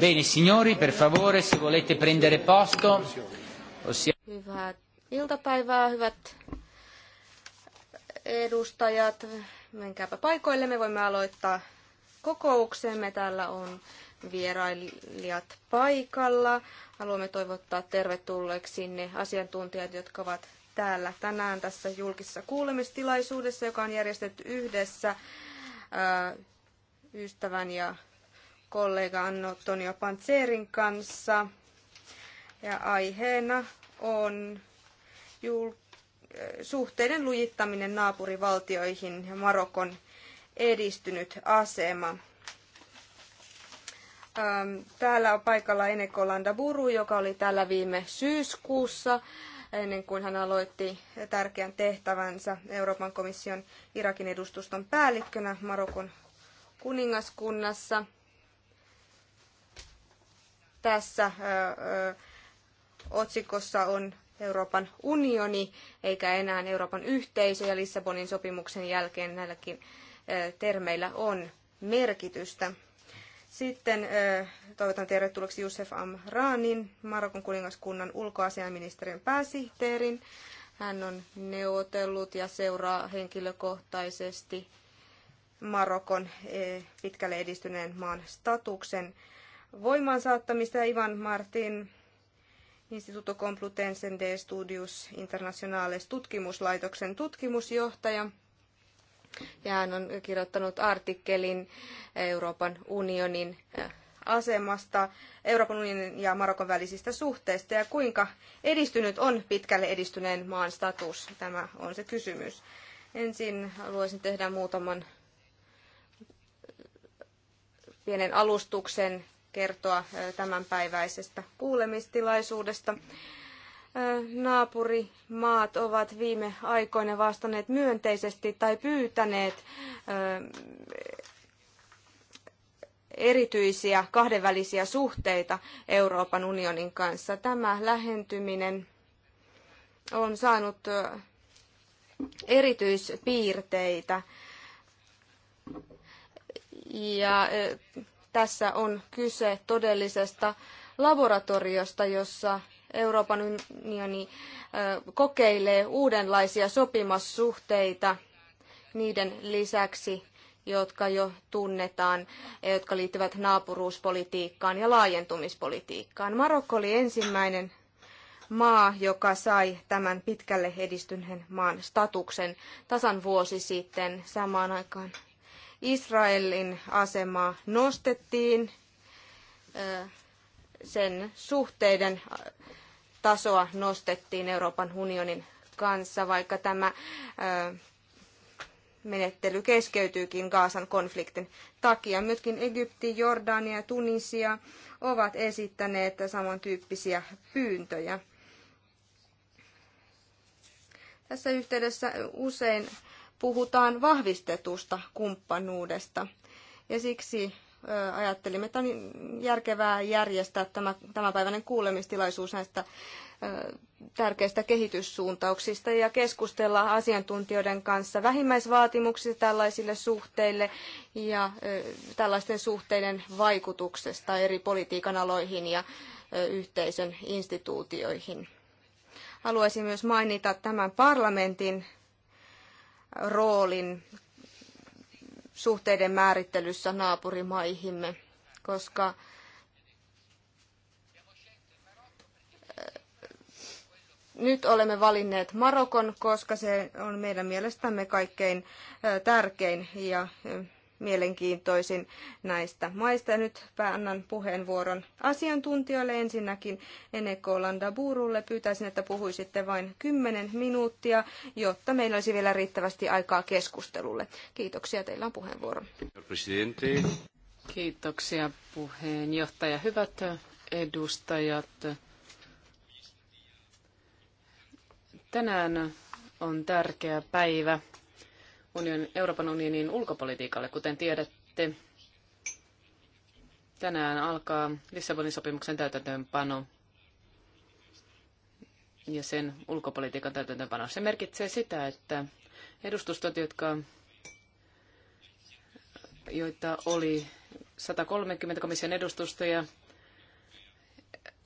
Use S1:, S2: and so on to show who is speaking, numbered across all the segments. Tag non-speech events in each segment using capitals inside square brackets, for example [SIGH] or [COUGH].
S1: Bene, signori, per favore, se volete prendere posto. Ossia...
S2: Hyvää iltapäivää, hyvät edustajat. Menkääpä paikoille, me voimme aloittaa kokouksemme. Täällä on vierailijat paikalla. Haluamme toivottaa tervetulleeksi ne asiantuntijat, jotka ovat täällä tänään tässä julkisessa kuulemistilaisuudessa, joka on järjestetty yhdessä ystävän ja kollega Antonio Panzerin kanssa. Ja aiheena on suhteiden lujittaminen naapurivaltioihin ja Marokon edistynyt asema. Täällä on paikalla Enekolanda Buru, joka oli täällä viime syyskuussa ennen kuin hän aloitti tärkeän tehtävänsä Euroopan komission Irakin edustuston päällikkönä Marokon kuningaskunnassa tässä otsikossa on Euroopan unioni eikä enää Euroopan yhteisö ja Lissabonin sopimuksen jälkeen näilläkin termeillä on merkitystä. Sitten toivotan tervetulleeksi Josef Amranin, Marokon kuningaskunnan ulkoasiainministeriön pääsihteerin. Hän on neuvotellut ja seuraa henkilökohtaisesti Marokon pitkälle edistyneen maan statuksen voimaan saattamista Ivan Martin Instituto Complutensen de Studios Internationales tutkimuslaitoksen tutkimusjohtaja. Ja hän on kirjoittanut artikkelin Euroopan unionin äh, asemasta, Euroopan unionin ja Marokon välisistä suhteista ja kuinka edistynyt on pitkälle edistyneen maan status. Tämä on se kysymys. Ensin haluaisin tehdä muutaman pienen alustuksen kertoa tämänpäiväisestä kuulemistilaisuudesta. Naapurimaat ovat viime aikoina vastanneet myönteisesti tai pyytäneet erityisiä kahdenvälisiä suhteita Euroopan unionin kanssa. Tämä lähentyminen on saanut erityispiirteitä ja tässä on kyse todellisesta laboratoriosta, jossa Euroopan unioni kokeilee uudenlaisia sopimussuhteita niiden lisäksi, jotka jo tunnetaan ja jotka liittyvät naapuruuspolitiikkaan ja laajentumispolitiikkaan. Marokko oli ensimmäinen maa, joka sai tämän pitkälle edistyneen maan statuksen tasan vuosi sitten samaan aikaan Israelin asemaa nostettiin, sen suhteiden tasoa nostettiin Euroopan unionin kanssa, vaikka tämä menettely keskeytyykin Gaasan konfliktin takia. Myöskin Egypti, Jordania ja Tunisia ovat esittäneet samantyyppisiä pyyntöjä. Tässä yhteydessä usein puhutaan vahvistetusta kumppanuudesta. Ja siksi ajattelimme, että on järkevää järjestää tämä tämänpäiväinen kuulemistilaisuus näistä tärkeistä kehityssuuntauksista ja keskustella asiantuntijoiden kanssa vähimmäisvaatimuksista tällaisille suhteille ja tällaisten suhteiden vaikutuksesta eri politiikan aloihin ja yhteisön instituutioihin. Haluaisin myös mainita tämän parlamentin roolin suhteiden määrittelyssä naapurimaihimme, koska äh, nyt olemme valinneet Marokon, koska se on meidän mielestämme kaikkein äh, tärkein ja äh, mielenkiintoisin näistä maista. Ja nyt annan puheenvuoron asiantuntijoille ensinnäkin Eneko Landaburulle. Pyytäisin, että puhuisitte vain 10 minuuttia, jotta meillä olisi vielä riittävästi aikaa keskustelulle. Kiitoksia, teillä on puheenvuoro. Kiitoksia
S3: puheenjohtaja. Hyvät edustajat, tänään on tärkeä päivä union, Euroopan unionin ulkopolitiikalle. Kuten tiedätte, tänään alkaa Lissabonin sopimuksen täytäntöönpano ja sen ulkopolitiikan täytäntöönpano. Se merkitsee sitä, että edustustot, jotka, joita oli 130 komission edustustoja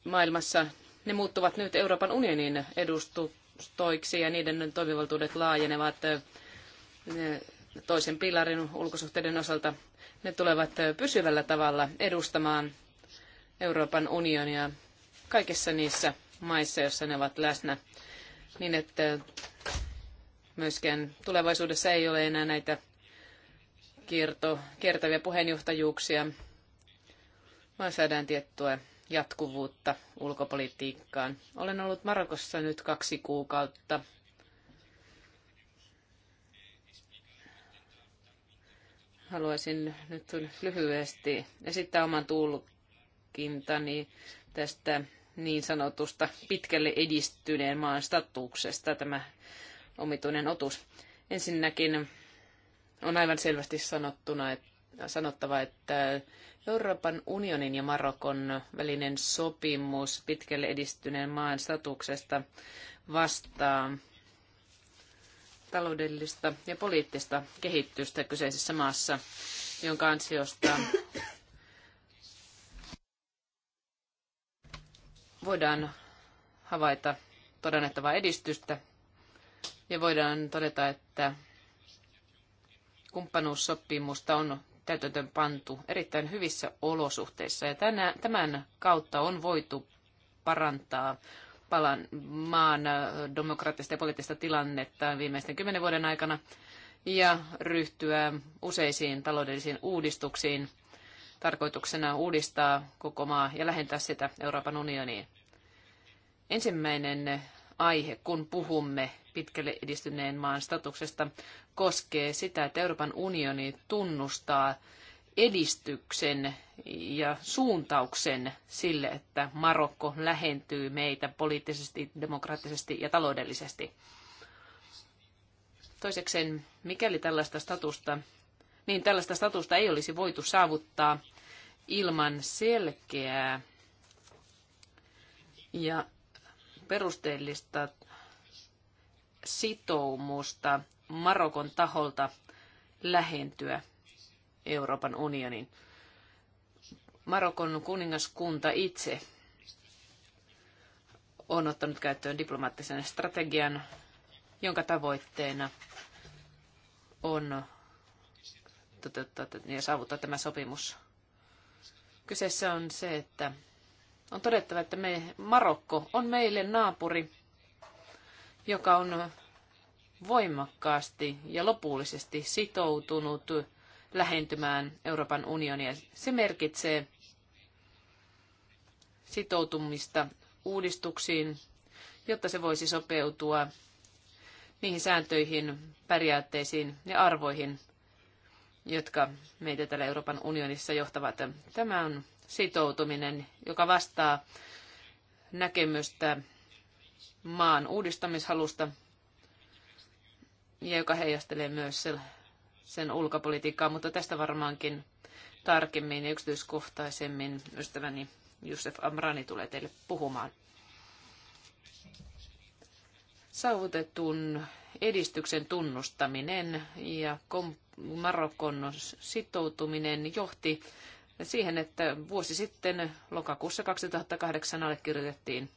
S3: maailmassa, ne muuttuvat nyt Euroopan unionin edustustoiksi ja niiden toimivaltuudet laajenevat toisen pilarin ulkosuhteiden osalta, ne tulevat pysyvällä tavalla edustamaan Euroopan unionia kaikissa niissä maissa, joissa ne ovat läsnä, niin että myöskään tulevaisuudessa ei ole enää näitä kierto, kiertäviä puheenjohtajuuksia, vaan saadaan tiettyä jatkuvuutta ulkopolitiikkaan. Olen ollut Marokossa nyt kaksi kuukautta Haluaisin nyt lyhyesti esittää oman tulkintani tästä niin sanotusta pitkälle edistyneen maan statuksesta tämä omituinen otus. Ensinnäkin on aivan selvästi sanottuna, että, sanottava, että Euroopan unionin ja Marokon välinen sopimus pitkälle edistyneen maan statuksesta vastaa taloudellista ja poliittista kehitystä kyseisessä maassa, jonka ansiosta voidaan havaita todennettavaa edistystä ja voidaan todeta, että kumppanuussopimusta on täytäntöön pantu erittäin hyvissä olosuhteissa ja tämän kautta on voitu parantaa palan maan äh, demokraattista ja poliittista tilannetta viimeisten kymmenen vuoden aikana ja ryhtyä useisiin taloudellisiin uudistuksiin tarkoituksena uudistaa koko maa ja lähentää sitä Euroopan unioniin. Ensimmäinen aihe, kun puhumme pitkälle edistyneen maan statuksesta, koskee sitä, että Euroopan unioni tunnustaa edistyksen ja suuntauksen sille, että Marokko lähentyy meitä poliittisesti, demokraattisesti ja taloudellisesti. Toisekseen, mikäli tällaista statusta, niin tällaista statusta ei olisi voitu saavuttaa ilman selkeää ja perusteellista sitoumusta Marokon taholta lähentyä Euroopan unionin. Marokon kuningaskunta itse on ottanut käyttöön diplomaattisen strategian, jonka tavoitteena on toteuttaa ja saavuttaa tämä sopimus. Kyseessä on se, että on todettava, että me, Marokko on meille naapuri, joka on voimakkaasti ja lopullisesti sitoutunut lähentymään Euroopan unionia. Se merkitsee sitoutumista uudistuksiin, jotta se voisi sopeutua niihin sääntöihin, periaatteisiin ja arvoihin, jotka meitä täällä Euroopan unionissa johtavat. Tämä on sitoutuminen, joka vastaa näkemystä maan uudistamishalusta ja joka heijastelee myös sen ulkopolitiikkaa, mutta tästä varmaankin tarkemmin ja yksityiskohtaisemmin ystäväni Josef Amrani tulee teille puhumaan. Saavutetun edistyksen tunnustaminen ja Marokon sitoutuminen johti siihen, että vuosi sitten lokakuussa 2008 allekirjoitettiin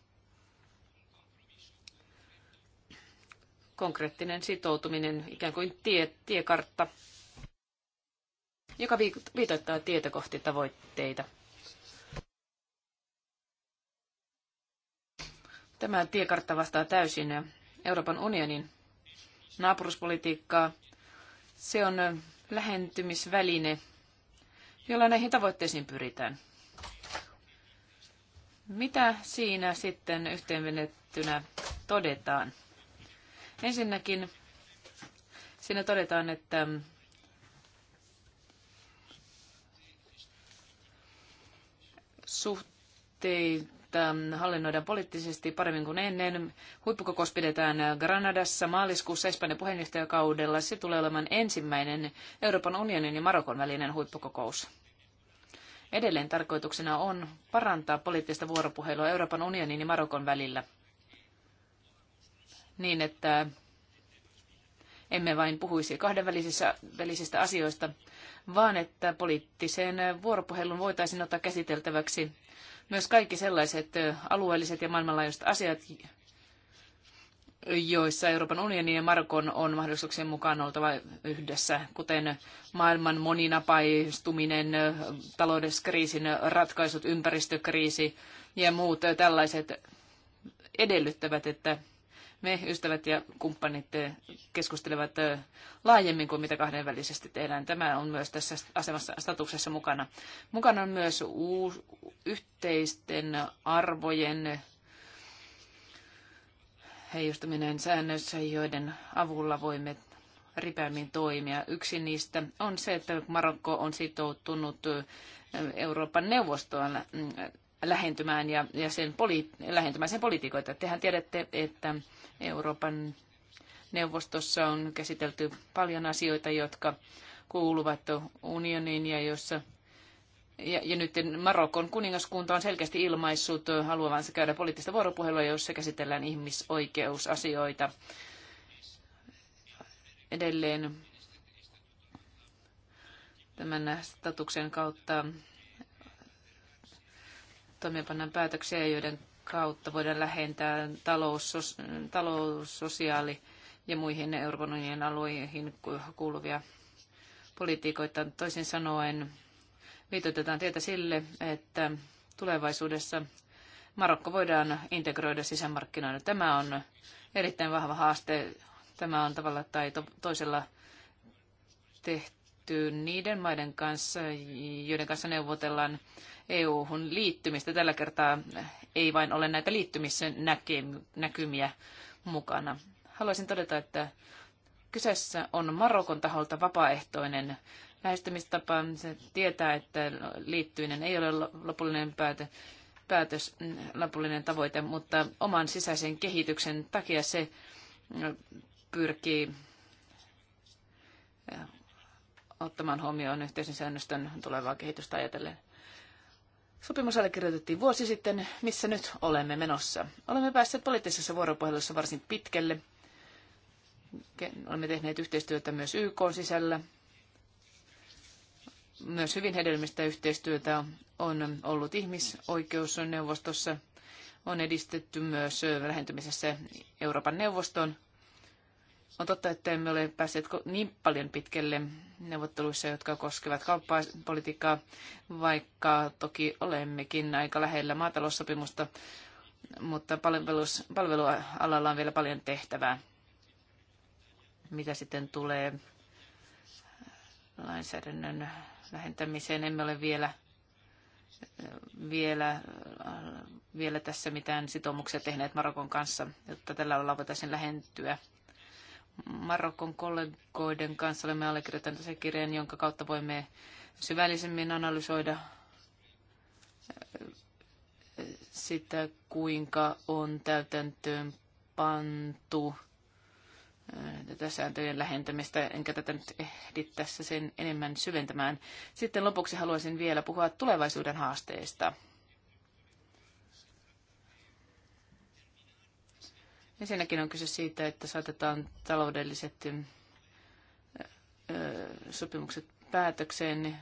S3: konkreettinen sitoutuminen, ikään kuin tie, tiekartta, joka viitoittaa tietä kohti tavoitteita. Tämä tiekartta vastaa täysin Euroopan unionin naapuruspolitiikkaa. Se on lähentymisväline, jolla näihin tavoitteisiin pyritään. Mitä siinä sitten yhteenvenettynä todetaan? Ensinnäkin siinä todetaan, että suhteita hallinnoidaan poliittisesti paremmin kuin ennen. Huippukokous pidetään Granadassa maaliskuussa Espanjan puheenjohtajakaudella. Se tulee olemaan ensimmäinen Euroopan unionin ja Marokon välinen huippukokous. Edelleen tarkoituksena on parantaa poliittista vuoropuhelua Euroopan unionin ja Marokon välillä – niin, että emme vain puhuisi kahdenvälisistä välisistä asioista, vaan että poliittiseen vuoropuhelun voitaisiin ottaa käsiteltäväksi myös kaikki sellaiset alueelliset ja maailmanlaajuiset asiat, joissa Euroopan unionin ja Markon on mahdollisuuksien mukaan oltava yhdessä, kuten maailman moninapaistuminen, talouskriisin ratkaisut, ympäristökriisi ja muut tällaiset edellyttävät, että me ystävät ja kumppanit eh, keskustelevat eh, laajemmin kuin mitä kahdenvälisesti tehdään. Tämä on myös tässä asemassa, statuksessa mukana. Mukana on myös uus, yhteisten arvojen heijastuminen säännöissä, joiden avulla voimme ripeämmin toimia. Yksi niistä on se, että Marokko on sitoutunut eh, Euroopan neuvostoon mm, lähentymään ja, ja sen poli, lähentymään sen politiikoita Tehän tiedätte, että Euroopan neuvostossa on käsitelty paljon asioita, jotka kuuluvat unioniin ja jossa ja, ja nyt Marokon kuningaskunta on selkeästi ilmaissut haluavansa käydä poliittista vuoropuhelua, jossa käsitellään ihmisoikeusasioita. Edelleen tämän statuksen kautta toimeenpannaan päätöksiä, joiden kautta voidaan lähentää talous, sos, talous sosiaali- ja muihin Euroopan unionin alueihin kuuluvia politiikoita. Toisin sanoen viitoitetaan tietä sille, että tulevaisuudessa Marokko voidaan integroida sisämarkkinoille. Tämä on erittäin vahva haaste. Tämä on tavalla tai toisella tehty niiden maiden kanssa, joiden kanssa neuvotellaan EU-hun liittymistä. Tällä kertaa ei vain ole näitä liittymisen näkymiä mukana. Haluaisin todeta, että kyseessä on Marokon taholta vapaaehtoinen lähestymistapa. Se tietää, että liittyminen ei ole lopullinen päätös päätös, lopullinen tavoite, mutta oman sisäisen kehityksen takia se pyrkii eh, ottamaan huomioon yhteisen säännöstön tulevaa kehitystä ajatellen. Sopimus allekirjoitettiin vuosi sitten, missä nyt olemme menossa. Olemme päässeet poliittisessa vuoropuhelussa varsin pitkälle. Olemme tehneet yhteistyötä myös YK sisällä. Myös hyvin hedelmistä yhteistyötä on ollut ihmisoikeusneuvostossa. On edistetty myös lähentymisessä Euroopan neuvoston on totta, että emme ole päässeet niin paljon pitkälle neuvotteluissa, jotka koskevat kauppapolitiikkaa, vaikka toki olemmekin aika lähellä maataloussopimusta, mutta palvelus, palvelualalla on vielä paljon tehtävää. Mitä sitten tulee lainsäädännön lähentämiseen, emme ole vielä, vielä, vielä tässä mitään sitoumuksia tehneet Marokon kanssa, jotta tällä alalla voitaisiin lähentyä Marokon kollegoiden kanssa olemme allekirjoittaneet sen kirjan, jonka kautta voimme syvällisemmin analysoida eh, sitä, kuinka on täytäntöön pantu eh, tätä sääntöjen lähentämistä, enkä tätä nyt ehdi tässä sen enemmän syventämään. Sitten lopuksi haluaisin vielä puhua tulevaisuuden haasteista. Ensinnäkin on kyse siitä, että saatetaan taloudelliset sopimukset päätökseen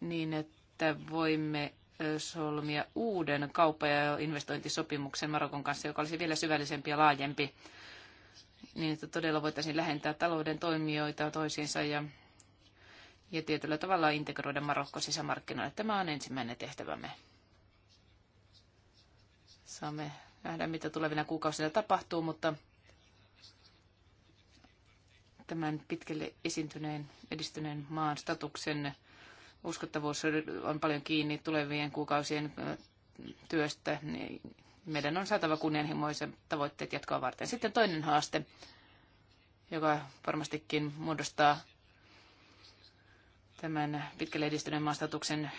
S3: niin, että voimme solmia uuden kauppa- ja investointisopimuksen Marokon kanssa, joka olisi vielä syvällisempi ja laajempi, niin että todella voitaisiin lähentää talouden toimijoita toisiinsa ja, ja tietyllä tavalla integroida Marokko sisämarkkinoille. Tämä on ensimmäinen tehtävämme. Saamme nähdä, mitä tulevina kuukausina tapahtuu, mutta tämän pitkälle esiintyneen, edistyneen maan statuksen uskottavuus on paljon kiinni tulevien kuukausien työstä. Niin meidän on saatava kunnianhimoisen tavoitteet jatkoa varten. Sitten toinen haaste, joka varmastikin muodostaa tämän pitkälle edistyneen maastatuksen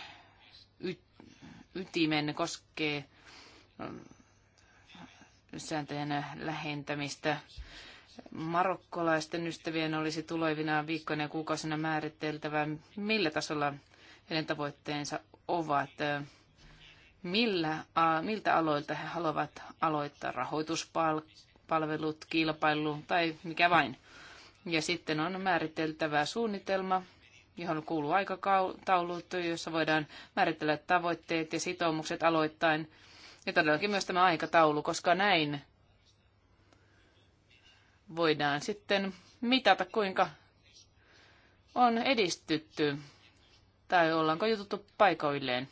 S3: ytimen, koskee sääntöjen lähentämistä. Marokkolaisten ystävien olisi tulevina viikkoina ja kuukausina määriteltävä, millä tasolla heidän tavoitteensa ovat, millä, miltä aloilta he haluavat aloittaa rahoituspalvelut, kilpailu tai mikä vain. Ja sitten on määriteltävä suunnitelma, johon kuuluu aikataulut, jossa voidaan määritellä tavoitteet ja sitoumukset aloittain – ja todellakin myös tämä aikataulu, koska näin voidaan sitten mitata, kuinka on edistytty tai ollaanko jututtu paikoilleen.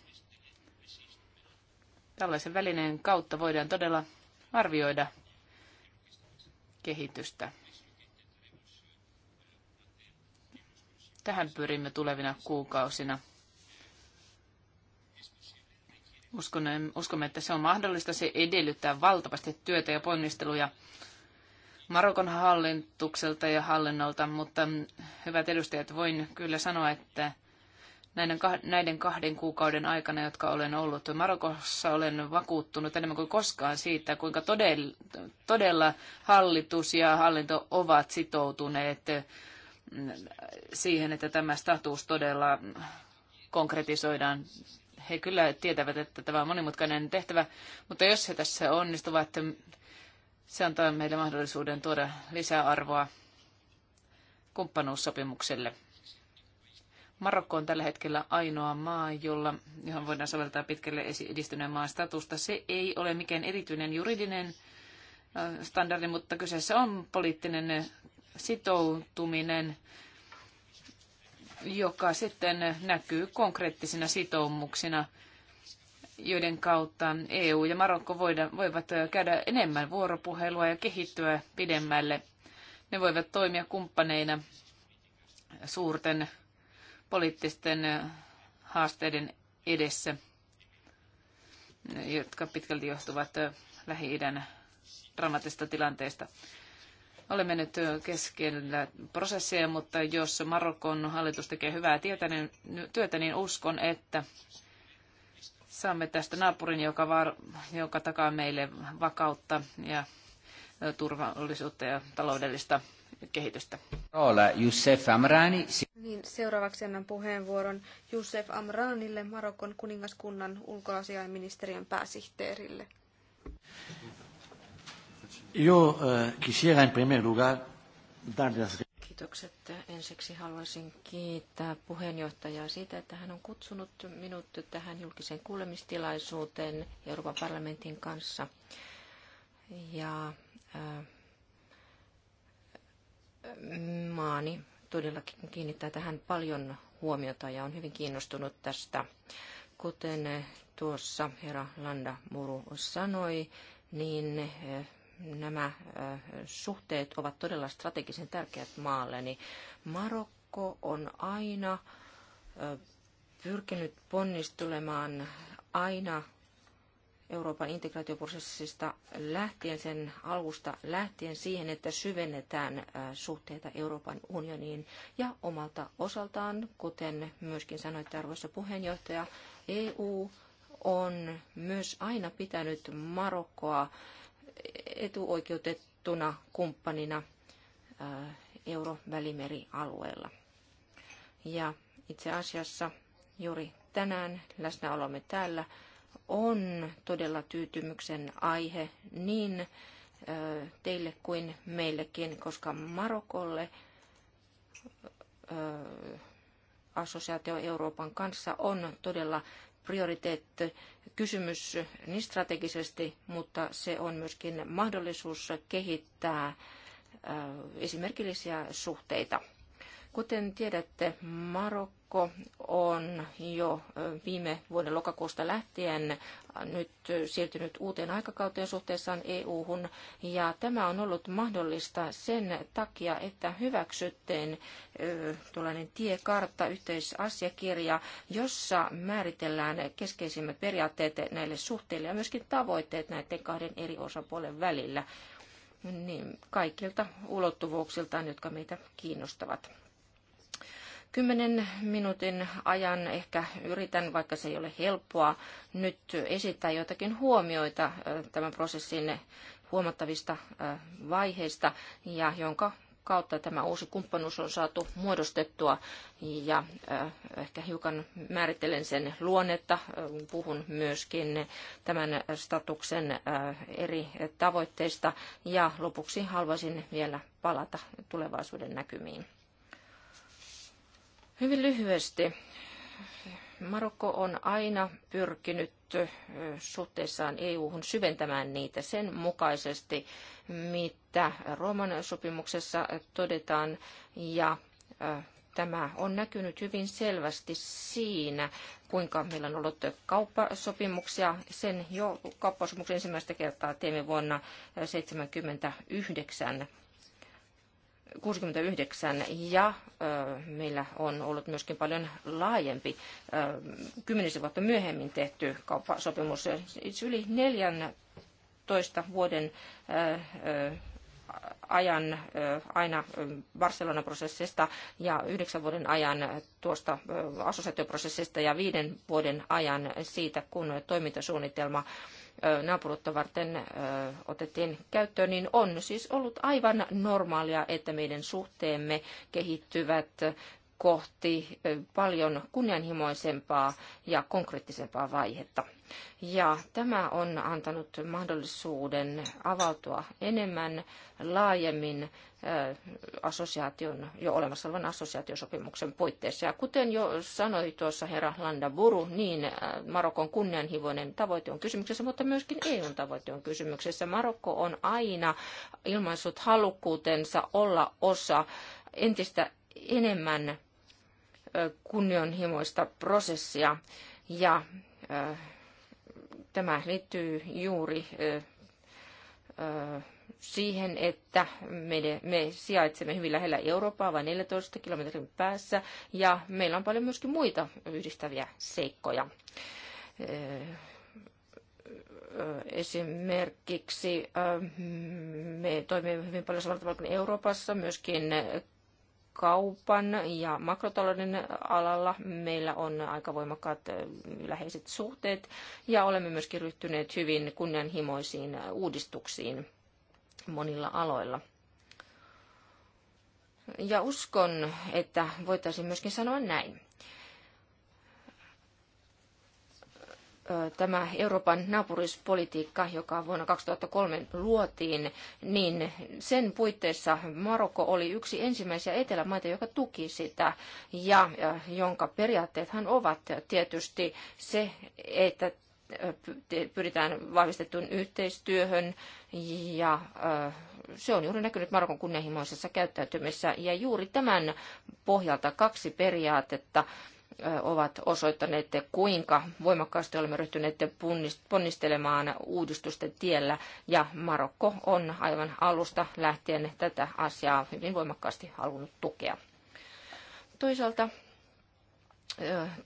S3: Tällaisen välineen kautta voidaan todella arvioida kehitystä. Tähän pyrimme tulevina kuukausina. Uskon, uskomme, että se on mahdollista. Se edellyttää valtavasti työtä ja ponnisteluja Marokon hallitukselta ja hallinnolta, mutta mm, hyvät edustajat, voin kyllä sanoa, että näiden kahden kuukauden aikana, jotka olen ollut Marokossa, olen vakuuttunut enemmän kuin koskaan siitä, kuinka todella, todella hallitus ja hallinto ovat sitoutuneet mm, siihen, että tämä status todella konkretisoidaan he kyllä tietävät, että tämä on monimutkainen tehtävä, mutta jos he tässä onnistuvat, se antaa meille mahdollisuuden tuoda lisäarvoa kumppanuussopimukselle. Marokko on tällä hetkellä ainoa maa, jolla, johon voidaan soveltaa pitkälle edistyneen maan statusta. Se ei ole mikään erityinen juridinen äh, standardi, mutta kyseessä on poliittinen sitoutuminen joka sitten näkyy konkreettisina sitoumuksina, joiden kautta EU ja Marokko voivat käydä enemmän vuoropuhelua ja kehittyä pidemmälle. Ne voivat toimia kumppaneina suurten poliittisten haasteiden edessä, jotka pitkälti johtuvat Lähi-idän dramaattisesta tilanteesta. Olemme nyt keskellä prosessia, mutta jos Marokon hallitus tekee hyvää niin- työtä, niin uskon, että saamme tästä naapurin, joka, var, joka takaa meille vakautta ja turvallisuutta ja taloudellista kehitystä.
S1: Ola Youssef Amrani.
S2: Niin, seuraavaksi annan puheenvuoron Youssef Amranille, Marokon kuningaskunnan ulkoasiainministeriön pääsihteerille.
S1: Yo eh, quisiera en primer lugar
S4: Kiitokset. Ensiksi haluaisin kiittää puheenjohtajaa siitä, että hän on kutsunut minut tähän julkiseen kuulemistilaisuuteen Euroopan parlamentin kanssa. Ja ää, eh, maani todellakin kiinnittää tähän paljon huomiota ja on hyvin kiinnostunut tästä. Kuten tuossa herra Landa Muru sanoi, niin eh, nämä äh, suhteet ovat todella strategisen tärkeät niin Marokko on aina äh, pyrkinyt ponnistelemaan aina Euroopan integraatioprosessista lähtien, sen alusta lähtien siihen, että syvennetään äh, suhteita Euroopan unioniin ja omalta osaltaan, kuten myöskin sanoitte arvoisa puheenjohtaja, EU on myös aina pitänyt Marokkoa etuoikeutettuna kumppanina äh, eurovälimerialueella. Ja itse asiassa juuri tänään läsnäolomme täällä on todella tyytymyksen aihe niin äh, teille kuin meillekin, koska Marokolle äh, assosiaatio Euroopan kanssa on todella prioriteetti kysymys niin strategisesti, mutta se on myöskin mahdollisuus kehittää äh, esimerkillisiä suhteita Kuten tiedätte, Marokko on jo viime vuoden lokakuusta lähtien nyt siirtynyt uuteen aikakauteen suhteessaan EU-hun, ja tämä on ollut mahdollista sen takia, että hyväksyttiin tuollainen tiekartta, yhteisasiakirja, jossa määritellään keskeisimmät periaatteet näille suhteille ja myöskin tavoitteet näiden kahden eri osapuolen välillä niin kaikilta ulottuvuuksiltaan, jotka meitä
S3: kiinnostavat.
S4: Kymmenen minuutin ajan ehkä yritän, vaikka se ei ole helppoa, nyt esittää jotakin huomioita tämän prosessin huomattavista vaiheista ja jonka kautta tämä uusi kumppanuus on saatu muodostettua ja ehkä hiukan määrittelen sen luonnetta. Puhun myöskin tämän statuksen eri tavoitteista ja lopuksi haluaisin vielä palata tulevaisuuden näkymiin. Hyvin lyhyesti. Marokko on aina pyrkinyt suhteessaan EU-hun syventämään niitä sen mukaisesti, mitä Rooman sopimuksessa todetaan ja Tämä on näkynyt hyvin selvästi siinä, kuinka meillä on ollut kauppasopimuksia. Sen jo kauppasopimuksen ensimmäistä kertaa teemme vuonna 1979 69 ja meillä on ollut myöskin paljon laajempi kymmenisen vuotta myöhemmin tehty kauppasopimus. Itse siis yli 14 vuoden ajan aina Barcelonan prosessista ja yhdeksän vuoden ajan tuosta assosiaatioprosessista ja viiden vuoden ajan siitä, kun toimintasuunnitelma naapuruutta varten otettiin käyttöön, niin on siis ollut aivan normaalia, että meidän suhteemme kehittyvät kohti paljon kunnianhimoisempaa ja konkreettisempaa vaihetta. Ja tämä on antanut mahdollisuuden avautua enemmän laajemmin assosiaation, jo olemassa olevan assosiaatiosopimuksen puitteissa. Ja kuten jo sanoi tuossa herra Landa Buru, niin Marokon kunnianhimoinen tavoite on kysymyksessä, mutta myöskin EUn tavoite on kysymyksessä. Marokko on aina ilmaissut halukkuutensa olla osa entistä enemmän kunnianhimoista prosessia ja Tämä liittyy juuri siihen, että me, me sijaitsemme hyvin lähellä Eurooppaa, vain 14 kilometrin päässä, ja meillä on paljon myöskin muita yhdistäviä seikkoja. Esimerkiksi me toimimme hyvin paljon samalla tavalla kuin Euroopassa, myöskin kaupan ja makrotalouden alalla meillä on aika voimakkaat läheiset suhteet ja olemme myöskin ryhtyneet hyvin kunnianhimoisiin uudistuksiin monilla aloilla. Ja uskon, että voitaisiin myöskin sanoa näin, tämä Euroopan naapurispolitiikka, joka vuonna 2003 luotiin, niin sen puitteissa Marokko oli yksi ensimmäisiä etelämaita, joka tuki sitä ja jonka periaatteethan ovat tietysti se, että pyritään vahvistettuun yhteistyöhön ja se on juuri näkynyt Marokon kunnianhimoisessa käyttäytymisessä ja juuri tämän pohjalta kaksi periaatetta ovat osoittaneet, kuinka voimakkaasti olemme ryhtyneet ponnistelemaan uudistusten tiellä. Ja Marokko on aivan alusta lähtien tätä asiaa hyvin voimakkaasti halunnut tukea. Toisaalta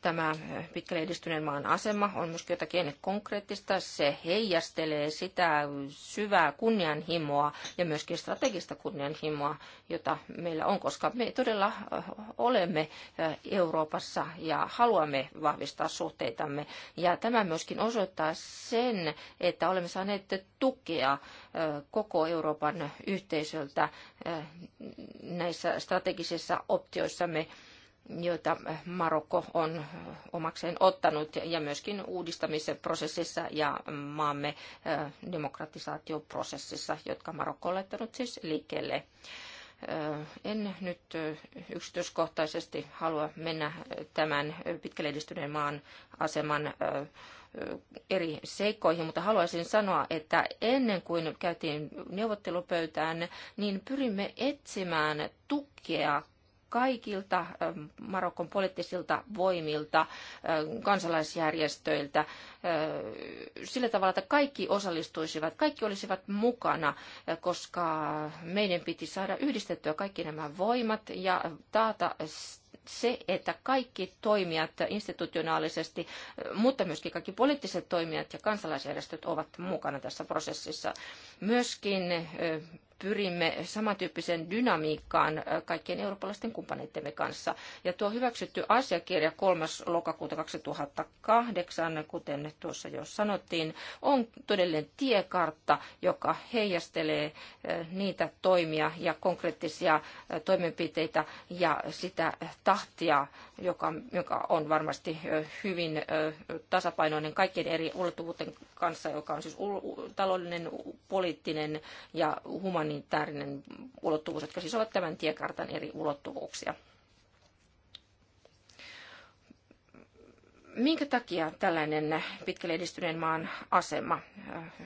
S4: tämä pitkälle edistyneen maan asema on myöskin jotakin konkreettista. Se heijastelee sitä syvää kunnianhimoa ja myöskin strategista kunnianhimoa, jota meillä on, koska me todella olemme Euroopassa ja haluamme vahvistaa suhteitamme. Ja tämä myöskin osoittaa sen, että olemme saaneet tukea koko Euroopan yhteisöltä näissä strategisissa optioissamme joita Marokko on omakseen ottanut ja myöskin uudistamisen prosessissa ja maamme demokratisaatioprosessissa, jotka Marokko on laittanut siis liikkeelle. En nyt yksityiskohtaisesti halua mennä tämän pitkälle edistyneen maan aseman eri seikkoihin, mutta haluaisin sanoa, että ennen kuin käytiin neuvottelupöytään, niin pyrimme etsimään tukea kaikilta ähm, Marokon poliittisilta voimilta, ähm, kansalaisjärjestöiltä, äh, sillä tavalla, että kaikki osallistuisivat, kaikki olisivat mukana, äh, koska meidän piti saada yhdistettyä kaikki nämä voimat ja taata se, että kaikki toimijat institutionaalisesti, äh, mutta myöskin kaikki poliittiset toimijat ja kansalaisjärjestöt ovat mukana tässä prosessissa. Myöskin pyrimme samantyyppiseen dynamiikkaan kaikkien eurooppalaisten kumppaneittemme kanssa. Ja tuo hyväksytty asiakirja 3. lokakuuta 2008, kuten tuossa jo sanottiin, on todellinen tiekartta, joka heijastelee niitä toimia ja konkreettisia toimenpiteitä ja sitä tahtia, joka, joka on varmasti hyvin tasapainoinen kaikkien eri ulottuvuuden kanssa, joka on siis taloudellinen, poliittinen ja humanitaarinen humanitaarinen ulottuvuus, jotka siis ovat tämän tiekartan eri ulottuvuuksia. Minkä takia tällainen pitkälle edistyneen maan asema?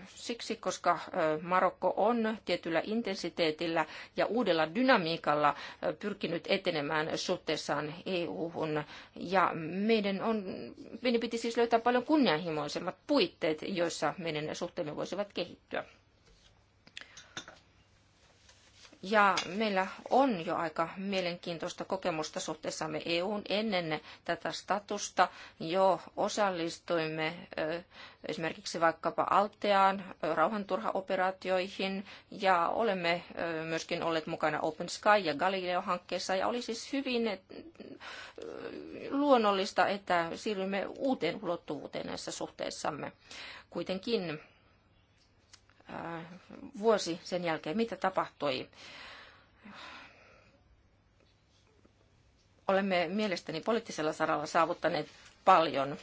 S4: Siksi, koska Marokko on tietyllä intensiteetillä ja uudella dynamiikalla pyrkinyt etenemään suhteessaan EU-hun. Ja meidän, on, meidän piti siis löytää paljon kunnianhimoisemmat puitteet, joissa meidän suhteemme voisivat kehittyä. Ja meillä on jo aika mielenkiintoista kokemusta suhteessamme EUn ennen tätä statusta. Jo osallistuimme esimerkiksi vaikkapa Alteaan, rauhanturhaoperaatioihin ja olemme myöskin olleet mukana Open Sky ja Galileo-hankkeessa ja oli siis hyvin luonnollista, että siirrymme uuteen ulottuvuuteen näissä suhteissamme. Kuitenkin Äh, vuosi sen jälkeen, mitä tapahtui. Olemme mielestäni poliittisella saralla saavuttaneet paljon.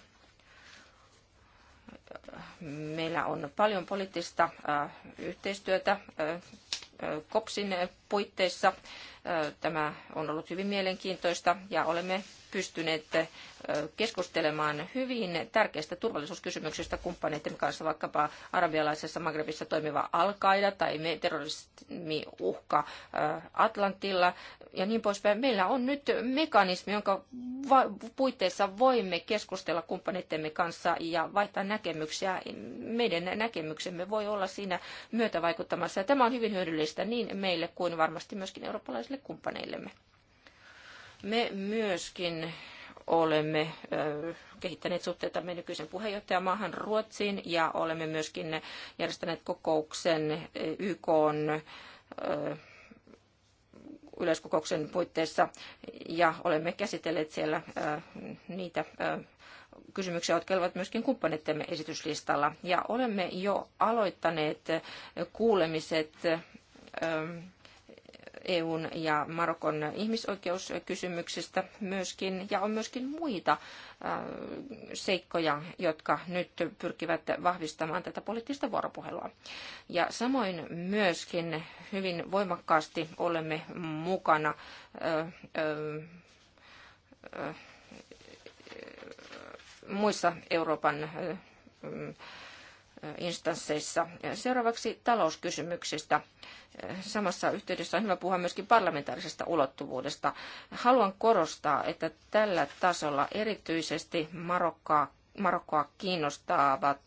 S4: Meillä on paljon poliittista äh, yhteistyötä äh, COPSin puitteissa. Tämä on ollut hyvin mielenkiintoista ja olemme pystyneet keskustelemaan hyvin tärkeistä turvallisuuskysymyksistä kumppaneiden kanssa, vaikkapa arabialaisessa Magrebissa toimiva Al-Qaida tai terrorismiuhka Atlantilla ja niin poispäin. Meillä on nyt mekanismi, jonka puitteissa voimme keskustella kumppaneittemme kanssa ja vaihtaa näkemyksiä. Meidän näkemyksemme voi olla siinä myötävaikuttamassa ja tämä on hyvin hyödyllistä niin meille kuin varmasti myöskin eurooppalaisille kumppaneillemme. Me myöskin olemme kehittäneet suhteitamme nykyisen puheenjohtajamaahan Ruotsiin ja olemme myöskin järjestäneet kokouksen YK yleiskokouksen puitteissa ja olemme käsitelleet siellä niitä kysymyksiä, jotka olivat myöskin kumppaneittemme esityslistalla. Ja olemme jo aloittaneet kuulemiset EUn ja Marokon ihmisoikeuskysymyksistä myöskin, ja on myöskin muita äh, seikkoja, jotka nyt pyrkivät vahvistamaan tätä poliittista vuoropuhelua. Ja samoin myöskin hyvin voimakkaasti olemme mukana äh, äh, muissa Euroopan instansseissa. Seuraavaksi talouskysymyksistä. Samassa yhteydessä on hyvä puhua myöskin parlamentaarisesta ulottuvuudesta. Haluan korostaa, että tällä tasolla erityisesti Marokkaa, Marokkoa kiinnostavat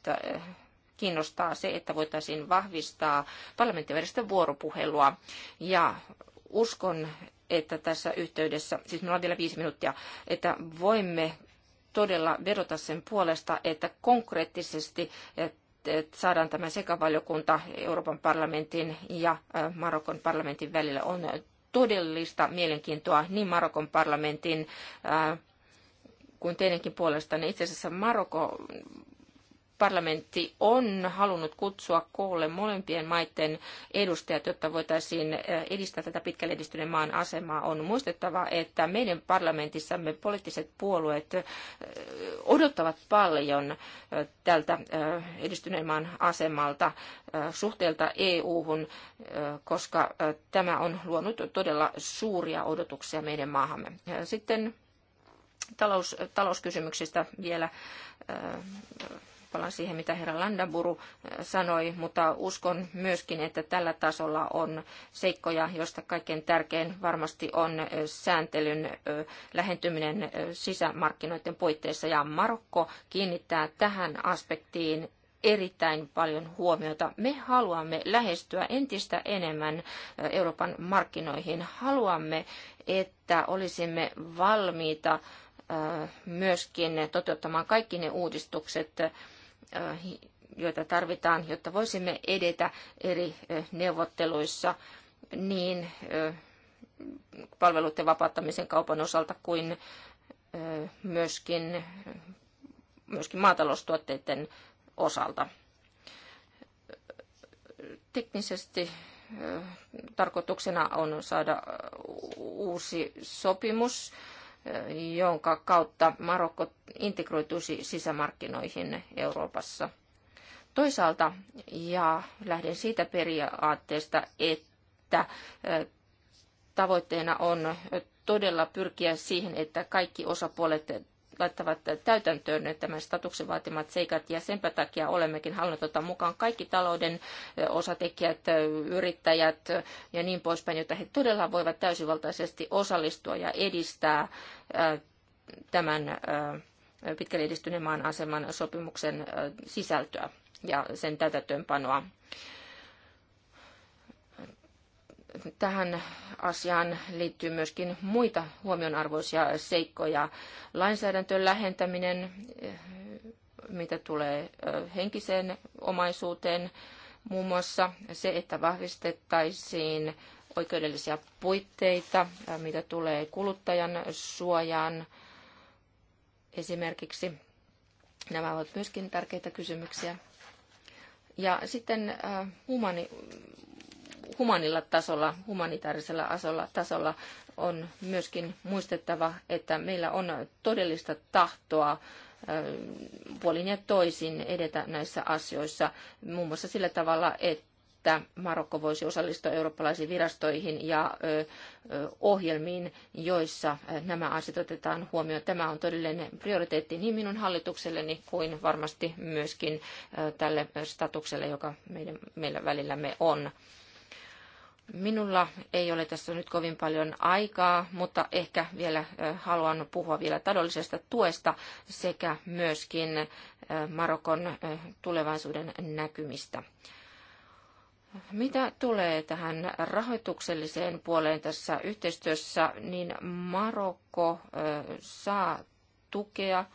S4: kiinnostaa se, että voitaisiin vahvistaa parlamenttivälistä vuoropuhelua. Ja uskon, että tässä yhteydessä, siis meillä on vielä viisi minuuttia, että voimme todella vedota sen puolesta, että konkreettisesti että saadaan tämä sekavaliokunta Euroopan parlamentin ja Marokon parlamentin välillä on todellista mielenkiintoa niin Marokon parlamentin kuin teidänkin puolestanne. Itse asiassa Maroko parlamentti on halunnut kutsua koolle molempien maiden edustajat, jotta voitaisiin eh, edistää tätä pitkälle edistyneen maan asemaa. On muistettava, että meidän parlamentissamme poliittiset puolueet eh, odottavat paljon eh, tältä edistyneen maan asemalta suhteelta EU-hun, koska tämä on luonut todella suuria odotuksia meidän maahamme. Sitten talous, talouskysymyksistä vielä palaan siihen, mitä herra Landaburu sanoi, mutta uskon myöskin, että tällä tasolla on seikkoja, joista kaikkein tärkein varmasti on sääntelyn lähentyminen sisämarkkinoiden puitteissa. Ja Marokko kiinnittää tähän aspektiin erittäin paljon huomiota. Me haluamme lähestyä entistä enemmän Euroopan markkinoihin. Haluamme, että olisimme valmiita myöskin toteuttamaan kaikki ne uudistukset, Äh, joita tarvitaan, jotta voisimme edetä eri äh, neuvotteluissa niin äh, palveluiden vapauttamisen kaupan osalta kuin myöskin, myöskin maataloustuotteiden osalta. Teknisesti tarkoituksena on saada uusi sopimus jonka kautta Marokko integroituisi sisämarkkinoihin Euroopassa. Toisaalta, ja lähden siitä periaatteesta, että tavoitteena on todella pyrkiä siihen, että kaikki osapuolet laittavat täytäntöön tämän statuksen vaatimat seikat, ja senpä takia olemmekin halunneet ottaa mukaan kaikki talouden osatekijät, yrittäjät ja niin poispäin, jotta he todella voivat täysivaltaisesti osallistua ja edistää tämän pitkälle edistyneen maan aseman sopimuksen sisältöä ja sen täytäntöönpanoa tähän asiaan liittyy myöskin muita huomionarvoisia seikkoja. Lainsäädäntön lähentäminen, eh, mitä tulee eh, henkiseen omaisuuteen, muun muassa se, että vahvistettaisiin oikeudellisia puitteita, eh, mitä tulee kuluttajan suojaan esimerkiksi. Nämä ovat myöskin tärkeitä kysymyksiä. Ja sitten humani, humanilla tasolla, humanitaarisella asolla, tasolla on myöskin muistettava, että meillä on todellista tahtoa puolin ja toisin edetä näissä asioissa, muun muassa sillä tavalla, että Marokko voisi osallistua eurooppalaisiin virastoihin ja ohjelmiin, joissa nämä asiat otetaan huomioon. Tämä on todellinen prioriteetti niin minun hallitukselleni kuin varmasti myöskin tälle statukselle, joka meidän, meillä välillämme on. Minulla ei ole tässä nyt kovin paljon aikaa, mutta ehkä vielä haluan puhua vielä taloudellisesta tuesta sekä myöskin Marokon tulevaisuuden näkymistä. Mitä tulee tähän rahoitukselliseen puoleen tässä yhteistyössä, niin Marokko saa tukea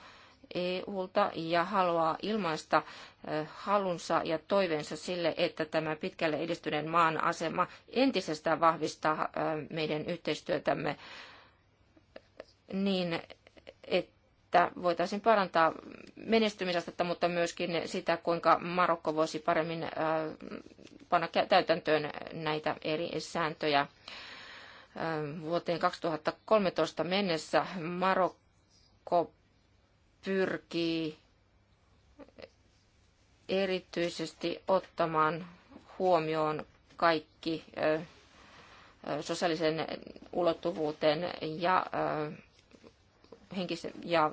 S4: EUlta ja haluaa ilmaista halunsa ja toiveensa sille, että tämä pitkälle edistyneen maan asema entisestään vahvistaa meidän yhteistyötämme niin, että voitaisiin parantaa menestymisastetta, mutta myöskin sitä, kuinka Marokko voisi paremmin panna täytäntöön näitä eri sääntöjä. Vuoteen 2013 mennessä Marokko pyrkii erityisesti ottamaan huomioon kaikki sosiaalisen ulottuvuuteen ja henkisen ja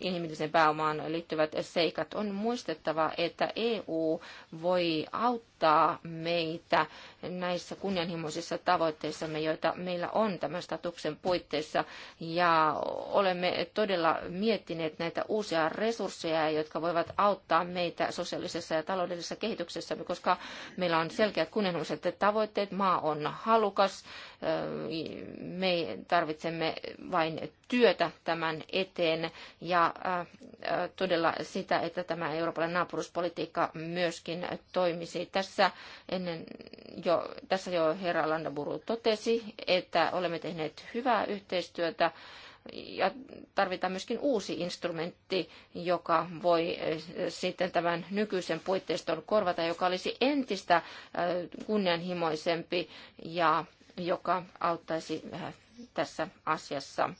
S4: inhimillisen pääomaan liittyvät seikat, on muistettava, että EU voi auttaa auttaa meitä näissä kunnianhimoisissa tavoitteissamme, joita meillä on tämän statuksen puitteissa. Ja olemme todella miettineet näitä uusia resursseja, jotka voivat auttaa meitä sosiaalisessa ja taloudellisessa kehityksessämme, koska meillä on selkeät kunnianhimoiset tavoitteet, maa on halukas, me tarvitsemme vain työtä tämän eteen ja todella sitä, että tämä eurooppalainen naapuruspolitiikka myöskin toimisi. Tässä tässä, ennen jo, tässä jo herra Landaburu totesi, että olemme tehneet hyvää yhteistyötä ja tarvitaan myöskin uusi instrumentti, joka voi eh, sitten tämän nykyisen puitteiston korvata, joka olisi entistä eh, kunnianhimoisempi ja joka auttaisi eh, tässä asiassa.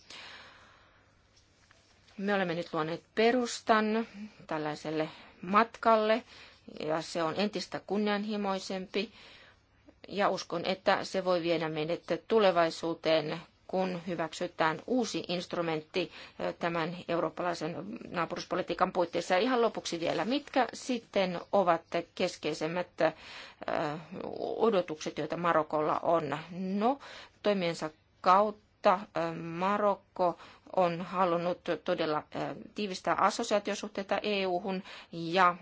S4: Me olemme nyt luoneet perustan tällaiselle matkalle, ja se on entistä kunnianhimoisempi ja uskon, että se voi viedä meidät tulevaisuuteen, kun hyväksytään uusi instrumentti tämän eurooppalaisen naapuruspolitiikan puitteissa. Ja ihan lopuksi vielä, mitkä sitten ovat keskeisemmät odotukset, joita Marokolla on? No, toimiensa kautta mutta Marokko on halunnut todella tiivistää assosiaatiosuhteita EU-hun ja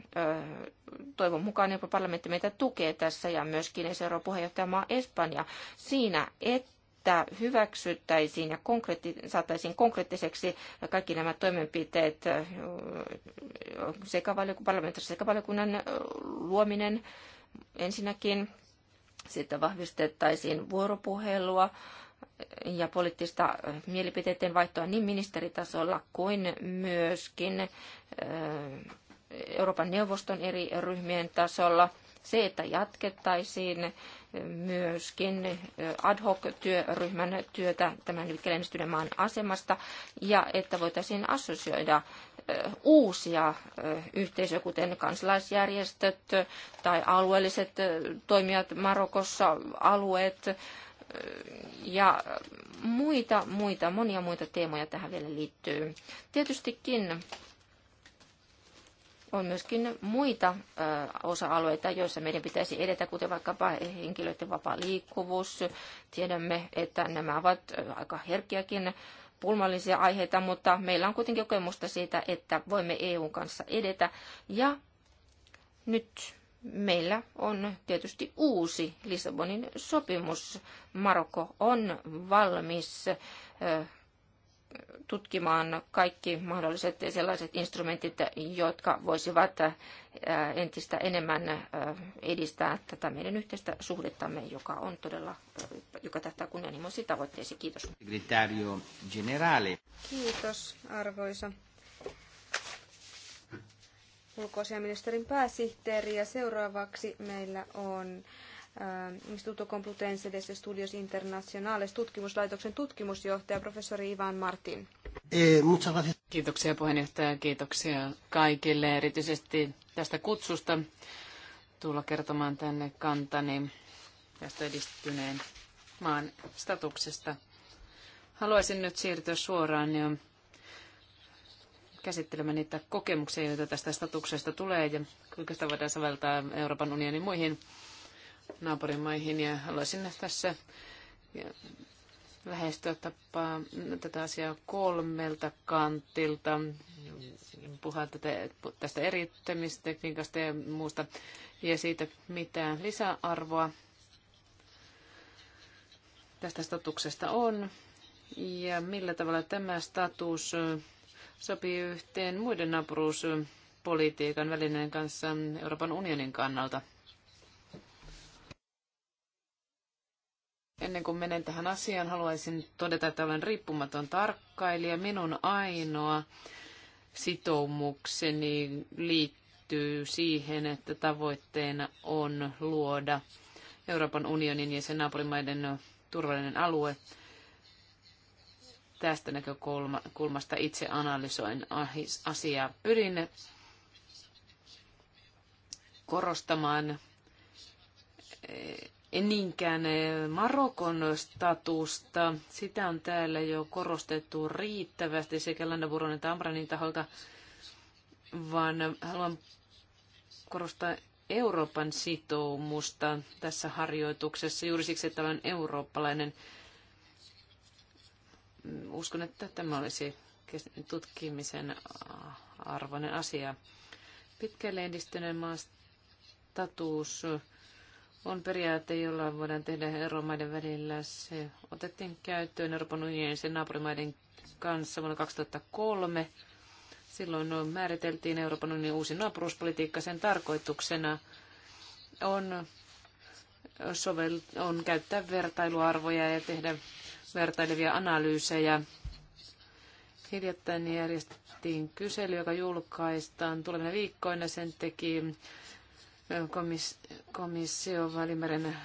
S4: toivon mukaan Euroopan parlamentti meitä tukee tässä ja myöskin Euroopan puheenjohtajamaa Espanja siinä, että että hyväksyttäisiin ja konkreetti, saataisiin konkreettiseksi kaikki nämä toimenpiteet, sekä parlamentaarisen valiokunnan luominen ensinnäkin, sitten vahvistettaisiin vuoropuhelua ja poliittista mielipiteiden vaihtoa niin ministeritasolla kuin myöskin Euroopan neuvoston eri ryhmien tasolla. Se, että jatkettaisiin myöskin ad hoc-työryhmän työtä tämän liikkeelle maan asemasta ja että voitaisiin assosioida uusia yhteisöjä, kuten kansalaisjärjestöt tai alueelliset toimijat Marokossa, alueet, ja muita, muita, monia muita teemoja tähän vielä liittyy. Tietystikin on myöskin muita osa-alueita, joissa meidän pitäisi edetä, kuten vaikkapa henkilöiden vapaa liikkuvuus. Tiedämme, että nämä ovat aika herkkiäkin pulmallisia aiheita, mutta meillä on kuitenkin kokemusta siitä, että voimme EUn kanssa edetä. Ja nyt meillä on tietysti uusi Lissabonin sopimus. Marokko on valmis tutkimaan kaikki mahdolliset sellaiset instrumentit, jotka voisivat entistä enemmän edistää tätä meidän yhteistä suhdettamme, joka on todella, joka tähtää kunnianhimoisiin tavoitteisiin. Kiitos.
S2: Kiitos, arvoisa ulkoasiaministerin pääsihteeri ja seuraavaksi meillä on ähm, Instituto Complutense de Studios internationales tutkimuslaitoksen tutkimusjohtaja professori Ivan Martin.
S3: Eh, kiitoksia puheenjohtaja, kiitoksia kaikille erityisesti tästä kutsusta tulla kertomaan tänne kantani tästä edistyneen maan statuksesta. Haluaisin nyt siirtyä suoraan jo käsittelemään niitä kokemuksia, joita tästä statuksesta tulee ja kuinka sitä voidaan soveltaa Euroopan unionin muihin naapurimaihin. Ja haluaisin tässä lähestyä tapaa tätä asiaa kolmelta kantilta, puhua tätä, tästä eriyttämistekniikasta ja muusta ja siitä, mitä lisäarvoa tästä statuksesta on ja millä tavalla tämä status sopii yhteen muiden naapuruuspolitiikan välineen kanssa Euroopan unionin kannalta. Ennen kuin menen tähän asiaan, haluaisin todeta, että olen riippumaton tarkkailija. Minun ainoa sitoumukseni liittyy siihen, että tavoitteena on luoda Euroopan unionin ja sen naapurimaiden turvallinen alue, tästä näkökulmasta itse analysoin asiaa. Pyrin korostamaan eh, en niinkään eh, Marokon statusta. Sitä on täällä jo korostettu riittävästi sekä Landaburon että Ambranin taholta, vaan haluan korostaa Euroopan sitoumusta tässä harjoituksessa juuri siksi, että olen eurooppalainen uskon, että tämä olisi tutkimisen arvoinen asia. Pitkälle edistyneen maan status on periaate, jolla voidaan tehdä eromaiden välillä. Se otettiin käyttöön Euroopan unionin sen naapurimaiden kanssa vuonna 2003. Silloin määriteltiin Euroopan unionin uusi naapuruuspolitiikka. Sen tarkoituksena on, sovel, on käyttää vertailuarvoja ja tehdä vertailevia analyysejä. Hiljattain järjestettiin kysely, joka julkaistaan tulevina viikkoina. Sen teki komissio Välimeren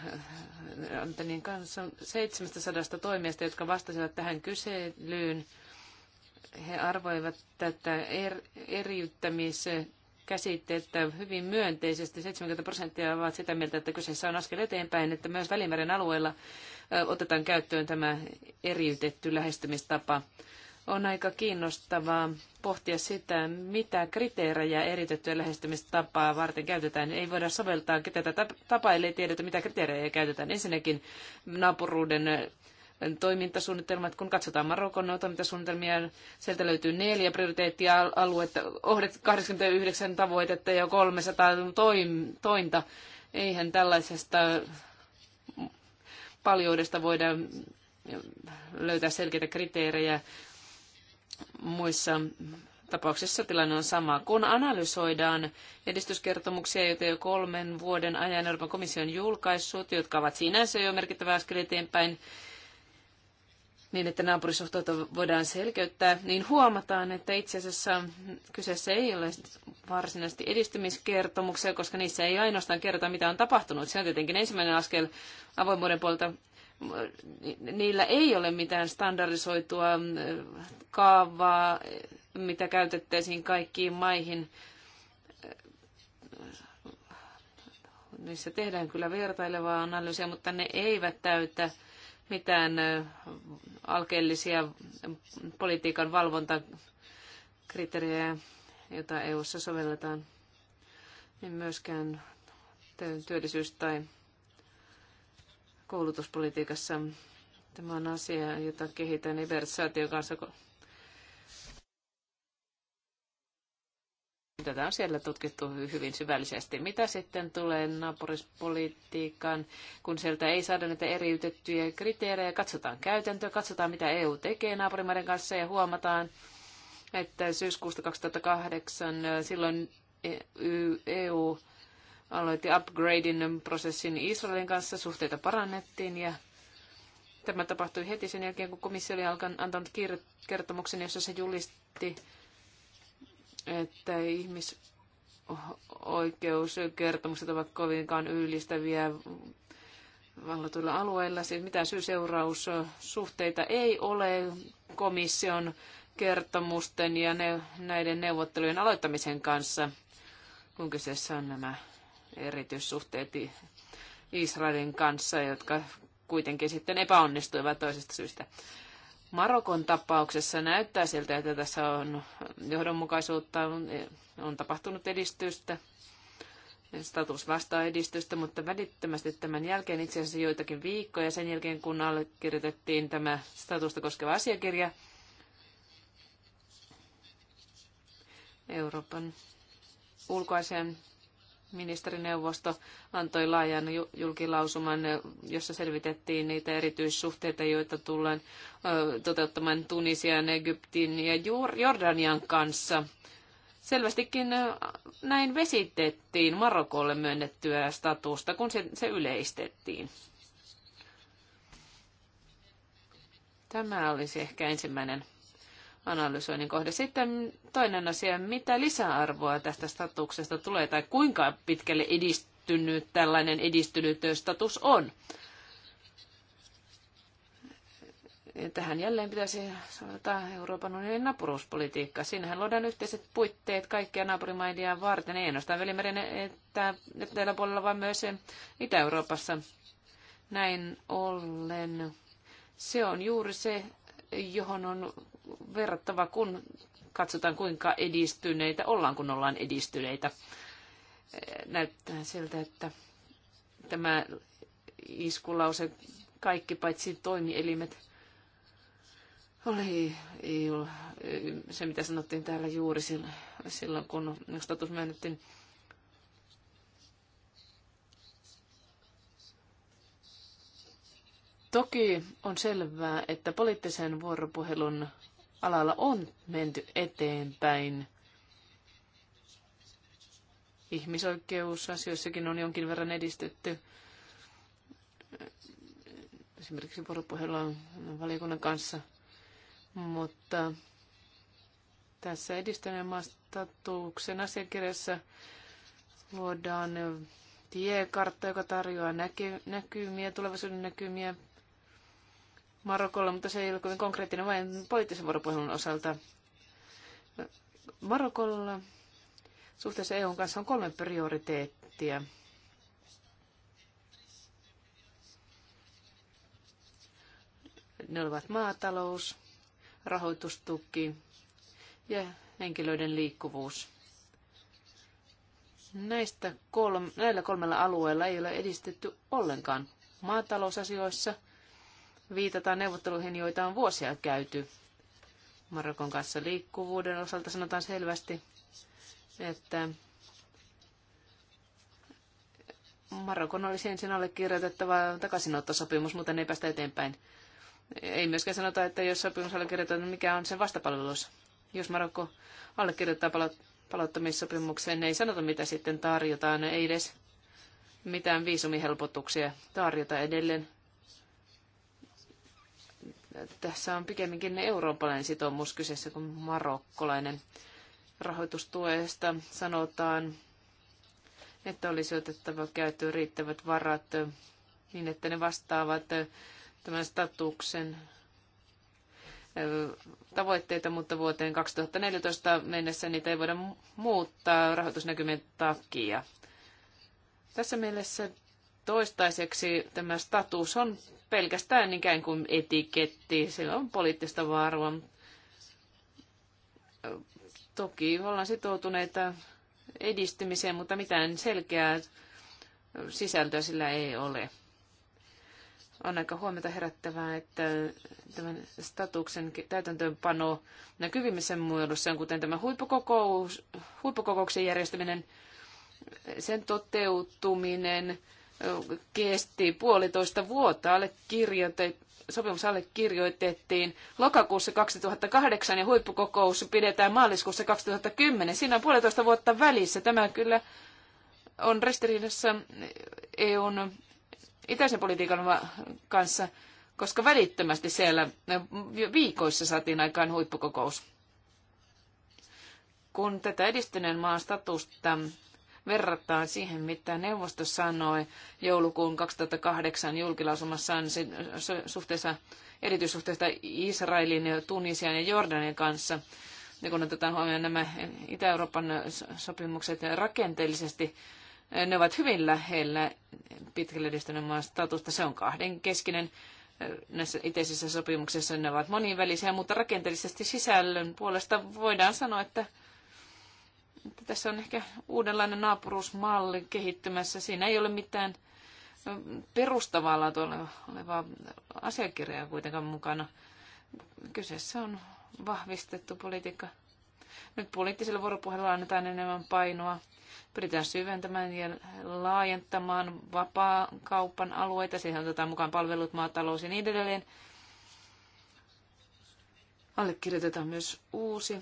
S3: Antonin kanssa 700 toimijasta, jotka vastasivat tähän kyselyyn. He arvoivat tätä er, eriyttämisen että hyvin myönteisesti. 70 prosenttia ovat sitä mieltä, että kyseessä on askel eteenpäin, että myös Välimeren alueella otetaan käyttöön tämä eriytetty lähestymistapa. On aika kiinnostavaa pohtia sitä, mitä kriteerejä eritettyä lähestymistapaa varten käytetään. Ei voida soveltaa tätä tapaa, ellei tiedetä, mitä kriteerejä käytetään. Ensinnäkin naapuruuden toimintasuunnitelmat. Kun katsotaan Marokon toimintasuunnitelmia, sieltä löytyy neljä prioriteettialuetta, 89 tavoitetta ja 300 tointa. Eihän tällaisesta paljoudesta voida löytää selkeitä kriteerejä. Muissa tapauksessa tilanne on sama. Kun analysoidaan edistyskertomuksia, joita jo kolmen vuoden ajan Euroopan komission on julkaissut, jotka ovat sinänsä jo merkittävä askel eteenpäin, niin, että naapurisuhteita voidaan selkeyttää, niin huomataan, että itse asiassa kyseessä ei ole varsinaisesti edistymiskertomuksia, koska niissä ei ainoastaan kerrota, mitä on tapahtunut. Se on tietenkin ensimmäinen askel avoimuuden puolelta. Niillä ei ole mitään standardisoitua kaavaa, mitä käytettäisiin kaikkiin maihin. Niissä tehdään kyllä vertailevaa analyysiä, mutta ne eivät täytä mitään alkeellisia politiikan valvontakriteerejä, joita EU:ssa sovelletaan, niin myöskään työllisyys- tai koulutuspolitiikassa. Tämä on asia, jota kehitän Ibersaation kanssa Tätä on siellä tutkittu hyvin syvällisesti. Mitä sitten tulee naapurispolitiikkaan, kun sieltä ei saada näitä eriytettyjä kriteerejä, katsotaan käytäntöä, katsotaan mitä EU tekee naapurimaiden kanssa ja huomataan, että syyskuusta 2008 silloin EU e aloitti upgradein prosessin Israelin kanssa, suhteita parannettiin ja tämä tapahtui heti sen jälkeen, kun komissio oli antanut kertomuksen, jossa se julisti että ihmisoikeuskertomukset ovat kovinkaan yllistäviä vallatuilla alueilla. Siis mitä syy-seuraussuhteita ei ole komission kertomusten ja ne, näiden neuvottelujen aloittamisen kanssa, kun kyseessä on nämä erityissuhteet Israelin kanssa, jotka kuitenkin sitten epäonnistuivat toisesta syystä. Marokon tapauksessa näyttää siltä, että tässä on johdonmukaisuutta, on, on tapahtunut edistystä, status vastaa edistystä, mutta välittömästi tämän jälkeen itse asiassa joitakin viikkoja sen jälkeen, kun allekirjoitettiin tämä statusta koskeva asiakirja, Euroopan ulkoisen ministerineuvosto antoi laajan julkilausuman, jossa selvitettiin niitä erityissuhteita, joita tullaan toteuttamaan Tunisian, Egyptin ja Jordanian kanssa. Selvästikin näin vesitettiin Marokolle myönnettyä statusta, kun se, se yleistettiin. Tämä olisi ehkä ensimmäinen analysoinnin kohde. Sitten toinen asia, mitä lisäarvoa tästä statuksesta tulee tai kuinka pitkälle edistynyt tällainen edistynyt status on. Ja tähän jälleen pitäisi saada Euroopan unionin naapuruuspolitiikka. Siinähän luodaan yhteiset puitteet kaikkia naapurimaidia varten, ei ainoastaan Välimeren että, tällä puolella, vaan myös Itä-Euroopassa. Näin ollen se on juuri se, johon on verrattava, kun katsotaan kuinka edistyneitä ollaan, kun ollaan edistyneitä. Näyttää siltä, että tämä iskulause kaikki paitsi toimielimet oli se, mitä sanottiin täällä juuri silloin, kun status myönnettiin. Toki on selvää, että poliittisen vuoropuhelun alalla on menty eteenpäin. Ihmisoikeusasioissakin on jonkin verran edistetty. Esimerkiksi vuoropuhelua valiokunnan kanssa. Mutta tässä edistyneen maastatuksen asiakirjassa luodaan tiekartta, joka tarjoaa näkymiä, tulevaisuuden näkymiä Marokolla, mutta se ei ole kovin konkreettinen vain poliittisen vuoropuhelun osalta. Marokolla suhteessa EUn kanssa on kolme prioriteettia. Ne ovat maatalous, rahoitustuki ja henkilöiden liikkuvuus. Näistä kolme, näillä kolmella alueella ei ole edistetty ollenkaan maatalousasioissa – viitataan neuvotteluihin, joita on vuosia käyty. Marokon kanssa liikkuvuuden osalta sanotaan selvästi, että Marokon olisi ensin allekirjoitettava takaisinottosopimus, mutta ei päästä eteenpäin. Ei myöskään sanota, että jos sopimus allekirjoitetaan, niin mikä on sen vastapalvelus. Jos Marokko allekirjoittaa palauttamissopimukseen, ei sanota, mitä sitten tarjotaan, ei edes mitään viisumihelpotuksia tarjota edelleen. Tässä on pikemminkin eurooppalainen sitoumus kyseessä kuin marokkolainen. Rahoitustuesta sanotaan, että olisi otettava käyttöön riittävät varat niin, että ne vastaavat tämän statuksen tavoitteita, mutta vuoteen 2014 mennessä niitä ei voida muuttaa rahoitusnäkymien takia. Tässä mielessä toistaiseksi tämä status on pelkästään ikään kuin etiketti, sillä on poliittista vaaroa. Toki ollaan sitoutuneita edistymiseen, mutta mitään selkeää sisältöä sillä ei ole. On aika huomenta herättävää, että tämän statuksen täytäntöönpano näkyvimmissä muodossa, kuten tämä huippukokous, huippukokouksen järjestäminen, sen toteutuminen, kesti puolitoista vuotta allekirjoitettu sopimus allekirjoitettiin lokakuussa 2008 ja huippukokous pidetään maaliskuussa 2010. Siinä on puolitoista vuotta välissä. Tämä kyllä on ristiriidassa EUn itäisen politiikan kanssa, koska välittömästi siellä viikoissa saatiin aikaan huippukokous. Kun tätä edistyneen maan statusta verrataan siihen, mitä neuvosto sanoi joulukuun 2008 julkilausumassaan suhteessa, erityissuhteessa Israelin, Tunisian ja Jordanian kanssa. Ja kun otetaan huomioon nämä Itä-Euroopan sopimukset rakenteellisesti, ne ovat hyvin lähellä pitkälle edistyneen maan statusta. Se on kahdenkeskinen näissä itäisissä sopimuksissa ne ovat monivälisiä, mutta rakenteellisesti sisällön puolesta voidaan sanoa, että tässä on ehkä uudenlainen naapuruusmalli kehittymässä. Siinä ei ole mitään perustavaa laatua olevaa asiakirjaa kuitenkaan mukana. Kyseessä on vahvistettu politiikka. Nyt poliittisella vuoropuhelulla annetaan enemmän painoa. Pyritään syventämään ja laajentamaan vapaa kaupan alueita. Siihen otetaan mukaan palvelut, maatalous ja niin edelleen. Allekirjoitetaan myös uusi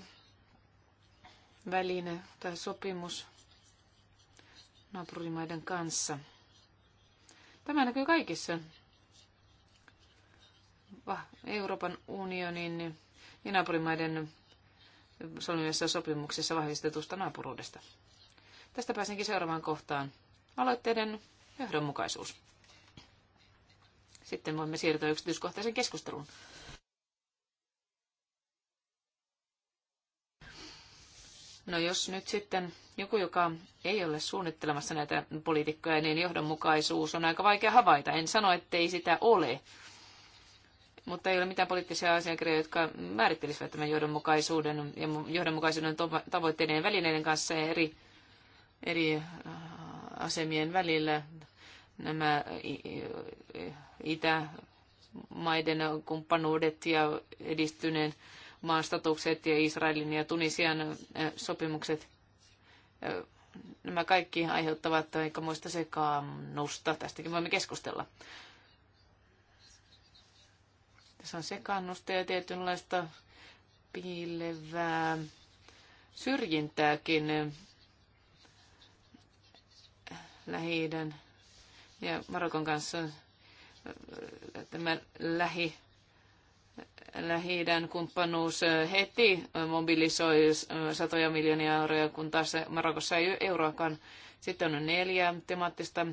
S3: väline tai sopimus naapurimaiden kanssa. Tämä näkyy kaikissa Euroopan unionin ja naapurimaiden solmimessa sopimuksessa vahvistetusta naapuruudesta. Tästä pääsenkin seuraavaan kohtaan. Aloitteiden johdonmukaisuus. Sitten voimme siirtyä yksityiskohtaisen keskusteluun. No jos nyt sitten joku, joka ei ole suunnittelemassa näitä poliitikkoja, niin johdonmukaisuus on aika vaikea havaita. En sano, että ei sitä ole, mutta ei ole mitään poliittisia asiakirjoja, jotka määrittelisivät tämän johdonmukaisuuden ja johdonmukaisuuden tavoitteiden ja välineiden kanssa ja eri, eri äh, asemien välillä. Nämä itämaiden kumppanuudet ja edistyneen statukset ja Israelin ja Tunisian sopimukset, nämä kaikki aiheuttavat aika muista sekaannusta. Tästäkin voimme keskustella. Tässä on sekaannusta ja tietynlaista piilevää syrjintääkin lähi ja Marokon kanssa tämä lähi lähi kumppanuus heti mobilisoi satoja miljoonia euroja, kun taas Marokossa ei euroakaan. Sitten on neljä temaattista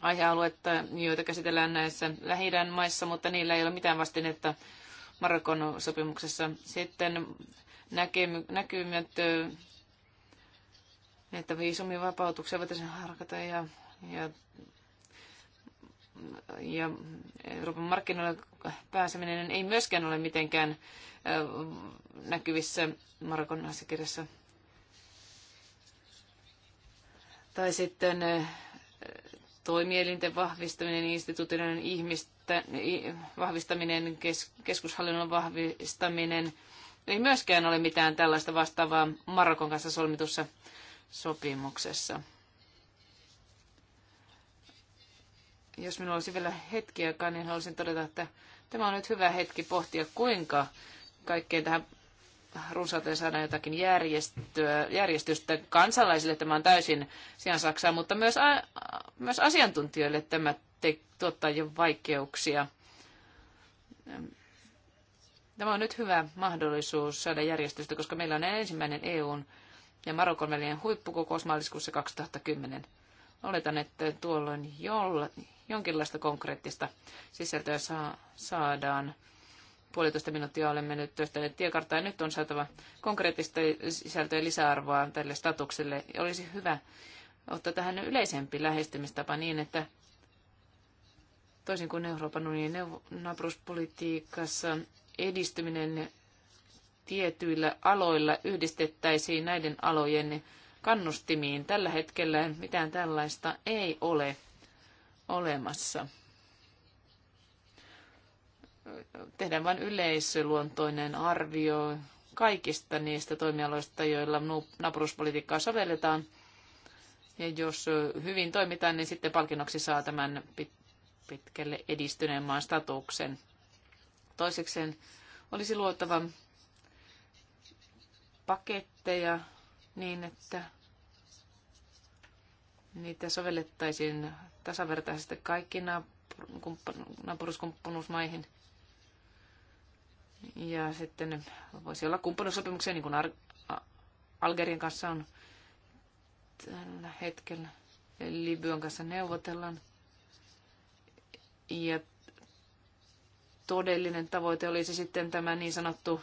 S3: aihealuetta, joita käsitellään näissä lähi maissa, mutta niillä ei ole mitään vastinetta Marokon sopimuksessa. Sitten näkymät, että viisumivapautuksia voitaisiin harkata ja, ja ja Euroopan markkinoille pääseminen ei myöskään ole mitenkään näkyvissä Marokon asiakirjassa. Tai sitten toimielinten vahvistaminen, instituutioiden ihmistä, vahvistaminen, keskushallinnon vahvistaminen. Ei myöskään ole mitään tällaista vastaavaa Marokon kanssa solmitussa sopimuksessa. Jos minulla olisi vielä hetki aikaa, niin haluaisin todeta, että tämä on nyt hyvä hetki pohtia, kuinka kaikkeen tähän runsauteen saadaan jotakin järjestöä, järjestystä kansalaisille. Tämä on täysin sijaan Saksaa, mutta myös, a, myös asiantuntijoille tämä te, tuottaa jo vaikeuksia. Tämä on nyt hyvä mahdollisuus saada järjestystä, koska meillä on ensimmäinen EUn ja Marokon välinen huippukokous maaliskuussa 2010. Oletan, että tuolloin jolla, jonkinlaista konkreettista sisältöä saa, saadaan. Puolitoista minuuttia olemme nyt työstäneet tiekarttaa ja nyt on saatava konkreettista sisältöä ja lisäarvoa tälle statukselle. Olisi hyvä ottaa tähän yleisempi lähestymistapa niin, että toisin kuin Euroopan unionin naapuruspolitiikassa edistyminen tietyillä aloilla yhdistettäisiin näiden alojen kannustimiin. Tällä hetkellä mitään tällaista ei ole olemassa. Tehdään vain yleisluontoinen arvio kaikista niistä toimialoista, joilla naapuruspolitiikkaa sovelletaan. Ja jos hyvin toimitaan, niin sitten palkinnoksi saa tämän pitkälle edistyneen maan statuksen. Toisekseen olisi luotava paketteja niin, että niitä sovellettaisiin tasavertaisesti kaikkiin naapuruskumppanuusmaihin. Ja sitten voisi olla kumppanuussopimuksia, niin kuin Algerian kanssa on tällä hetkellä. Libyan kanssa neuvotellaan. Ja todellinen tavoite olisi sitten tämä niin sanottu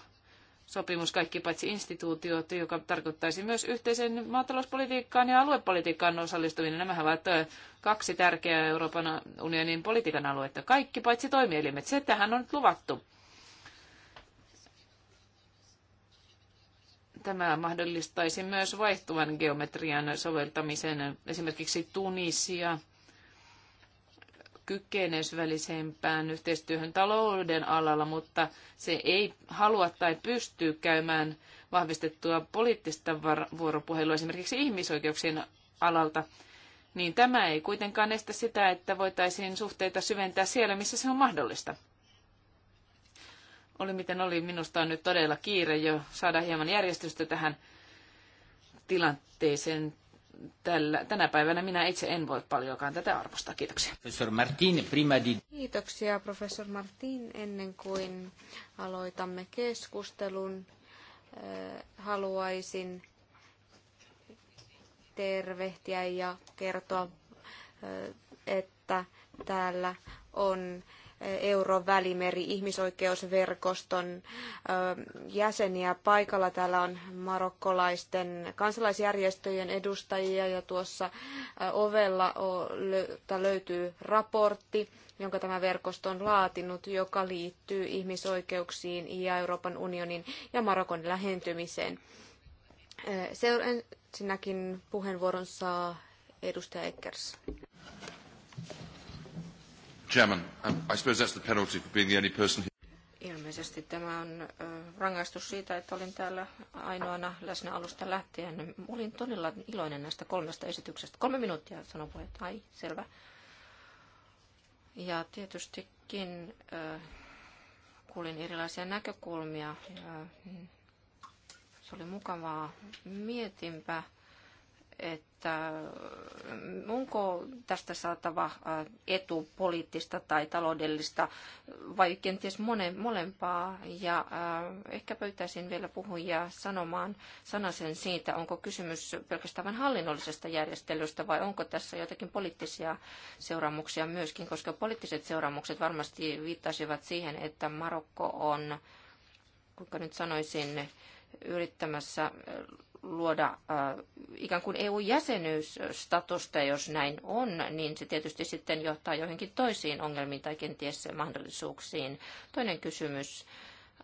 S3: sopimus kaikki paitsi instituutiot, joka tarkoittaisi myös yhteisen maatalouspolitiikkaan ja aluepolitiikkaan osallistuminen. Nämä ovat kaksi tärkeää Euroopan unionin politiikan aluetta. Kaikki paitsi toimielimet. Se tähän on nyt luvattu. Tämä mahdollistaisi myös vaihtuvan geometrian soveltamisen esimerkiksi Tunisia kykeneväisempään yhteistyöhön talouden alalla, mutta se ei halua tai pysty käymään vahvistettua poliittista vuoropuhelua esimerkiksi ihmisoikeuksien alalta, niin tämä ei kuitenkaan estä sitä, että voitaisiin suhteita syventää siellä, missä se on mahdollista. Oli miten oli, minusta on nyt todella kiire jo saada hieman järjestystä tähän tilanteeseen tällä, tänä päivänä minä itse en voi paljonkaan tätä arvostaa. Kiitoksia.
S1: Professor Martin, prima di...
S2: Kiitoksia professor Martin. Ennen kuin aloitamme keskustelun, eh, haluaisin tervehtiä ja kertoa, eh, että täällä on euron välimeri ihmisoikeusverkoston jäseniä paikalla. Täällä on marokkolaisten kansalaisjärjestöjen edustajia ja tuossa ovella löytyy raportti jonka tämä verkosto on laatinut, joka liittyy ihmisoikeuksiin ja Euroopan unionin ja Marokon lähentymiseen. Ensinnäkin puheenvuoron saa edustaja Eckers.
S3: Chairman, um, I suppose that's the penalty for being the only person here.
S2: Ilmeisesti tämä
S4: on rangaistus siitä, että olin täällä ainoana läsnä alusta lähtien. Olin todella iloinen näistä kolmesta esityksestä. Kolme minuuttia, sanoi puheenjohtaja. Ai, selvä. Ja tietystikin kuulin erilaisia näkökulmia. Mm, se oli mukavaa. Mietinpä että mm, onko tästä saatava äh, etu poliittista tai taloudellista vai kenties monen, molempaa. Ja äh, ehkä pöytäisin vielä puhujia sanomaan sanasen siitä, onko kysymys pelkästään vain hallinnollisesta järjestelystä vai onko tässä jotakin poliittisia seuraamuksia myöskin, koska poliittiset seuraamukset varmasti viittasivat siihen, että Marokko on, kuinka nyt sanoisin, yrittämässä luoda äh, ikään kuin EU-jäsenyysstatusta, jos näin on, niin se tietysti sitten johtaa joihinkin toisiin ongelmiin tai kenties mahdollisuuksiin. Toinen kysymys.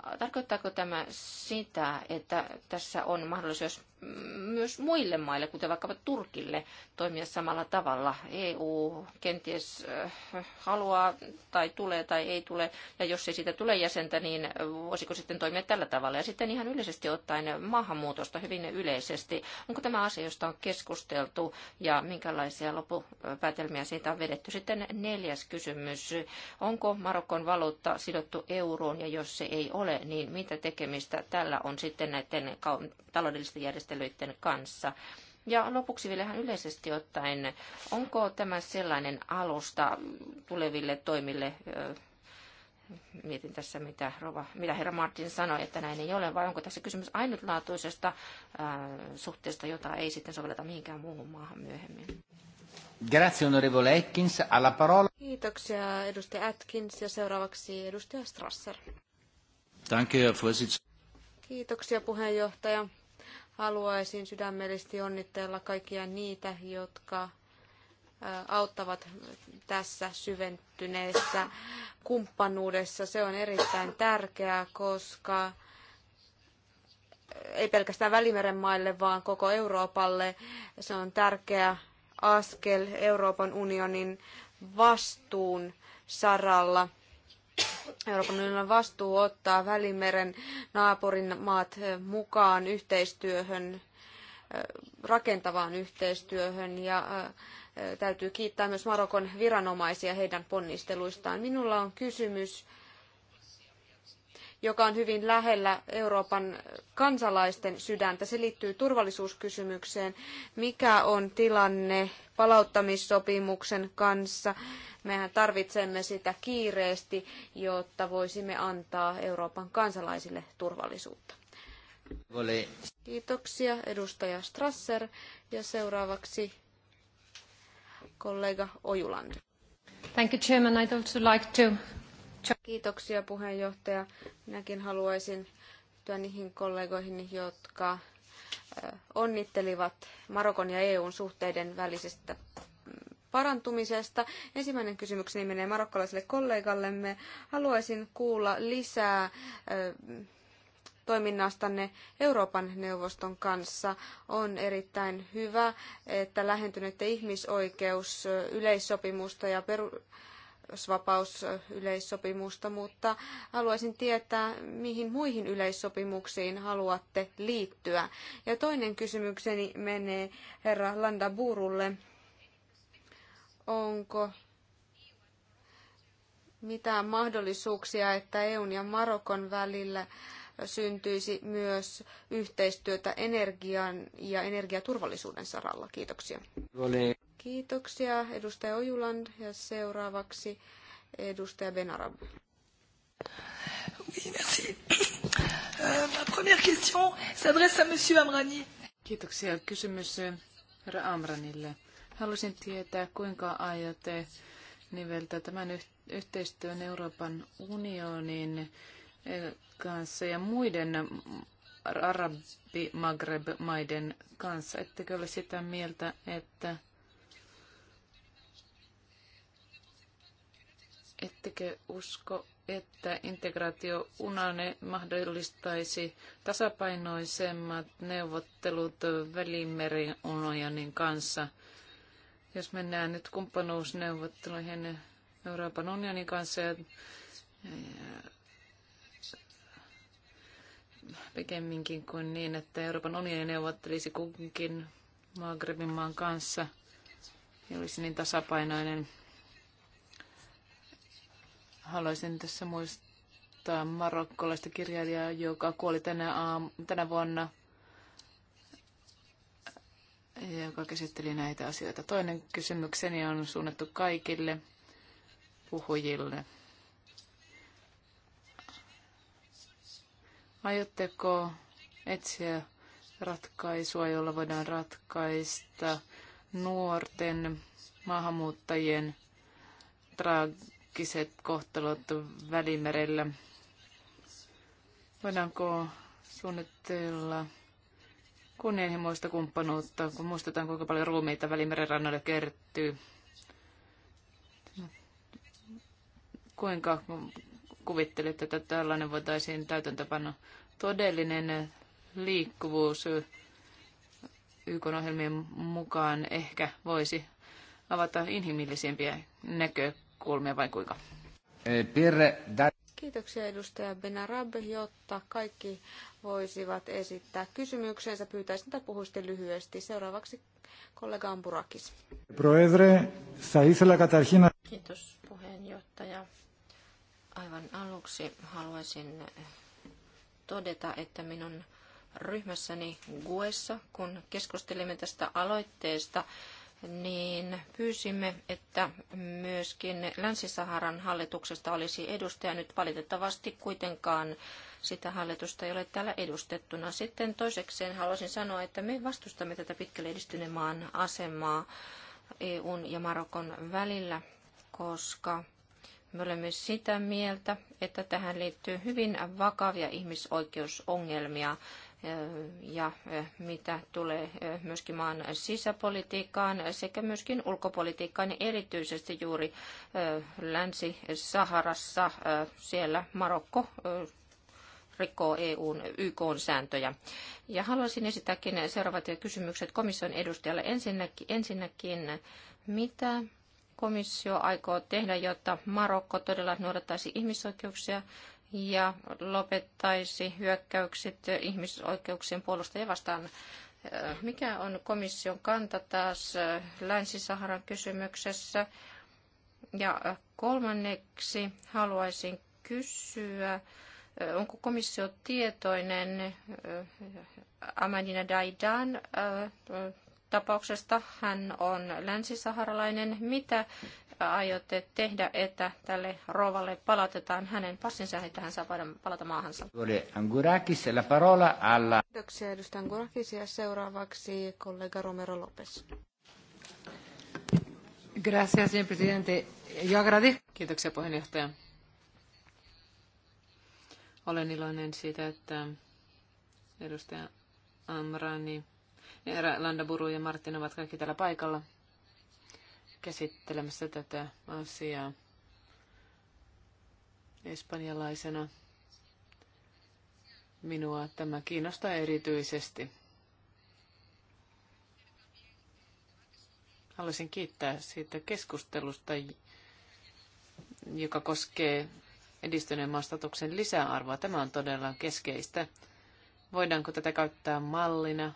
S4: Äh, tarkoittaako tämä sitä, että tässä on mahdollisuus myös muille maille, kuten vaikkapa Turkille, toimia samalla tavalla. EU kenties äh, haluaa tai tulee tai ei tule, ja jos ei siitä tule jäsentä, niin voisiko sitten toimia tällä tavalla. Ja sitten ihan yleisesti ottaen maahanmuutosta hyvin yleisesti. Onko tämä asia, josta on keskusteltu, ja minkälaisia lopupäätelmiä siitä on vedetty? Sitten neljäs kysymys. Onko Marokon valuutta sidottu euroon, ja jos se ei ole, niin mitä tekemistä tällä on sitten näiden taloudellisten järjestelmien järjestelyiden kanssa. Ja lopuksi vielä ihan yleisesti ottaen, onko tämä sellainen alusta tuleville toimille, mietin tässä mitä, Rova, mitä herra Martin sanoi, että näin ei ole, vai onko tässä kysymys ainutlaatuisesta suhteesta, jota ei sitten
S2: sovelleta mihinkään muuhun maahan myöhemmin?
S1: Grazie, onorevole Atkins. Alla parola.
S2: Kiitoksia, edustaja Atkins, ja seuraavaksi edustaja Strasser. Danke, Herr Kiitoksia, puheenjohtaja Haluaisin sydämellisesti onnitella kaikkia niitä, jotka auttavat tässä syventyneessä kumppanuudessa. Se on erittäin tärkeää, koska ei pelkästään Välimeren maille, vaan koko Euroopalle. Se on tärkeä askel Euroopan unionin vastuun saralla – Euroopan on vastuu ottaa Välimeren naapurin maat eh, mukaan yhteistyöhön, eh, rakentavaan yhteistyöhön ja eh, täytyy kiittää myös Marokon viranomaisia heidän ponnisteluistaan. Minulla on kysymys, joka on hyvin lähellä Euroopan kansalaisten sydäntä. Se liittyy turvallisuuskysymykseen. Mikä on tilanne palauttamissopimuksen kanssa? Mehän tarvitsemme sitä kiireesti, jotta voisimme antaa Euroopan kansalaisille turvallisuutta. Kiitoksia edustaja Strasser ja seuraavaksi kollega Ojuland.
S4: Thank you, Chairman. I'd also like to...
S2: Kiitoksia puheenjohtaja. Minäkin haluaisin yhtyä niihin kollegoihin, jotka onnittelivat Marokon ja EUn suhteiden välisestä parantumisesta. Ensimmäinen kysymykseni menee marokkalaiselle kollegallemme. Haluaisin kuulla lisää toiminnastanne Euroopan neuvoston kanssa. On erittäin hyvä, että lähentynytte ihmisoikeus yleissopimusta ja peru yleissopimusta, mutta haluaisin tietää, mihin muihin yleissopimuksiin haluatte liittyä. Ja toinen kysymykseni menee herra Landa onko mitään mahdollisuuksia, että EUn ja Marokon välillä syntyisi myös yhteistyötä energian ja energiaturvallisuuden saralla. Kiitoksia. Kiitoksia edustaja Ojuland ja seuraavaksi edustaja Benarab.
S4: Euh,
S2: Kiitoksia. Kysymys
S3: herra Amranille. Haluaisin tietää, kuinka aiotte niveltä tämän yhteistyön Euroopan unionin eh, kanssa ja muiden arabi-Maghreb-maiden kanssa. Ettekö ole sitä mieltä, että ettekö usko, että integraatio unane mahdollistaisi tasapainoisemmat neuvottelut välimeriunojanin kanssa – jos mennään nyt kumppanuusneuvotteluihin Euroopan unionin kanssa ja, ja pikemminkin kuin niin, että Euroopan unioni neuvottelisi kunkin Maagrebin maan kanssa ja niin olisi niin tasapainoinen. Haluaisin tässä muistaa marokkolaista kirjailijaa, joka kuoli tänä, aam- tänä vuonna – joka käsitteli näitä asioita. Toinen kysymykseni on suunnattu kaikille puhujille. Aiotteko etsiä ratkaisua, jolla voidaan ratkaista nuorten maahanmuuttajien traagiset kohtalot välimerellä? Voidaanko suunnitella kunnianhimoista kumppanuutta, kun muistetaan kuinka paljon ruumiita Välimeren rannalle kertyy. Kuinka kuvittelitte, että tällainen voitaisiin täytäntöpanna todellinen liikkuvuus YK-ohjelmien mukaan ehkä voisi avata inhimillisempiä näkökulmia vai kuinka?
S1: Eh,
S2: Kiitoksia edustaja Benarab, jotta kaikki voisivat esittää kysymyksensä. Pyytäisin, että puhuisitte lyhyesti. Seuraavaksi kollega Amburakis. Kiitos
S4: puheenjohtaja. Aivan aluksi haluaisin todeta, että minun ryhmässäni Guessa, kun keskustelimme tästä aloitteesta, niin pyysimme, että myöskin Länsi-Saharan hallituksesta olisi edustaja. Nyt valitettavasti kuitenkaan sitä hallitusta ei ole täällä edustettuna. Sitten toisekseen haluaisin sanoa, että me vastustamme tätä pitkälle edistyneen maan asemaa EUn ja Marokon välillä, koska me olemme sitä mieltä, että tähän liittyy hyvin vakavia ihmisoikeusongelmia ja mitä tulee myöskin maan sisäpolitiikkaan sekä myöskin ulkopolitiikkaan, niin erityisesti juuri Länsi-Saharassa siellä Marokko rikkoo EUn YK-sääntöjä. Ja haluaisin esittääkin seuraavat kysymykset komission edustajalle. Ensinnäkin, ensinnäkin mitä komissio aikoo tehdä, jotta Marokko todella noudattaisi ihmisoikeuksia ja lopettaisi hyökkäykset ihmisoikeuksien puolustajia vastaan. Mikä on komission kanta taas Länsi-Saharan kysymyksessä? Ja kolmanneksi haluaisin kysyä, onko komissio tietoinen Amadina Daidan äh, tapauksesta. Hän on länsisaharalainen. Mitä aiotte tehdä, että tälle rovalle palautetaan hänen passinsa, että hän saa palata maahansa?
S1: Angurakis, la parola alla...
S2: Kiitoksia edustaja Angurakis ja seuraavaksi kollega Romero Lopes.
S1: Gracias, señor presidente.
S3: Yo Kiitoksia puheenjohtaja. Olen iloinen siitä, että edustaja Amrani, Landaburu ja Martin ovat kaikki täällä paikalla käsittelemässä tätä asiaa espanjalaisena. Minua tämä kiinnostaa erityisesti. Haluaisin kiittää siitä keskustelusta, joka koskee edistyneen maastatuksen lisäarvoa. Tämä on todella keskeistä. Voidaanko tätä käyttää mallina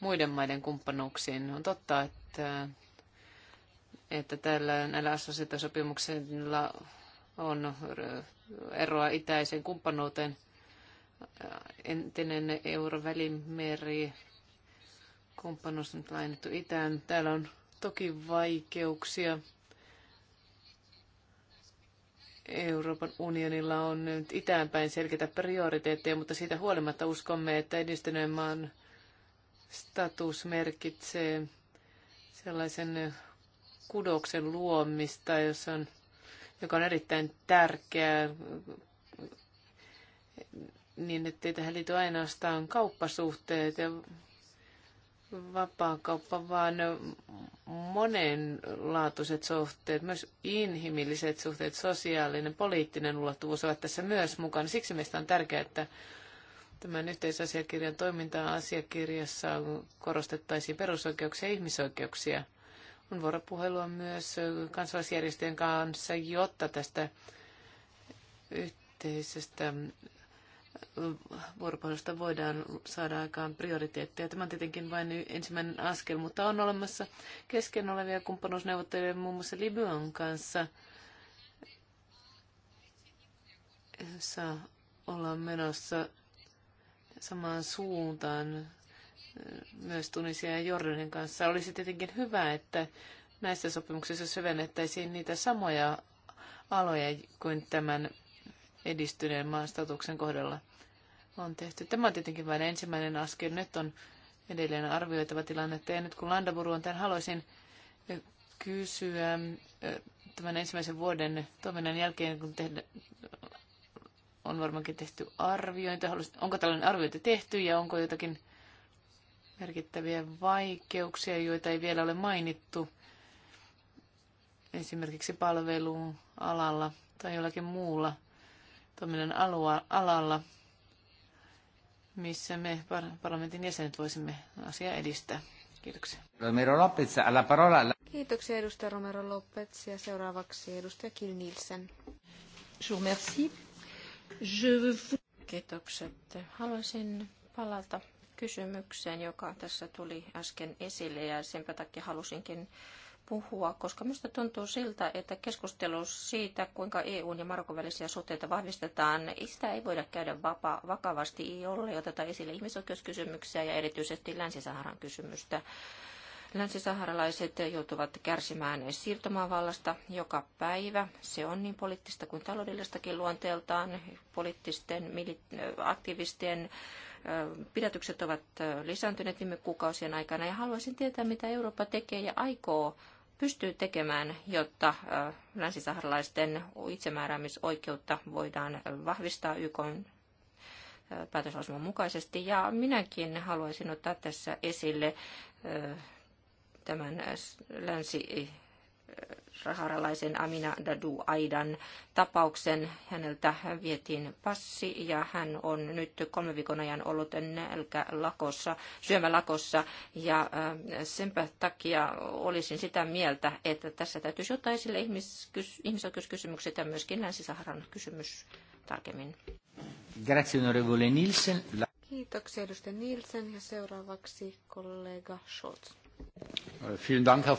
S3: muiden maiden kumppanuuksiin? On totta, että että tällä, näillä assosiaatiosopimuksilla on eroa itäiseen kumppanuuteen. Entinen Eurovälimeri kumppanuus on lainattu itään. Täällä on toki vaikeuksia. Euroopan unionilla on nyt itäänpäin selkeitä prioriteetteja, mutta siitä huolimatta uskomme, että edistyneen maan status merkitsee sellaisen kudoksen luomista, jossa on, joka on erittäin tärkeää, niin ettei tähän liity ainoastaan kauppasuhteet ja vapaakauppa, vaan monenlaatuiset suhteet, myös inhimilliset suhteet, sosiaalinen, poliittinen ulottuvuus ovat tässä myös mukana. Siksi meistä on tärkeää, että tämän yhteisasiakirjan toimintaa asiakirjassa korostettaisiin perusoikeuksia ja ihmisoikeuksia – on vuoropuhelua myös kansalaisjärjestöjen kanssa, jotta tästä yhteisestä vuoropuhelusta voidaan saada aikaan prioriteetteja. Tämä on tietenkin vain ensimmäinen askel, mutta on olemassa kesken olevia kumppanuusneuvotteluja muun muassa Libyan kanssa, jossa ollaan menossa samaan suuntaan myös Tunisia ja Jordanin kanssa. Olisi tietenkin hyvä, että näissä sopimuksissa syvennettäisiin niitä samoja aloja kuin tämän edistyneen maan statuksen kohdalla on tehty. Tämä on tietenkin vain ensimmäinen askel. Nyt on edelleen arvioitava tilanne. Ja nyt kun Landaburu on tämän, haluaisin kysyä tämän ensimmäisen vuoden toiminnan jälkeen, kun tehdä, on varmaankin tehty arviointi. Onko tällainen arviointi tehty ja onko jotakin merkittäviä vaikeuksia, joita ei vielä ole mainittu esimerkiksi palveluun alalla tai jollakin muulla toiminnan alua, alalla, missä me parlamentin jäsenet voisimme asiaa edistää.
S1: Kiitoksia. Romero Lopez, alla parola.
S2: Kiitoksia edustaja Romero Lopez ja seuraavaksi edustaja Kil Nielsen.
S4: Kiitokset. Haluaisin palata kysymykseen, joka tässä tuli äsken esille ja senpä takia halusinkin puhua, koska minusta tuntuu siltä, että keskustelu siitä, kuinka EUn ja Marokon välisiä suhteita vahvistetaan, sitä ei voida käydä vapa, vakavasti, jollei oteta esille ihmisoikeuskysymyksiä ja erityisesti Länsi-Saharan kysymystä. Länsisaharalaiset joutuvat kärsimään siirtomaavallasta joka päivä. Se on niin poliittista kuin taloudellistakin luonteeltaan. Poliittisten aktivistien Pidätykset ovat lisääntyneet viime kuukausien aikana ja haluaisin tietää, mitä Eurooppa tekee ja aikoo pystyy tekemään, jotta länsisaharalaisten itsemääräämisoikeutta voidaan vahvistaa YK päätöslausuman mukaisesti. Ja minäkin haluaisin ottaa tässä esille tämän länsi raharalaisen Amina Dadu Aidan tapauksen. Häneltä vietiin passi ja hän on nyt kolme viikon ajan ollut nälkälakossa, syömälakossa ja äh, senpä takia olisin sitä mieltä, että tässä täytyisi ottaa esille ihmisoikeuskysymykset ja myöskin Länsi-Saharan kysymys tarkemmin.
S1: Grazie, onorevole Nielsen.
S2: Kiitoksia edustaja Nielsen ja seuraavaksi kollega Scholz. Vielen Dank, Herr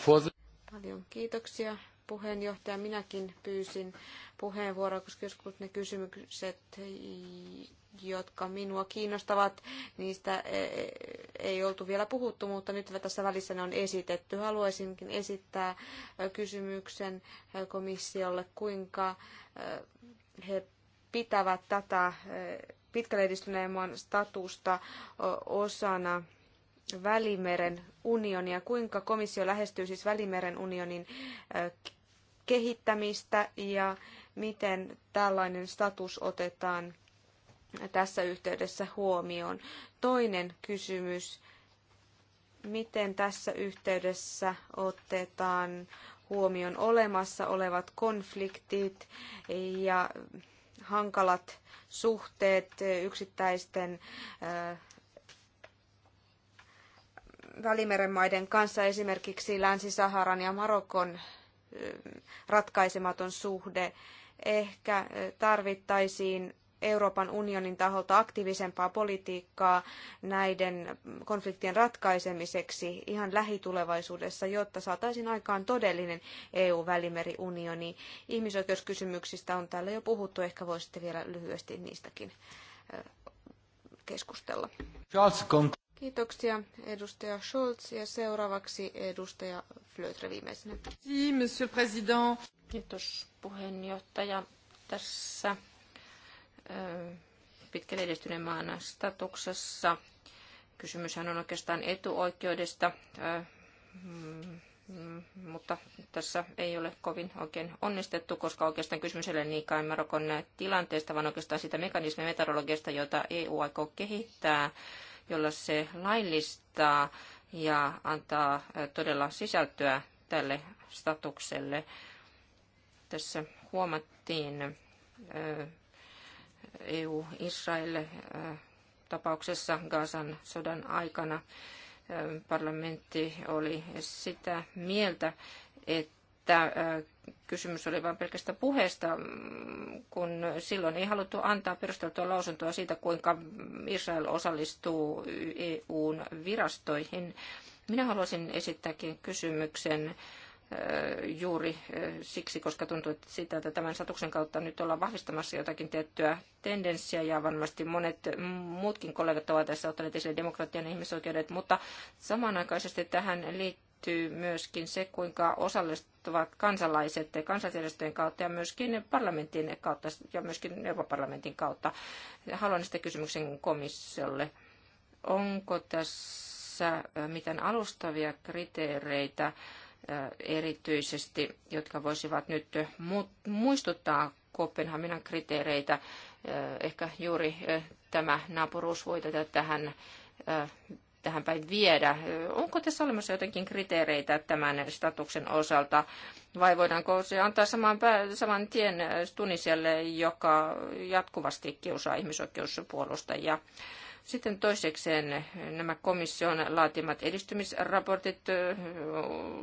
S2: Paljon kiitoksia puheenjohtaja. Minäkin pyysin puheenvuoroa, koska joskus ne kysymykset, jotka minua kiinnostavat, niistä e, e, ei oltu vielä puhuttu, mutta nyt tässä välissä ne on esitetty. Haluaisinkin esittää kysymyksen komissiolle, kuinka e, he pitävät tätä pitkälle edistyneen maan statusta osana Välimeren unionia. Kuinka komissio lähestyy siis Välimeren unionin kehittämistä ja miten tällainen status otetaan tässä yhteydessä huomioon. Toinen kysymys, miten tässä yhteydessä otetaan huomioon olemassa olevat konfliktit ja hankalat suhteet yksittäisten Välimeren maiden kanssa, esimerkiksi Länsi-Saharan ja Marokon ratkaisematon suhde. Ehkä tarvittaisiin Euroopan unionin taholta aktiivisempaa politiikkaa näiden konfliktien ratkaisemiseksi ihan lähitulevaisuudessa, jotta saataisiin aikaan todellinen EU-välimeriunioni. Ihmisoikeuskysymyksistä on täällä jo puhuttu, ehkä voisitte vielä lyhyesti niistäkin
S1: keskustella. Charles
S2: Kiitoksia edustaja Scholz ja seuraavaksi edustaja Flötre viimeisenä. Monsieur President.
S4: Kiitos puheenjohtaja. Tässä pitkän edistyneen maan statuksessa kysymyshän on oikeastaan etuoikeudesta, mm, mutta tässä ei ole kovin oikein onnistettu, koska oikeastaan kysymys ei ole niinkään Marokon tilanteesta, vaan oikeastaan sitä mekanismia metodologiasta, jota EU aikoo kehittää jolla se laillistaa ja antaa todella sisältöä tälle statukselle. Tässä huomattiin EU-Israel tapauksessa Gazan sodan aikana. Parlamentti oli sitä mieltä, että että kysymys oli vain pelkästä puheesta, kun silloin ei haluttu antaa perusteltua lausuntoa siitä, kuinka Israel osallistuu EUn virastoihin. Minä haluaisin esittääkin kysymyksen äh, juuri äh, siksi, koska tuntuu että sitä, että tämän satuksen kautta nyt ollaan vahvistamassa jotakin tiettyä tendenssiä ja varmasti monet muutkin kollegat ovat tässä ottaneet esille demokratian ja ihmisoikeudet, mutta samanaikaisesti tähän liittyy liittyy myöskin se, kuinka osallistuvat kansalaiset kansanjärjestöjen kautta ja myöskin parlamentin kautta ja myöskin Euroopan parlamentin kautta. Haluan sitä kysymyksen komissiolle. Onko tässä äh, mitään alustavia kriteereitä äh, erityisesti, jotka voisivat nyt muistuttaa Kopenhaminan kriteereitä. Äh, ehkä juuri tämä naapuruus voi tätä tähän tähän päin viedä. Onko tässä olemassa jotenkin kriteereitä tämän statuksen osalta? Vai voidaanko se antaa saman, pää, saman tien Tunisialle, joka jatkuvasti kiusaa ihmisoikeuspuolustajia? Sitten toisekseen nämä komission laatimat edistymisraportit,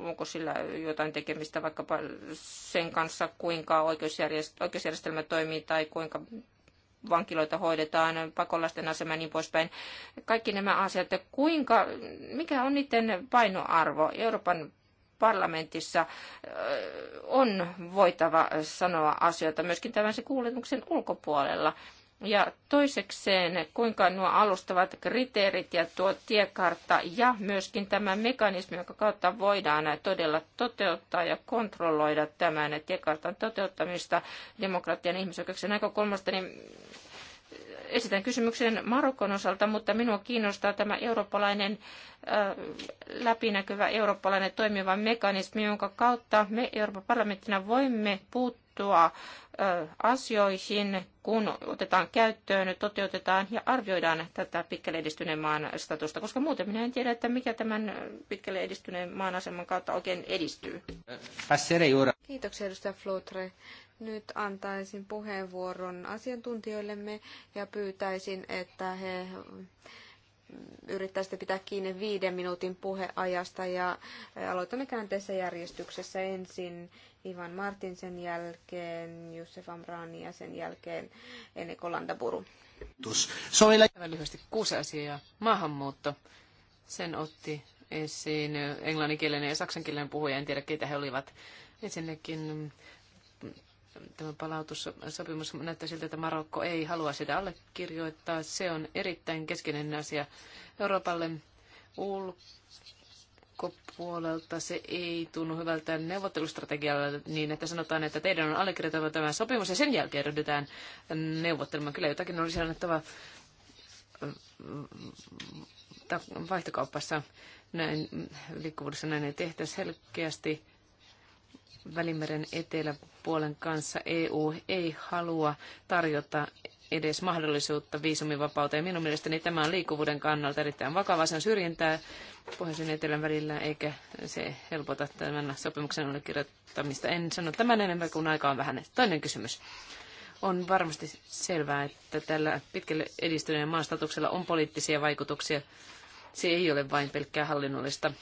S4: onko sillä jotain tekemistä vaikkapa sen kanssa, kuinka oikeusjärjestelmä toimii tai kuinka vankiloita hoidetaan, pakolaisten asema ja niin poispäin. Kaikki nämä asiat, kuinka, mikä on niiden painoarvo Euroopan parlamentissa äh, on voitava sanoa asioita myöskin tämän se kuulemuksen ulkopuolella. Ja toisekseen, kuinka nuo alustavat kriteerit ja tuo tiekartta ja myöskin tämä mekanismi, jonka kautta voidaan todella toteuttaa ja kontrolloida tämän tiekartan toteuttamista demokratian ihmisoikeuksien näkökulmasta, niin esitän kysymyksen Marokon osalta, mutta minua kiinnostaa tämä eurooppalainen läpinäkyvä eurooppalainen toimiva mekanismi, jonka kautta me Euroopan parlamenttina voimme puuttua puuttua asioihin, kun otetaan käyttöön, toteutetaan ja arvioidaan tätä pitkälle edistyneen maan statusta, koska muuten minä en tiedä, että mikä tämän
S2: pitkälle edistyneen maan aseman kautta oikein edistyy. Kiitoksia edustaja Flotre. Nyt antaisin puheenvuoron asiantuntijoillemme ja pyytäisin, että he yrittäisitte pitää kiinni viiden minuutin puheajasta ja aloitamme käänteessä järjestyksessä ensin Ivan Martin sen jälkeen, Jussef Amrani ja sen jälkeen Ene
S3: Se oli Lyhyesti kuusi asiaa. Maahanmuutto. Sen otti esiin englanninkielinen ja saksankielinen puhuja, en tiedä keitä he olivat. Ensinnäkin mm, tämä palautussopimus näyttää siltä, että Marokko ei halua sitä allekirjoittaa. Se on erittäin keskeinen asia Euroopalle ulk ulkopuolelta se ei tunnu hyvältä neuvottelustrategialla niin, että sanotaan, että teidän on allekirjoitettava tämä sopimus ja sen jälkeen ryhdytään neuvottelemaan. Kyllä jotakin olisi annettava äh, äh, äh, vaihtokaupassa näin, liikkuvuudessa näin ei tehtäisi selkeästi. Välimeren eteläpuolen kanssa EU ei halua tarjota edes mahdollisuutta viisumivapauteen. Minun mielestäni tämä on liikkuvuuden kannalta erittäin vakava. Se on syrjintää pohjoisen etelän välillä, eikä se helpota tämän sopimuksen allekirjoittamista. En sano tämän enempää, kun aika on vähän. Toinen kysymys. On varmasti selvää, että tällä pitkälle edistyneen maastatuksella on poliittisia vaikutuksia. Se ei ole vain pelkkää hallinnollista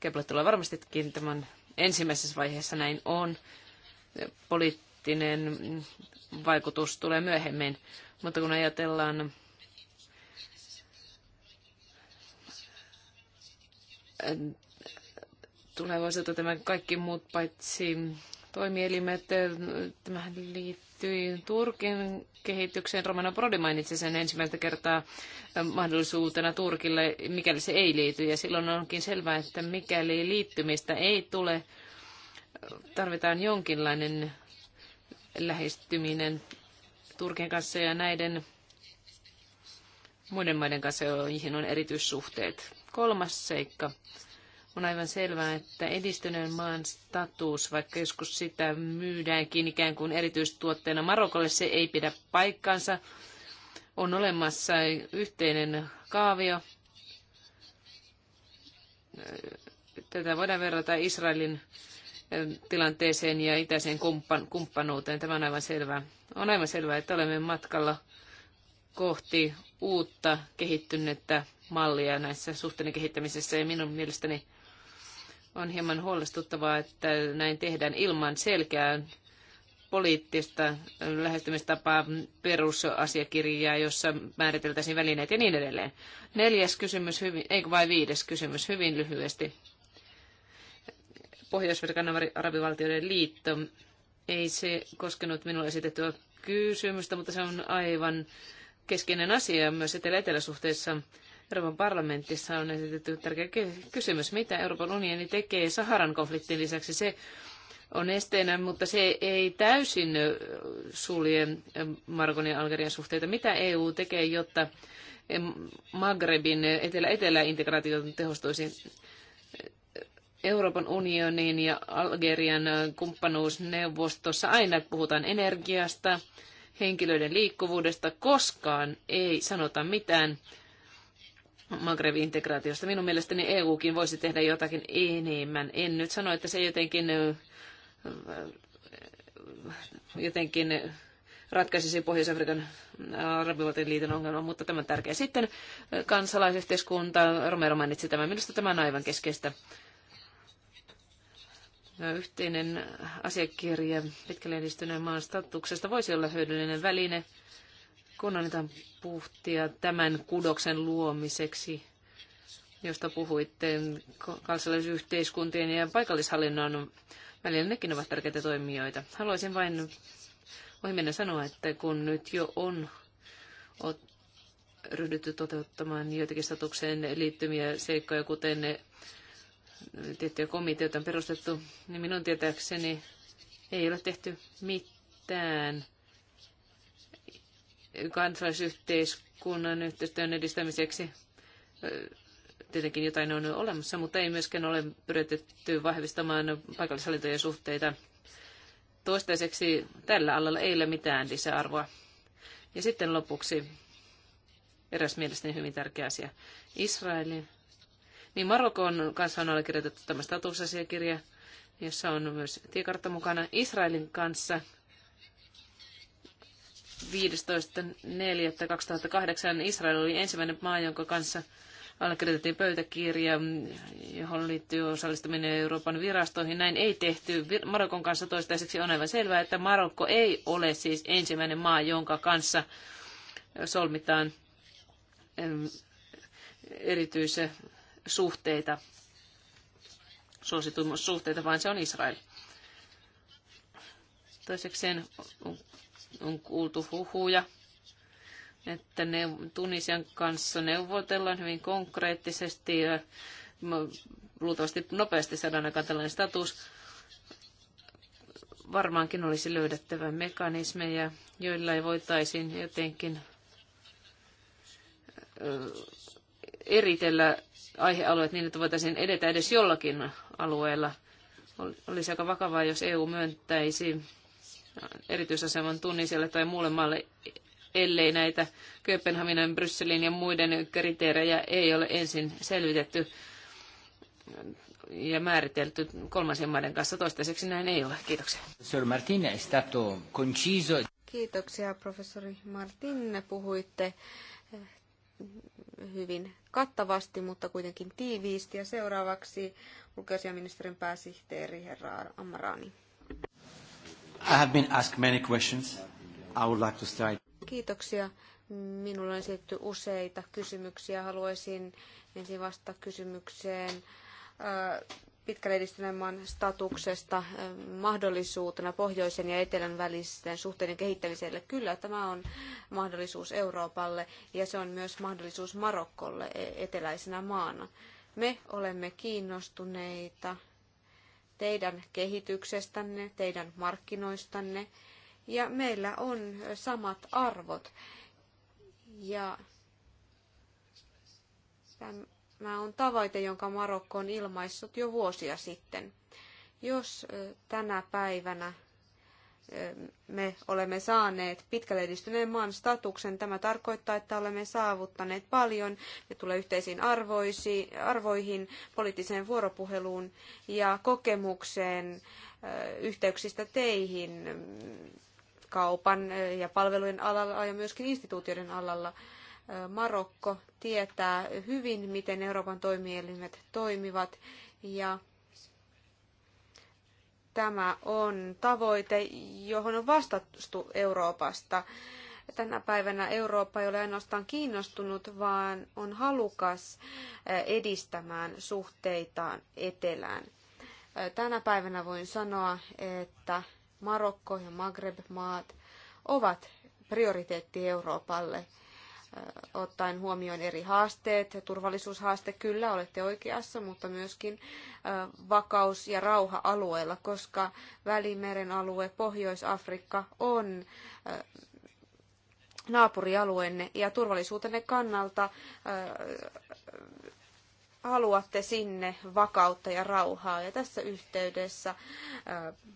S3: Keplottelua Varmastikin tämän ensimmäisessä vaiheessa näin on. Poliitt- poliittinen vaikutus tulee myöhemmin. Mutta kun ajatellaan äh, tulevaisuutta, tämä kaikki muut paitsi toimielimet, äh, tämä liittyy Turkin kehitykseen. Romana Prodi mainitsi sen ensimmäistä kertaa äh, mahdollisuutena Turkille, mikäli se ei liity. Ja silloin onkin selvää, että mikäli liittymistä ei tule, tarvitaan jonkinlainen lähestyminen Turkin kanssa ja näiden muiden maiden kanssa, joihin on erityissuhteet. Kolmas seikka. On aivan selvää, että edistyneen maan status, vaikka joskus sitä myydäänkin ikään kuin erityistuotteena Marokolle, se ei pidä paikkaansa. On olemassa yhteinen kaavio. Tätä voidaan verrata Israelin tilanteeseen ja itäiseen kumppan, kumppanuuteen. Tämä on aivan selvää. On aivan selvää, että olemme matkalla kohti uutta kehittynyttä mallia näissä suhteiden kehittämisessä ja minun mielestäni on hieman huolestuttavaa, että näin tehdään ilman selkeää poliittista lähestymistapaa, perusasiakirjaa, jossa määriteltäisiin välineet ja niin edelleen. Neljäs kysymys, ei eikö vai viides kysymys, hyvin lyhyesti pohjois arabivaltioiden liitto. Ei se koskenut minulle esitettyä kysymystä, mutta se on aivan keskeinen asia myös etelä-eteläsuhteissa. Euroopan parlamentissa on esitetty tärkeä kysymys, mitä Euroopan unioni tekee Saharan konfliktin lisäksi. Se on esteenä, mutta se ei täysin sulje Marokon ja Algerian suhteita. Mitä EU tekee, jotta Magrebin etelä-etelä-integraatio tehostuisi? Euroopan unionin ja Algerian kumppanuusneuvostossa aina puhutaan energiasta, henkilöiden liikkuvuudesta, koskaan ei sanota mitään magrevi integraatiosta Minun mielestäni EUkin voisi tehdä jotakin enemmän. En nyt sano, että se jotenkin, jotenkin ratkaisisi Pohjois-Afrikan arabivaltion liiton ongelman, mutta tämä on tärkeä. Sitten kansalaisyhteiskunta, Romero mainitsi tämän, minusta tämä on aivan keskeistä yhteinen asiakirja pitkälle edistyneen maan statuksesta voisi olla hyödyllinen väline, kun annetaan puhtia tämän kudoksen luomiseksi, josta puhuitte kansalaisyhteiskuntien ja paikallishallinnon välillä. Nekin ovat tärkeitä toimijoita. Haluaisin vain ohimennen sanoa, että kun nyt jo on ryhdytty toteuttamaan joitakin statukseen liittymiä seikkoja, kuten tiettyjä komiteoita on perustettu, niin minun tietääkseni ei ole tehty mitään kansalaisyhteiskunnan yhteistyön edistämiseksi. Tietenkin jotain on olemassa, mutta ei myöskään ole pyritetty vahvistamaan paikallishallintojen suhteita. Toistaiseksi tällä alalla ei ole mitään lisäarvoa. Ja sitten lopuksi eräs mielestäni hyvin tärkeä asia. Israelin niin Marokon kanssa on allekirjoitettu tämä statusasiakirja, jossa on myös tiekartta mukana Israelin kanssa. 15.4.2008 Israel oli ensimmäinen maa, jonka kanssa allekirjoitettiin pöytäkirja, johon liittyy osallistuminen Euroopan virastoihin. Näin ei tehty. Marokon kanssa toistaiseksi on aivan selvää, että Marokko ei ole siis ensimmäinen maa, jonka kanssa solmitaan erityisen suhteita, suosituimmat suhteita vaan se on Israel. Toisekseen on, on kuultu huhuja, että ne, Tunisian kanssa neuvotellaan hyvin konkreettisesti ja luultavasti nopeasti saadaan aikaan tällainen status. Varmaankin olisi löydettävä mekanismeja, joilla ei voitaisiin jotenkin eritellä aihealueet niin, että voitaisiin edetä edes jollakin alueella. Olisi aika vakavaa, jos EU myöntäisi erityisaseman Tuniselle tai muulle maalle, ellei näitä Kööpenhaminan, Brysselin ja muiden kriteerejä ei ole ensin selvitetty ja määritelty kolmansien maiden kanssa. Toistaiseksi näin ei ole. Kiitoksia.
S2: Kiitoksia professori Martin. Puhuitte eh, hyvin kattavasti, mutta kuitenkin tiiviisti. Ja seuraavaksi ulkoasiaministerin pääsihteeri herra Ammarani.
S1: I have been asked many questions. I would like to start.
S2: Kiitoksia. Minulle on esitetty useita kysymyksiä. Haluaisin ensin vastata kysymykseen äh, pitkälle edistyneen maan statuksesta eh, mahdollisuutena pohjoisen ja etelän välisten suhteiden kehittämiselle. Kyllä tämä on mahdollisuus Euroopalle ja se on myös mahdollisuus Marokkolle e, eteläisenä maana. Me olemme kiinnostuneita teidän kehityksestänne, teidän markkinoistanne ja meillä on samat arvot. Ja tämän Tämä on tavoite, jonka Marokko on ilmaissut jo vuosia sitten. Jos tänä päivänä me olemme saaneet pitkälle edistyneen maan statuksen. Tämä tarkoittaa, että olemme saavuttaneet paljon. Me tulee yhteisiin arvoihin, poliittiseen vuoropuheluun ja kokemukseen yhteyksistä teihin kaupan ja palvelujen alalla ja myöskin instituutioiden alalla. Marokko tietää hyvin, miten Euroopan toimielimet toimivat ja tämä on tavoite, johon on vastattu Euroopasta. Tänä päivänä Eurooppa ei ole ainoastaan kiinnostunut, vaan on halukas eh, edistämään suhteitaan etelään. Eh, tänä päivänä voin sanoa, että Marokko ja Maghreb-maat ovat prioriteetti Euroopalle – ottaen huomioon eri haasteet. Turvallisuushaaste kyllä olette oikeassa, mutta myöskin vakaus- ja rauha alueella, koska Välimeren alue, Pohjois-Afrikka on naapurialueenne ja turvallisuutenne kannalta haluatte sinne vakautta ja rauhaa. Ja tässä yhteydessä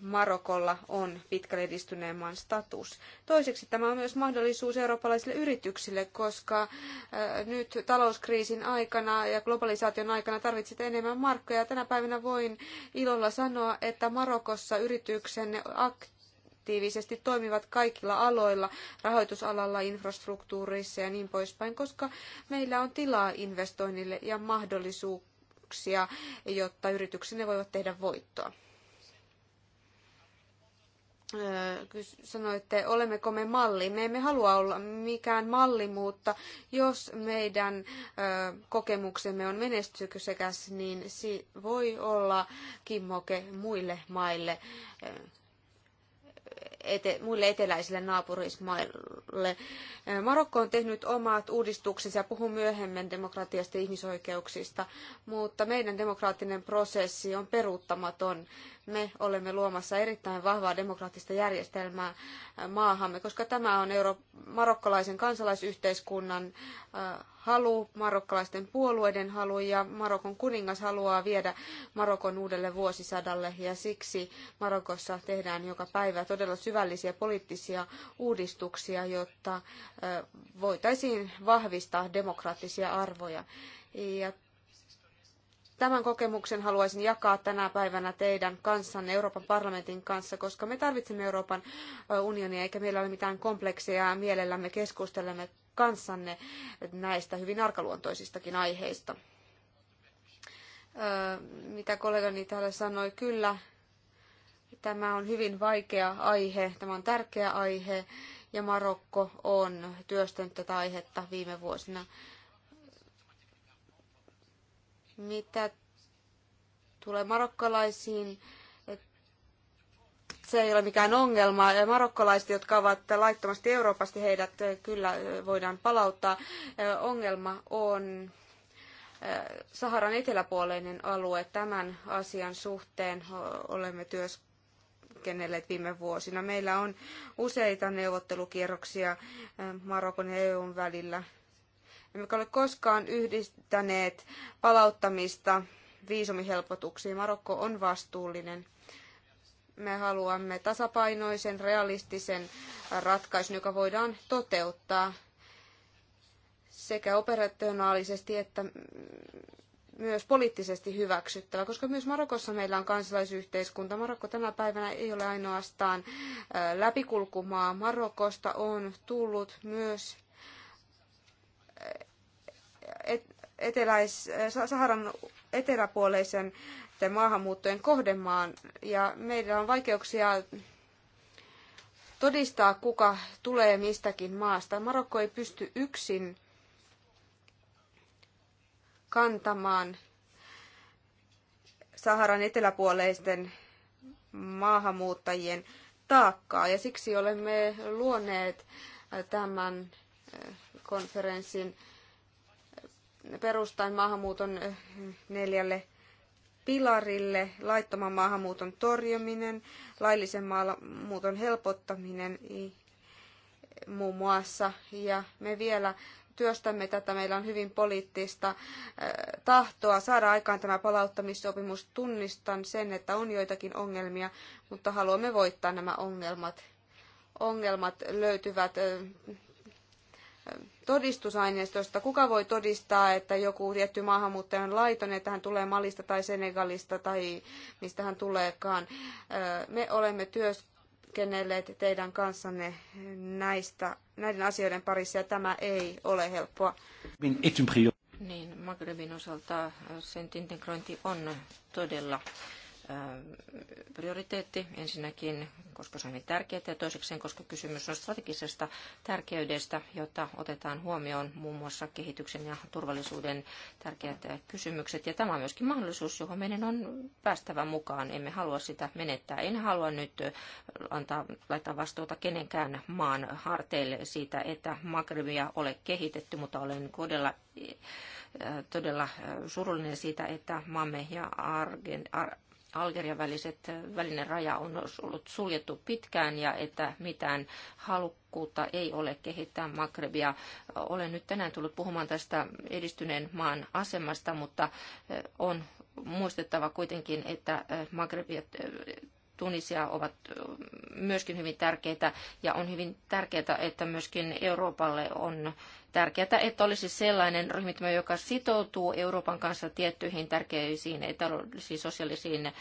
S2: Marokolla on pitkälle edistyneen maan status. Toiseksi tämä on myös mahdollisuus eurooppalaisille yrityksille, koska nyt talouskriisin aikana ja globalisaation aikana tarvitsette enemmän markkoja. Tänä päivänä voin ilolla sanoa, että Marokossa yrityksen aktiivisuus aktiivisesti toimivat kaikilla aloilla, rahoitusalalla, infrastruktuurissa ja niin poispäin, koska meillä on tilaa investoinnille ja mahdollisuuksia, jotta yrityksenne voivat tehdä voittoa öö, sanoitte, olemmeko me malli. Me emme halua olla mikään malli, mutta jos meidän öö, kokemuksemme on menestyksekäs, niin se voi olla kimmoke muille maille. Öö, ete, muille eteläisille naapurismaille. Marokko on tehnyt omat uudistuksensa ja puhun myöhemmin demokratiasta ja ihmisoikeuksista, mutta meidän demokraattinen prosessi on peruuttamaton. Me olemme luomassa erittäin vahvaa demokraattista järjestelmää äh, maahamme, koska tämä on euro- marokkolaisen kansalaisyhteiskunnan äh, halu, marokkalaisten puolueiden halu ja Marokon kuningas haluaa viedä Marokon uudelle vuosisadalle ja siksi Marokossa tehdään joka päivä todella syvällisiä poliittisia uudistuksia, jotta äh, voitaisiin vahvistaa demokraattisia arvoja. Ja Tämän kokemuksen haluaisin jakaa tänä päivänä teidän kanssanne, Euroopan parlamentin kanssa, koska me tarvitsemme Euroopan unionia, eikä meillä ole mitään komplekseja ja mielellämme keskustelemme kanssanne näistä hyvin arkaluontoisistakin aiheista. Mitä kollegani täällä sanoi, kyllä, tämä on hyvin vaikea aihe, tämä on tärkeä aihe ja Marokko on työstänyt tätä aihetta viime vuosina. Mitä tulee marokkalaisiin, se ei ole mikään ongelma. Marokkolaiset, jotka ovat laittomasti Euroopasta, heidät kyllä voidaan palauttaa. Ongelma on Saharan eteläpuoleinen alue. Tämän asian suhteen olemme työskennelleet viime vuosina. Meillä on useita neuvottelukierroksia Marokon ja EUn välillä Emmekä ole koskaan yhdistäneet palauttamista viisumihelpotuksiin. Marokko on vastuullinen. Me haluamme tasapainoisen, realistisen ratkaisun, joka voidaan toteuttaa sekä operationaalisesti että myös poliittisesti hyväksyttävä, koska myös Marokossa meillä on kansalaisyhteiskunta. Marokko tänä päivänä ei ole ainoastaan läpikulkumaa. Marokosta on tullut myös eteläis, eh, Saharan eteläpuoleisen maahanmuuttojen kohdemaan ja meillä on vaikeuksia todistaa, kuka tulee mistäkin maasta. Marokko ei pysty yksin kantamaan Saharan eteläpuoleisten maahanmuuttajien taakkaa ja siksi olemme luoneet tämän eh, konferenssin perustan maahanmuuton eh, neljälle pilarille laittoman maahanmuuton torjuminen, laillisen maahanmuuton helpottaminen muun muassa. Ja me vielä työstämme tätä. Meillä on hyvin poliittista eh, tahtoa saada aikaan tämä palauttamissopimus. Tunnistan sen, että on joitakin ongelmia, mutta haluamme voittaa nämä ongelmat. Ongelmat löytyvät eh, todistusaineistosta. Kuka voi todistaa, että joku tietty maahanmuuttaja on laiton, että hän tulee Malista tai Senegalista tai mistä hän tuleekaan. Me olemme työskennelleet teidän kanssanne näistä, näiden asioiden parissa ja tämä ei ole helppoa. Niin, Maghrebin osalta sen integrointi on
S4: todella prioriteetti ensinnäkin, koska se on niin tärkeää, ja toisekseen, koska kysymys on strategisesta tärkeydestä, jota otetaan huomioon muun muassa kehityksen ja turvallisuuden tärkeät kysymykset. Ja tämä on myöskin mahdollisuus, johon meidän on päästävä mukaan. Emme halua sitä menettää. En halua nyt antaa, laittaa vastuuta kenenkään maan harteille siitä, että Magrebia ole kehitetty, mutta olen kodella todella surullinen siitä, että maamme ja Argen, Ar, Algerian väliset, äh, välinen raja on ollut suljettu pitkään ja että mitään halukkuutta ei ole kehittää Magrebia. Äh, olen nyt tänään tullut puhumaan tästä edistyneen maan asemasta, mutta äh, on muistettava kuitenkin, että Magrebia Tunisia ovat myöskin hyvin tärkeitä ja on hyvin tärkeää, että myöskin Euroopalle on Tärkeää, että olisi sellainen ryhmittymä, joka sitoutuu Euroopan kanssa tiettyihin tärkeisiin taloudellisiin, sosiaalisiin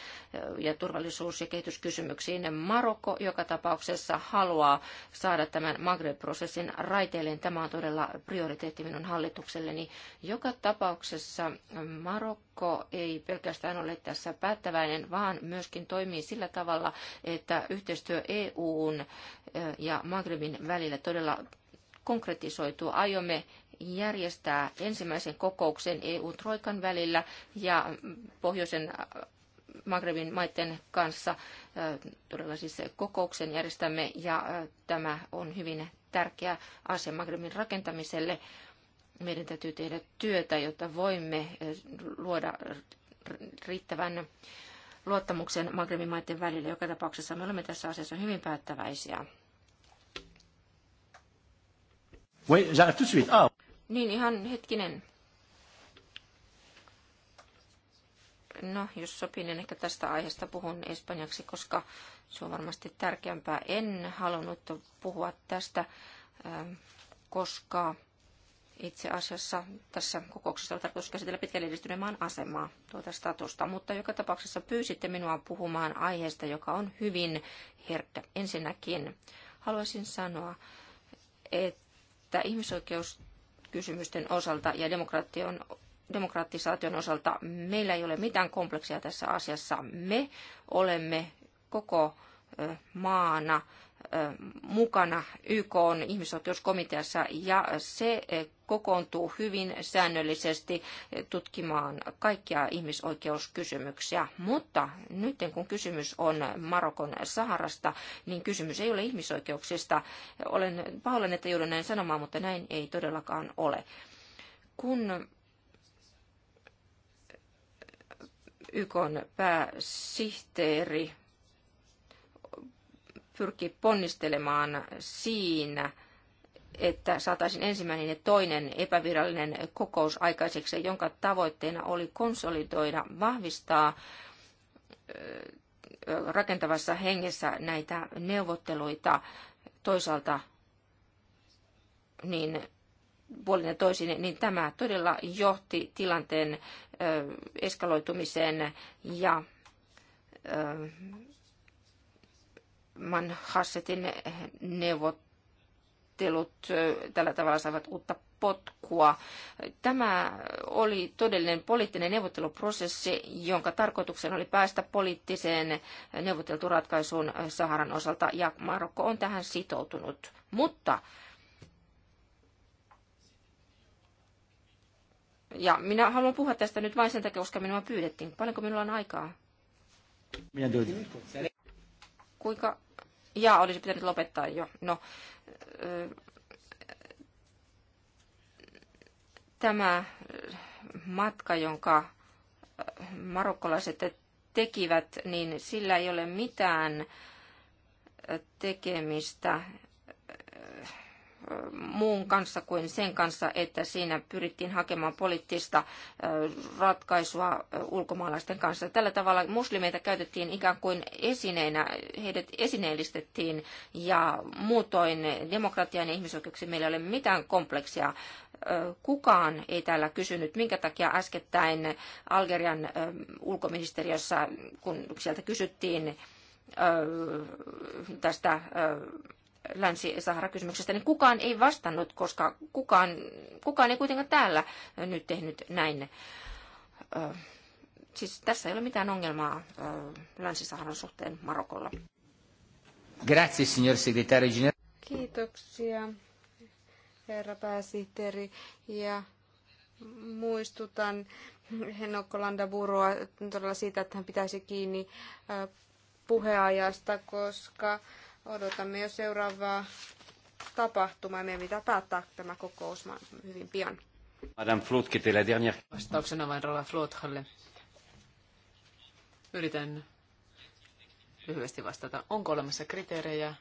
S4: ja turvallisuus- ja kehityskysymyksiin. Marokko joka tapauksessa haluaa saada tämän Maghreb-prosessin raiteilleen. Tämä on todella prioriteetti minun hallitukselleni. Joka tapauksessa Marokko ei pelkästään ole tässä päättäväinen, vaan myöskin toimii sillä tavalla, että yhteistyö EUn ja Maghrebin välillä todella konkretisoituu. Aiomme järjestää ensimmäisen kokouksen EU-Troikan välillä ja pohjoisen äh, Magrebin maiden kanssa äh, todella siis kokouksen järjestämme ja äh, tämä on hyvin tärkeä asia Magrebin rakentamiselle. Meidän täytyy tehdä työtä, jotta voimme luoda riittävän luottamuksen Magrebin maiden välillä. Joka tapauksessa me olemme tässä asiassa hyvin päättäväisiä.
S1: Oui, j'arrive tout de suite. Ah.
S4: Niin, ihan hetkinen. No, jos sopii, niin ehkä tästä aiheesta puhun espanjaksi, koska se on varmasti tärkeämpää. En halunnut puhua tästä, ähm, koska itse asiassa tässä kokouksessa on tarkoitus käsitellä pitkälle edistyneen maan asemaa, tuota statusta, mutta joka tapauksessa pyysitte minua puhumaan aiheesta, joka on hyvin herkkä. Ensinnäkin haluaisin sanoa, että että ihmisoikeuskysymysten osalta ja demokraation demokraattisaation osalta meillä ei ole mitään kompleksia tässä asiassa. Me olemme koko maana mukana YK on ihmisoikeuskomiteassa ja se kokoontuu hyvin säännöllisesti tutkimaan kaikkia ihmisoikeuskysymyksiä. Mutta nyt kun kysymys on Marokon Saharasta, niin kysymys ei ole ihmisoikeuksista. Olen pahoillani, että joudun näin sanomaan, mutta näin ei todellakaan ole. Kun YK pääsihteeri pyrkii ponnistelemaan siinä, että saataisiin ensimmäinen ja toinen epävirallinen kokous aikaiseksi, jonka tavoitteena oli konsolidoida, vahvistaa rakentavassa hengessä näitä neuvotteluita toisaalta niin puolin ja toisin, niin tämä todella johti tilanteen eskaloitumiseen ja Manhassetin neuvot ottelut, tällä tavalla saivat uutta potkua. Tämä oli todellinen poliittinen neuvotteluprosessi, jonka tarkoituksena oli päästä poliittiseen neuvoteltuun ratkaisuun Saharan osalta, ja Marokko on tähän sitoutunut. Mutta Ja minä haluan puhua tästä nyt vain sen takia, koska minua pyydettiin. Paljonko minulla on aikaa? Minä Kuinka? Jaa, olisi pitänyt lopettaa jo. No, tämä matka, jonka marokkolaiset tekivät, niin sillä ei ole mitään tekemistä muun kanssa kuin sen kanssa, että siinä pyrittiin hakemaan poliittista ratkaisua ulkomaalaisten kanssa. Tällä tavalla muslimeita käytettiin ikään kuin esineinä, heidät esineellistettiin ja muutoin demokratian ja ihmisoikeuksiin meillä ei ole mitään kompleksia. Kukaan ei täällä kysynyt, minkä takia äskettäin Algerian ulkoministeriössä, kun sieltä kysyttiin tästä Länsi-Sahara-kysymyksestä, niin kukaan ei vastannut, koska kukaan, kukaan ei kuitenkaan täällä nyt tehnyt näin. Siis tässä ei ole mitään ongelmaa Länsi-Saharan suhteen Marokolla.
S1: Grazie, signor segretario generale.
S2: Kiitoksia, herra pääsihteeri. Ja muistutan Henokko Landaburoa todella siitä, että hän pitäisi kiinni puheajasta, koska Odotamme jo seuraavaa tapahtumaa. Meidän pitää päättää tämä kokous hyvin pian.
S1: Madame Flut, qui la dernière...
S3: Vastauksena vain Rola Fluthalle. Yritän lyhyesti vastata. Onko olemassa kriteerejä,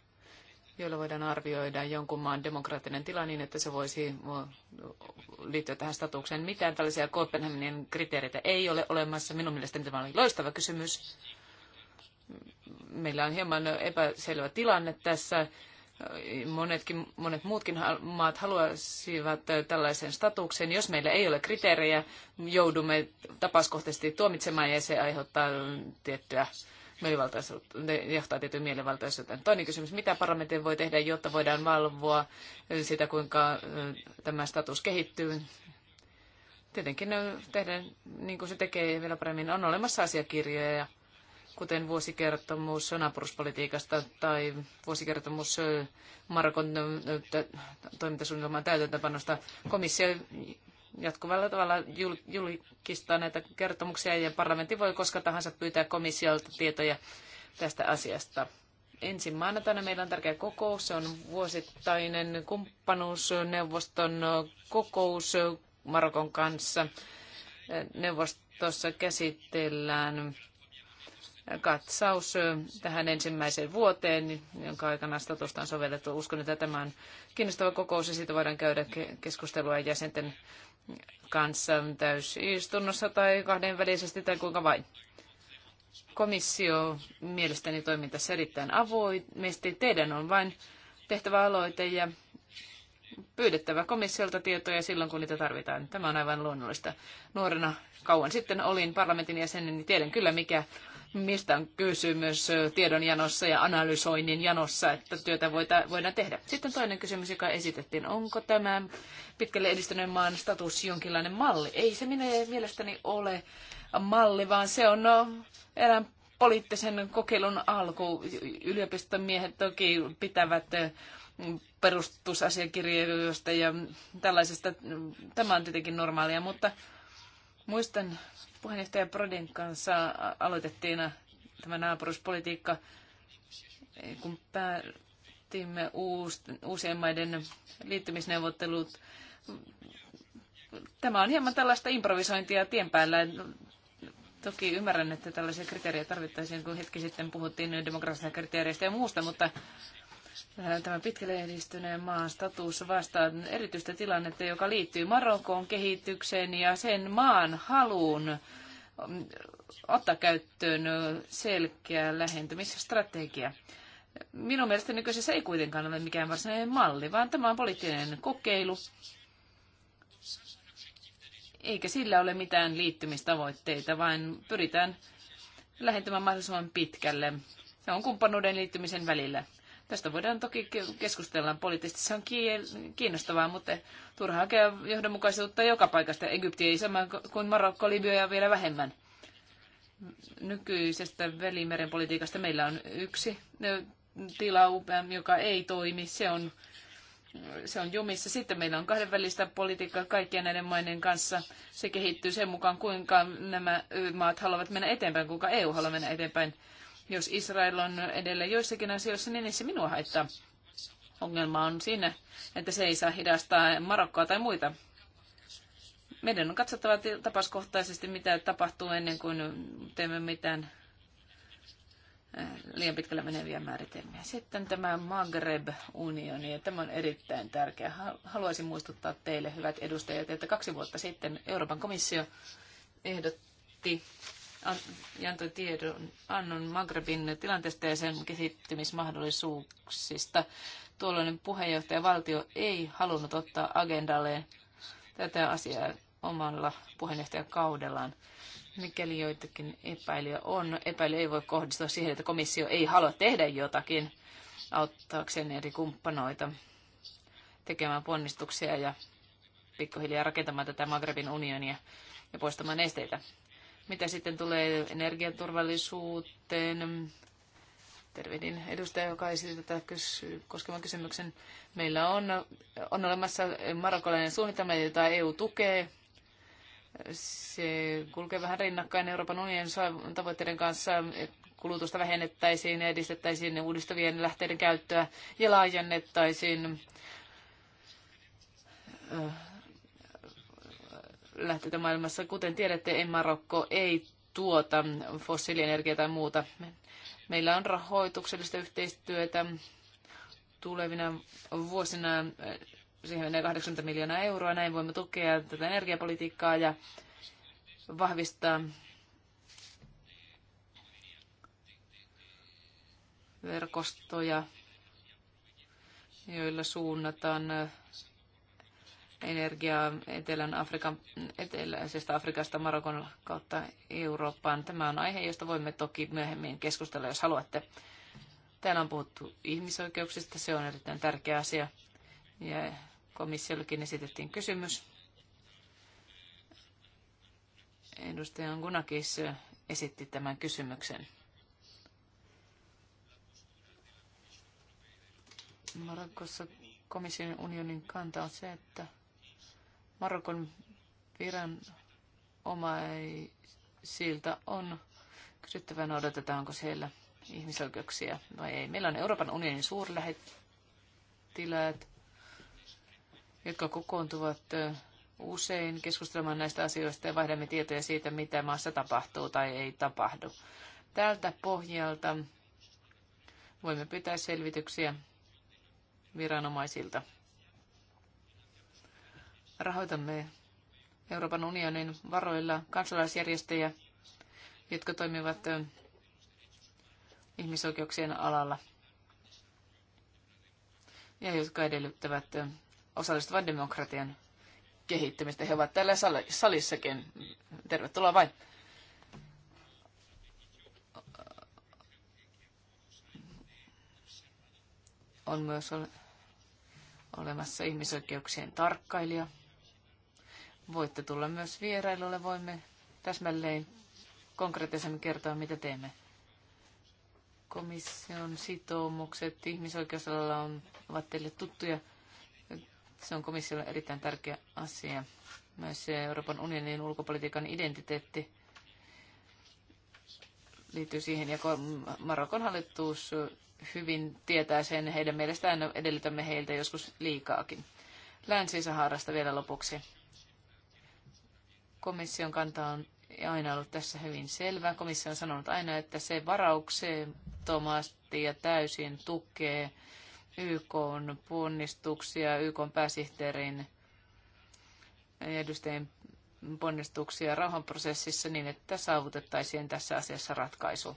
S3: joilla voidaan arvioida jonkun maan demokraattinen tila niin, että se voisi liittyä tähän statukseen? Mitään tällaisia Kopenhaminin kriteereitä ei ole olemassa. Minun mielestäni tämä oli loistava kysymys meillä on hieman epäselvä tilanne tässä. Monetkin, monet muutkin maat haluaisivat tällaisen statuksen. Jos meillä ei ole kriteerejä, joudumme tapauskohtaisesti tuomitsemaan ja se aiheuttaa tiettyä mielivaltaisuutta, johtaa tiettyyn mielivaltaisuuteen. Toinen kysymys, mitä parlamentti voi tehdä, jotta voidaan valvoa sitä, kuinka tämä status kehittyy? Tietenkin tehdään niin kuin se tekee vielä paremmin. On olemassa asiakirjoja ja kuten vuosikertomus naapuruspolitiikasta tai vuosikertomus Marokon toimintasuunnitelman täytäntöpanosta. Komissio jatkuvalla tavalla julkistaa näitä kertomuksia ja parlamentti voi koska tahansa pyytää komissiolta tietoja tästä asiasta. Ensin maanantaina meillä on tärkeä kokous. Se on vuosittainen kumppanuusneuvoston kokous Marokon kanssa. Neuvostossa käsitellään katsaus tähän ensimmäiseen vuoteen, jonka aikana statusta on sovellettu. Uskon, että tämä on kiinnostava kokous ja siitä voidaan käydä keskustelua jäsenten kanssa täysistunnossa tai kahdenvälisesti tai kuinka vain. Komissio mielestäni toimii tässä erittäin avoimesti. Teidän on vain tehtävä aloite ja pyydettävä komissiolta tietoja silloin, kun niitä tarvitaan. Tämä on aivan luonnollista. Nuorena kauan sitten olin parlamentin jäsenen, niin tiedän kyllä, mikä mistä on kysymys tiedonjanossa ja analysoinnin janossa, että työtä voidaan tehdä. Sitten toinen kysymys, joka esitettiin, onko tämä pitkälle edistyneen maan status jonkinlainen malli? Ei se minä mielestäni ole malli, vaan se on no, erään poliittisen kokeilun alku. Yliopistomiehet toki pitävät perustusasiakirjoista ja tällaisesta. Tämä on tietenkin normaalia, mutta muistan puheenjohtaja Brodin kanssa aloitettiin tämä naapuruspolitiikka, kun päätimme uusien maiden liittymisneuvottelut. Tämä on hieman tällaista improvisointia tien päällä. Toki ymmärrän, että tällaisia kriteerejä tarvittaisiin, kun hetki sitten puhuttiin demokraattisista kriteereistä ja muusta, mutta Äh, Tämän pitkälle edistyneen maan status vastaa erityistä tilannetta, joka liittyy Marokon kehitykseen ja sen maan haluun mm, ottaa käyttöön selkeä lähentymisstrategia. Minun mielestäni nykyisessä ei kuitenkaan ole mikään varsinainen malli, vaan tämä on poliittinen kokeilu, eikä sillä ole mitään liittymistavoitteita, vaan pyritään lähentämään mahdollisimman pitkälle. Se on kumppanuuden liittymisen välillä. Tästä voidaan toki keskustella poliittisesti, se on kiinnostavaa, mutta turhaa hakea johdonmukaisuutta joka paikasta. Egypti ei sama kuin Marokko, Libya vielä vähemmän. Nykyisestä välimeren politiikasta meillä on yksi tila, joka ei toimi. Se on, se on jumissa. Sitten meillä on kahdenvälistä politiikkaa kaikkien näiden maiden kanssa. Se kehittyy sen mukaan, kuinka nämä maat haluavat mennä eteenpäin, kuinka EU haluaa mennä eteenpäin. Jos Israel on edelleen joissakin asioissa, niin ei se minua haittaa. Ongelma on siinä, että se ei saa hidastaa Marokkoa tai muita. Meidän on katsottava tapauskohtaisesti, mitä tapahtuu ennen kuin teemme mitään äh, liian pitkälle meneviä määritelmiä. Sitten tämä Maghreb-unioni, ja tämä on erittäin tärkeä. Haluaisin muistuttaa teille, hyvät edustajat, että kaksi vuotta sitten Euroopan komissio ehdotti ja antoi tiedon annon Magrebin tilanteesta ja sen kehittymismahdollisuuksista. puheenjohtaja valtio ei halunnut ottaa agendalleen tätä asiaa omalla kaudellaan. Mikäli joitakin epäilyjä on, epäily ei voi kohdistua siihen, että komissio ei halua tehdä jotakin auttaakseen eri kumppanoita tekemään ponnistuksia ja pikkuhiljaa rakentamaan tätä Magrebin unionia ja poistamaan esteitä. Mitä sitten tulee energiaturvallisuuteen? Tervehdin edustaja, joka esitti tätä koskevan kysymyksen. Meillä on, on olemassa marokkolainen suunnitelma, jota EU tukee. Se kulkee vähän rinnakkain Euroopan unionin tavoitteiden kanssa. Kulutusta vähennettäisiin ja edistettäisiin uudistavien lähteiden käyttöä ja laajennettaisiin lähteitä maailmassa. Kuten tiedätte, Marokko ei tuota fossiilienergiaa tai muuta. Meillä on rahoituksellista yhteistyötä tulevina vuosina. Siihen menee 80 miljoonaa euroa. Näin voimme tukea tätä energiapolitiikkaa ja vahvistaa verkostoja, joilla suunnataan energiaa Etelän Afrikan, eteläisestä Afrikasta Marokon kautta Eurooppaan. Tämä on aihe, josta voimme toki myöhemmin keskustella, jos haluatte. Täällä on puhuttu ihmisoikeuksista, se on erittäin tärkeä asia. Ja komissiollekin esitettiin kysymys. Edustaja Gunakis esitti tämän kysymyksen. Marokossa komission unionin kanta on se, että Marokon viranomaisilta on kysyttävä, noudatetaanko siellä ihmisoikeuksia vai ei. Meillä on Euroopan unionin suurlähettiläät, jotka kokoontuvat usein keskustelemaan näistä asioista ja vaihdamme tietoja siitä, mitä maassa tapahtuu tai ei tapahdu. Tältä pohjalta voimme pitää selvityksiä viranomaisilta rahoitamme Euroopan unionin varoilla kansalaisjärjestöjä, jotka toimivat ihmisoikeuksien alalla ja jotka edellyttävät osallistuvan demokratian kehittämistä. He ovat täällä salissakin. Tervetuloa vain. On myös olemassa ihmisoikeuksien tarkkailija. Voitte tulla myös vierailulle. Voimme täsmälleen konkreettisemmin kertoa, mitä teemme. Komission sitoumukset ihmisoikeusalalla on, ovat teille tuttuja. Se on komissiolle erittäin tärkeä asia. Myös Euroopan unionin ulkopolitiikan identiteetti liittyy siihen, ja Marokon hallitus hyvin tietää sen, heidän mielestään edellytämme heiltä joskus liikaakin. Länsi-Saharasta vielä lopuksi. Komission kanta on aina ollut tässä hyvin selvä. Komissio on sanonut aina, että se varauksettomasti ja täysin tukee YK on ponnistuksia, YK on pääsihteerin edustajien ponnistuksia rauhanprosessissa niin, että saavutettaisiin tässä asiassa ratkaisu.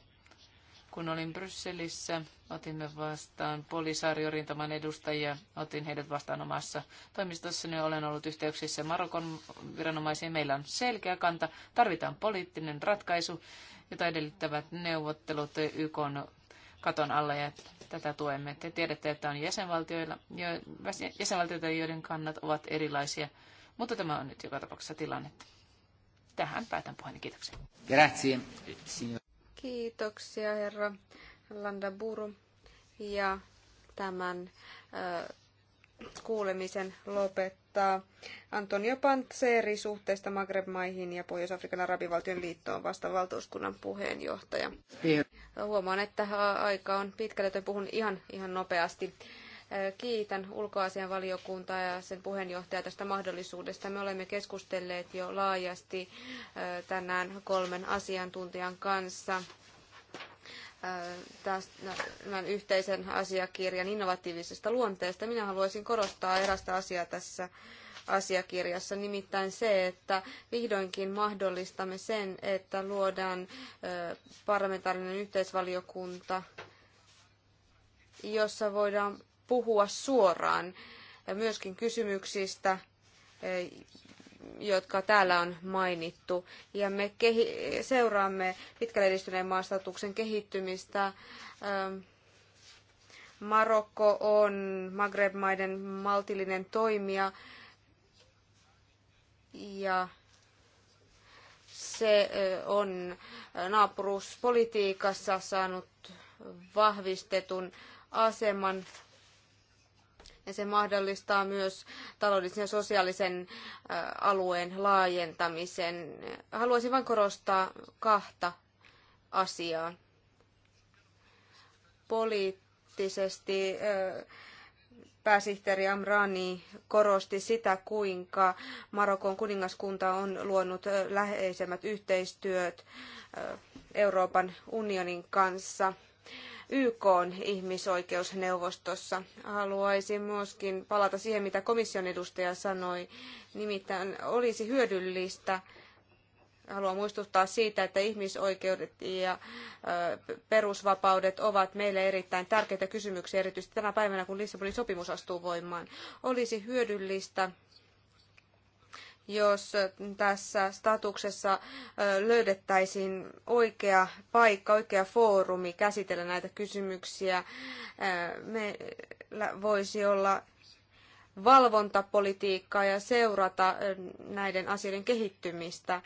S3: Kun olin Brysselissä, otimme vastaan polisaariorintaman edustajia, otin heidät vastaan omassa toimistossani. Olen ollut yhteyksissä Marokon viranomaisiin. Meillä on selkeä kanta. Tarvitaan poliittinen ratkaisu, jota edellyttävät neuvottelut YK katon alla ja tätä tuemme. Te tiedätte, että on jäsenvaltioilla, jo, jäsenvaltioita, joiden kannat ovat erilaisia, mutta tämä on nyt joka tapauksessa tilanne. Tähän päätän puheen. Kiitoksia.
S1: Grazie.
S2: Kiitoksia herra Landaburu ja tämän kuulemisen lopettaa Antonio Pantseri suhteesta magreb maihin ja Pohjois-Afrikan arabivaltion liittoon vasta valtuuskunnan puheenjohtaja. Huomaan, että aika on pitkälle, joten puhun ihan, ihan nopeasti. Kiitän ulkoasianvaliokuntaa ja sen puheenjohtajaa tästä mahdollisuudesta. Me olemme keskustelleet jo laajasti tänään kolmen asiantuntijan kanssa tämän yhteisen asiakirjan innovatiivisesta luonteesta. Minä haluaisin korostaa erästä asiaa tässä asiakirjassa, nimittäin se, että vihdoinkin mahdollistamme sen, että luodaan parlamentaarinen yhteisvaliokunta, jossa voidaan puhua suoraan myöskin kysymyksistä, eh, jotka täällä on mainittu. Ja me seuraamme pitkälle edistyneen maastatuksen kehittymistä. Ehm, Marokko on Maghreb-maiden maltillinen toimija ja se eh, on naapuruuspolitiikassa saanut vahvistetun aseman ja se mahdollistaa myös taloudellisen ja sosiaalisen alueen laajentamisen. Haluaisin vain korostaa kahta asiaa. Poliittisesti pääsihteeri Amrani korosti sitä, kuinka Marokon kuningaskunta on luonut läheisemmät yhteistyöt Euroopan unionin kanssa – YK ihmisoikeusneuvostossa. Haluaisin myöskin palata siihen, mitä komission edustaja sanoi. Nimittäin olisi hyödyllistä haluan muistuttaa siitä, että ihmisoikeudet ja perusvapaudet ovat meille erittäin tärkeitä kysymyksiä, erityisesti tänä päivänä, kun Lissabonin sopimus astuu voimaan. Olisi hyödyllistä jos tässä statuksessa löydettäisiin oikea paikka, oikea foorumi käsitellä näitä kysymyksiä. Meillä voisi olla valvontapolitiikkaa ja seurata näiden asioiden kehittymistä.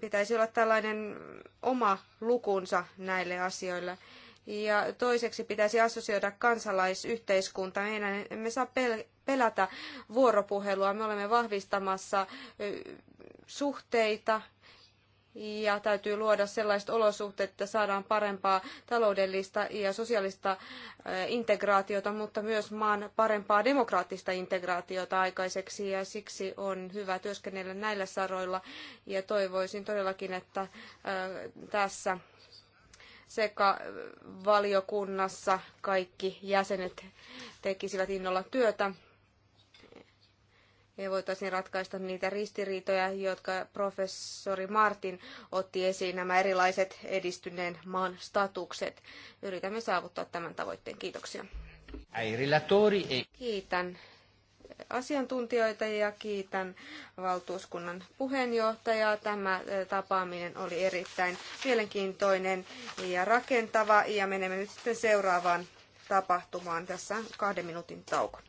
S2: Pitäisi olla tällainen oma lukunsa näille asioille. Ja toiseksi pitäisi assosioida kansalaisyhteiskunta. Meidän emme saa pelkää pelätä vuoropuhelua. Me olemme vahvistamassa suhteita ja täytyy luoda sellaiset olosuhteet, että saadaan parempaa taloudellista ja sosiaalista integraatiota, mutta myös maan parempaa demokraattista integraatiota aikaiseksi ja siksi on hyvä työskennellä näillä saroilla ja toivoisin todellakin, että tässä sekä valiokunnassa kaikki jäsenet tekisivät innolla työtä ja voitaisiin ratkaista niitä ristiriitoja, jotka professori Martin otti esiin, nämä erilaiset edistyneen maan statukset. Yritämme saavuttaa tämän tavoitteen. Kiitoksia. Kiitän asiantuntijoita ja kiitän valtuuskunnan puheenjohtajaa. Tämä tapaaminen oli erittäin mielenkiintoinen ja rakentava ja menemme nyt sitten seuraavaan tapahtumaan. Tässä on kahden minuutin
S1: tauko.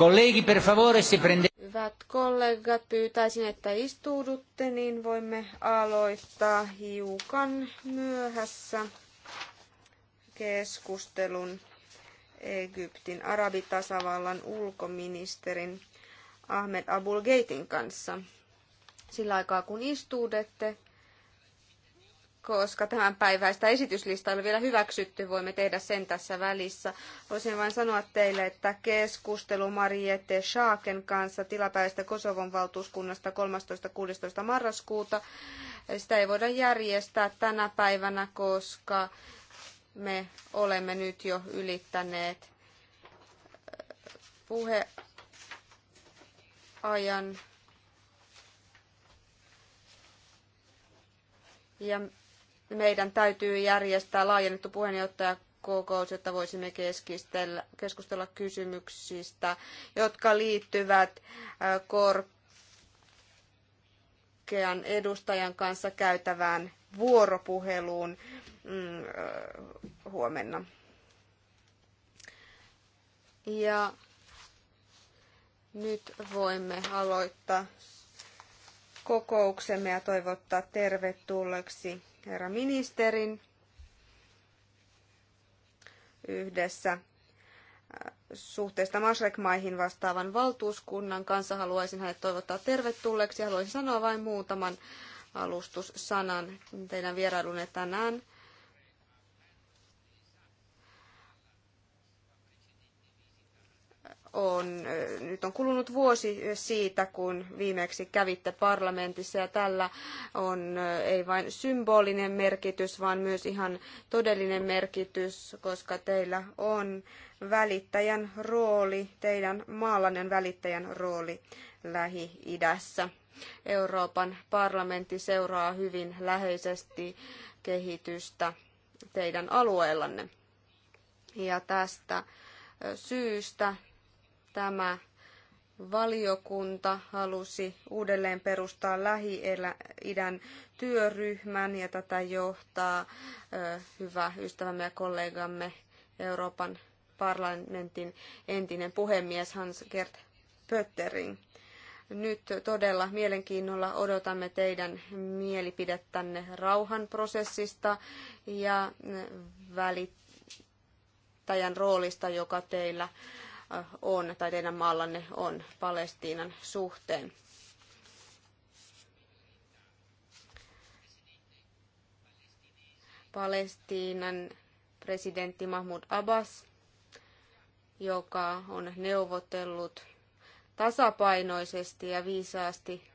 S1: Kollegi, per favore, si prende...
S2: Hyvät kollegat, pyytäisin, että istuudutte, niin voimme aloittaa hiukan myöhässä keskustelun Egyptin arabitasavallan ulkoministerin Ahmed Abulgeitin kanssa. Sillä aikaa kun istuudette, koska tämän päiväistä esityslistaa oli vielä hyväksytty, voimme tehdä sen tässä välissä. Voisin vain sanoa teille, että keskustelu Mariette Schaaken kanssa tilapäistä Kosovon valtuuskunnasta 13.16. marraskuuta. Sitä ei voida järjestää tänä päivänä, koska me olemme nyt jo ylittäneet äh, puheajan. Ja meidän täytyy järjestää laajennettu puheenjohtajakokous, jotta voisimme keskustella kysymyksistä, jotka liittyvät korkean edustajan kanssa käytävään vuoropuheluun mm, huomenna. Ja nyt voimme aloittaa kokouksemme ja toivottaa tervetulleeksi herra ministerin yhdessä äh, suhteesta Masrek-maihin vastaavan valtuuskunnan kanssa. Haluaisin hänet toivottaa tervetulleeksi. Haluaisin sanoa vain muutaman alustussanan teidän vierailunne tänään on, nyt on kulunut vuosi siitä, kun viimeksi kävitte parlamentissa ja tällä on ei vain symbolinen merkitys, vaan myös ihan todellinen merkitys, koska teillä on välittäjän rooli, teidän maalainen välittäjän rooli Lähi-idässä. Euroopan parlamentti seuraa hyvin läheisesti kehitystä teidän alueellanne. Ja tästä syystä tämä valiokunta halusi uudelleen perustaa Lähi-idän työryhmän ja tätä johtaa hyvä ystävämme ja kollegamme Euroopan parlamentin entinen puhemies Hans-Gert Pöttering. Nyt todella mielenkiinnolla odotamme teidän mielipidettänne rauhanprosessista ja välittäjän roolista, joka teillä on tai teidän maallanne on Palestiinan suhteen. Palestiinan presidentti Mahmoud Abbas, joka on neuvotellut tasapainoisesti ja viisaasti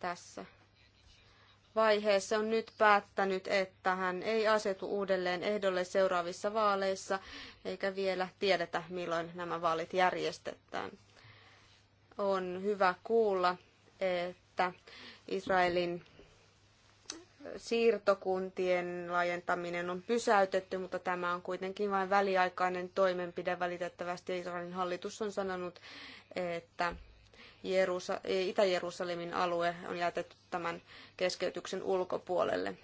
S2: tässä vaiheessa on nyt päättänyt, että hän ei asetu uudelleen ehdolle seuraavissa vaaleissa, eikä vielä tiedetä, milloin nämä vaalit järjestetään. On hyvä kuulla, että Israelin siirtokuntien laajentaminen on pysäytetty, mutta tämä on kuitenkin vain väliaikainen toimenpide. Valitettavasti Israelin hallitus on sanonut, että Jerusa- Itä-Jerusalemin alue on jätetty tämän keskeytyksen ulkopuolelle.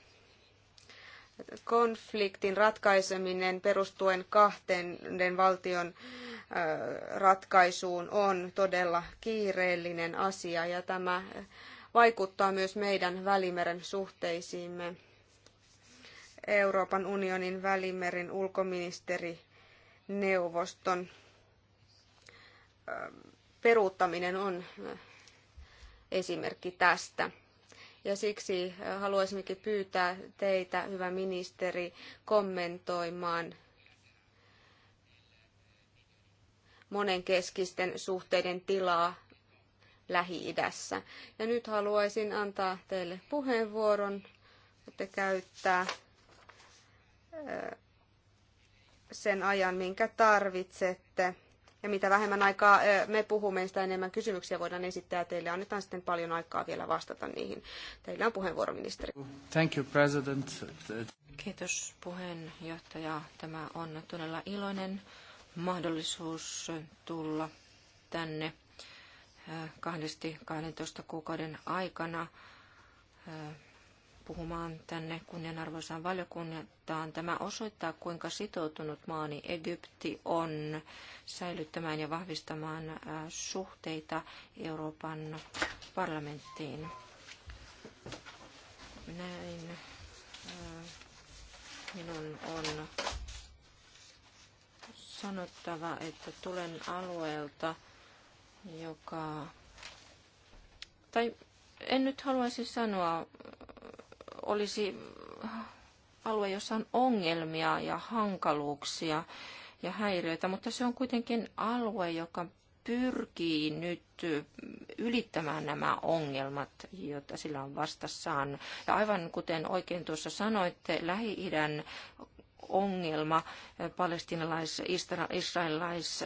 S2: Konfliktin ratkaiseminen perustuen kahden valtion ratkaisuun on todella kiireellinen asia ja tämä vaikuttaa myös meidän Välimeren suhteisiimme. Euroopan unionin Välimeren ulkoministerineuvoston peruuttaminen on esimerkki tästä. Ja siksi haluaisinkin pyytää teitä, hyvä ministeri, kommentoimaan monenkeskisten suhteiden tilaa Lähi-idässä. Ja nyt haluaisin antaa teille puheenvuoron, että käyttää sen ajan, minkä tarvitsette ja mitä vähemmän aikaa me puhumme, sitä enemmän kysymyksiä voidaan esittää teille. Annetaan sitten paljon aikaa vielä vastata niihin. Teillä on puheenvuoro, ministeri.
S1: Thank you, President.
S2: Kiitos puheenjohtaja. Tämä on todella iloinen
S4: mahdollisuus tulla tänne kahdesti 12 kuukauden aikana puhumaan tänne kunnianarvoisaan valiokuntaan. Tämä osoittaa, kuinka sitoutunut maani Egypti on säilyttämään ja vahvistamaan suhteita Euroopan parlamenttiin. Näin minun on sanottava, että tulen alueelta, joka... Tai en nyt haluaisi sanoa olisi äh, alue, jossa on ongelmia ja hankaluuksia ja häiriöitä, mutta se on kuitenkin alue, joka pyrkii nyt äh, ylittämään nämä ongelmat, joita sillä on vastassaan. Ja aivan kuten oikein tuossa sanoitte, Lähi-idän ongelma, äh, palestinalais, israelilais,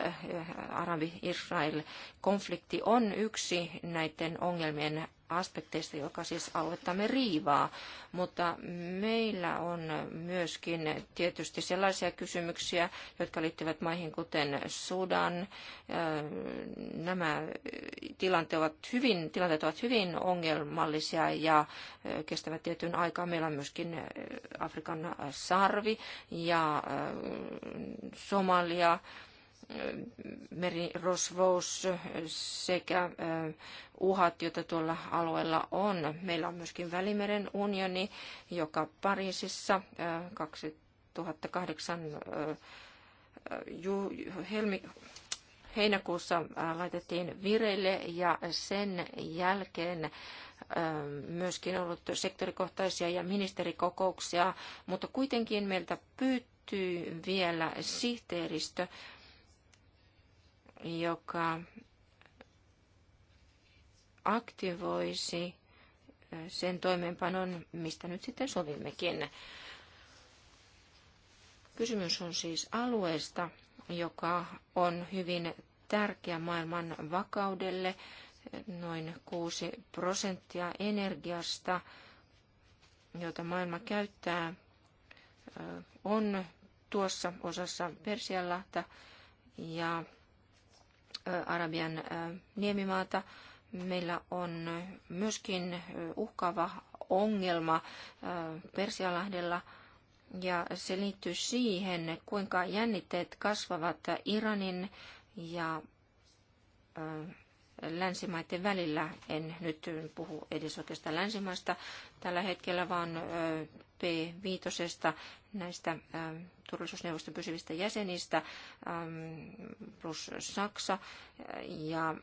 S4: arabi-israel konflikti on yksi näiden ongelmien aspekteista, joka siis aluettamme riivaa. Mutta meillä on myöskin tietysti sellaisia kysymyksiä, jotka liittyvät maihin kuten Sudan. Nämä tilanteet ovat hyvin, tilanteet ovat hyvin ongelmallisia ja kestävät tietyn aikaa. Meillä on myöskin Afrikan sarvi ja Somalia merirosvous sekä uhat, joita tuolla alueella on. Meillä on myöskin Välimeren unioni, joka Pariisissa 2008 helmi, heinäkuussa laitettiin vireille ja sen jälkeen myöskin ollut sektorikohtaisia ja ministerikokouksia, mutta kuitenkin meiltä pyytyy vielä sihteeristö joka aktivoisi sen toimeenpanon, mistä nyt sitten sovimmekin. Kysymys on siis alueesta, joka on hyvin tärkeä maailman vakaudelle, noin 6 prosenttia energiasta, jota maailma käyttää, on tuossa osassa Persialahta ja Arabian niemimaata. Meillä on myöskin uhkaava ongelma Persialahdella ja se liittyy siihen, kuinka jännitteet kasvavat Iranin ja länsimaiden välillä. En nyt puhu edes oikeastaan länsimaista tällä hetkellä, vaan P5 näistä turvallisuusneuvoston pysyvistä jäsenistä plus Saksa. Ja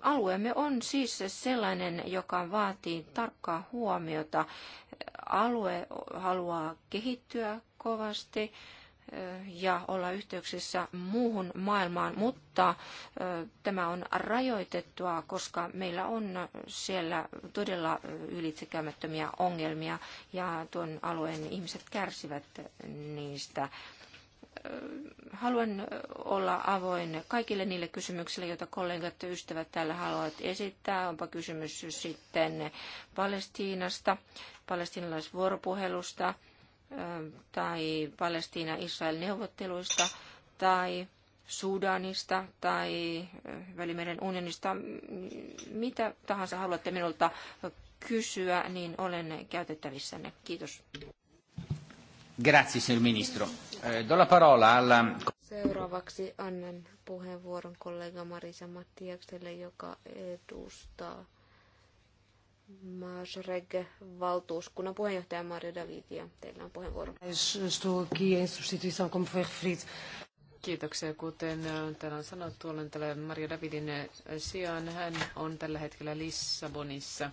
S4: alueemme on siis sellainen, joka vaatii tarkkaa huomiota. Alue haluaa kehittyä kovasti ja olla yhteyksissä muuhun maailmaan, mutta tämä on rajoitettua, koska meillä on siellä todella ylitsekäymättömiä ongelmia ja tuon alueen ihmiset kärsivät niistä haluan olla avoin kaikille niille kysymyksille, joita kollegat ja ystävät täällä haluavat esittää. Onpa kysymys sitten Palestiinasta, palestinalaisvuoropuhelusta, tai Palestiina-Israel-neuvotteluista tai Sudanista tai Välimeren unionista, mitä tahansa haluatte minulta kysyä, niin olen
S2: käytettävissänne. Kiitos.
S1: Grazie, signor ministro. Eh, do la parola alla...
S2: Seuraavaksi annan puheenvuoron kollega Marisa Mattiakselle, joka edustaa Masreg, valtuuskunnan puheenjohtaja Mario ja Teillä on puheenvuoro.
S3: Kiitoksia. Kuten äh, täällä on sanottu, olen täällä Mario Davidin äh, sijaan. Hän on tällä hetkellä Lissabonissa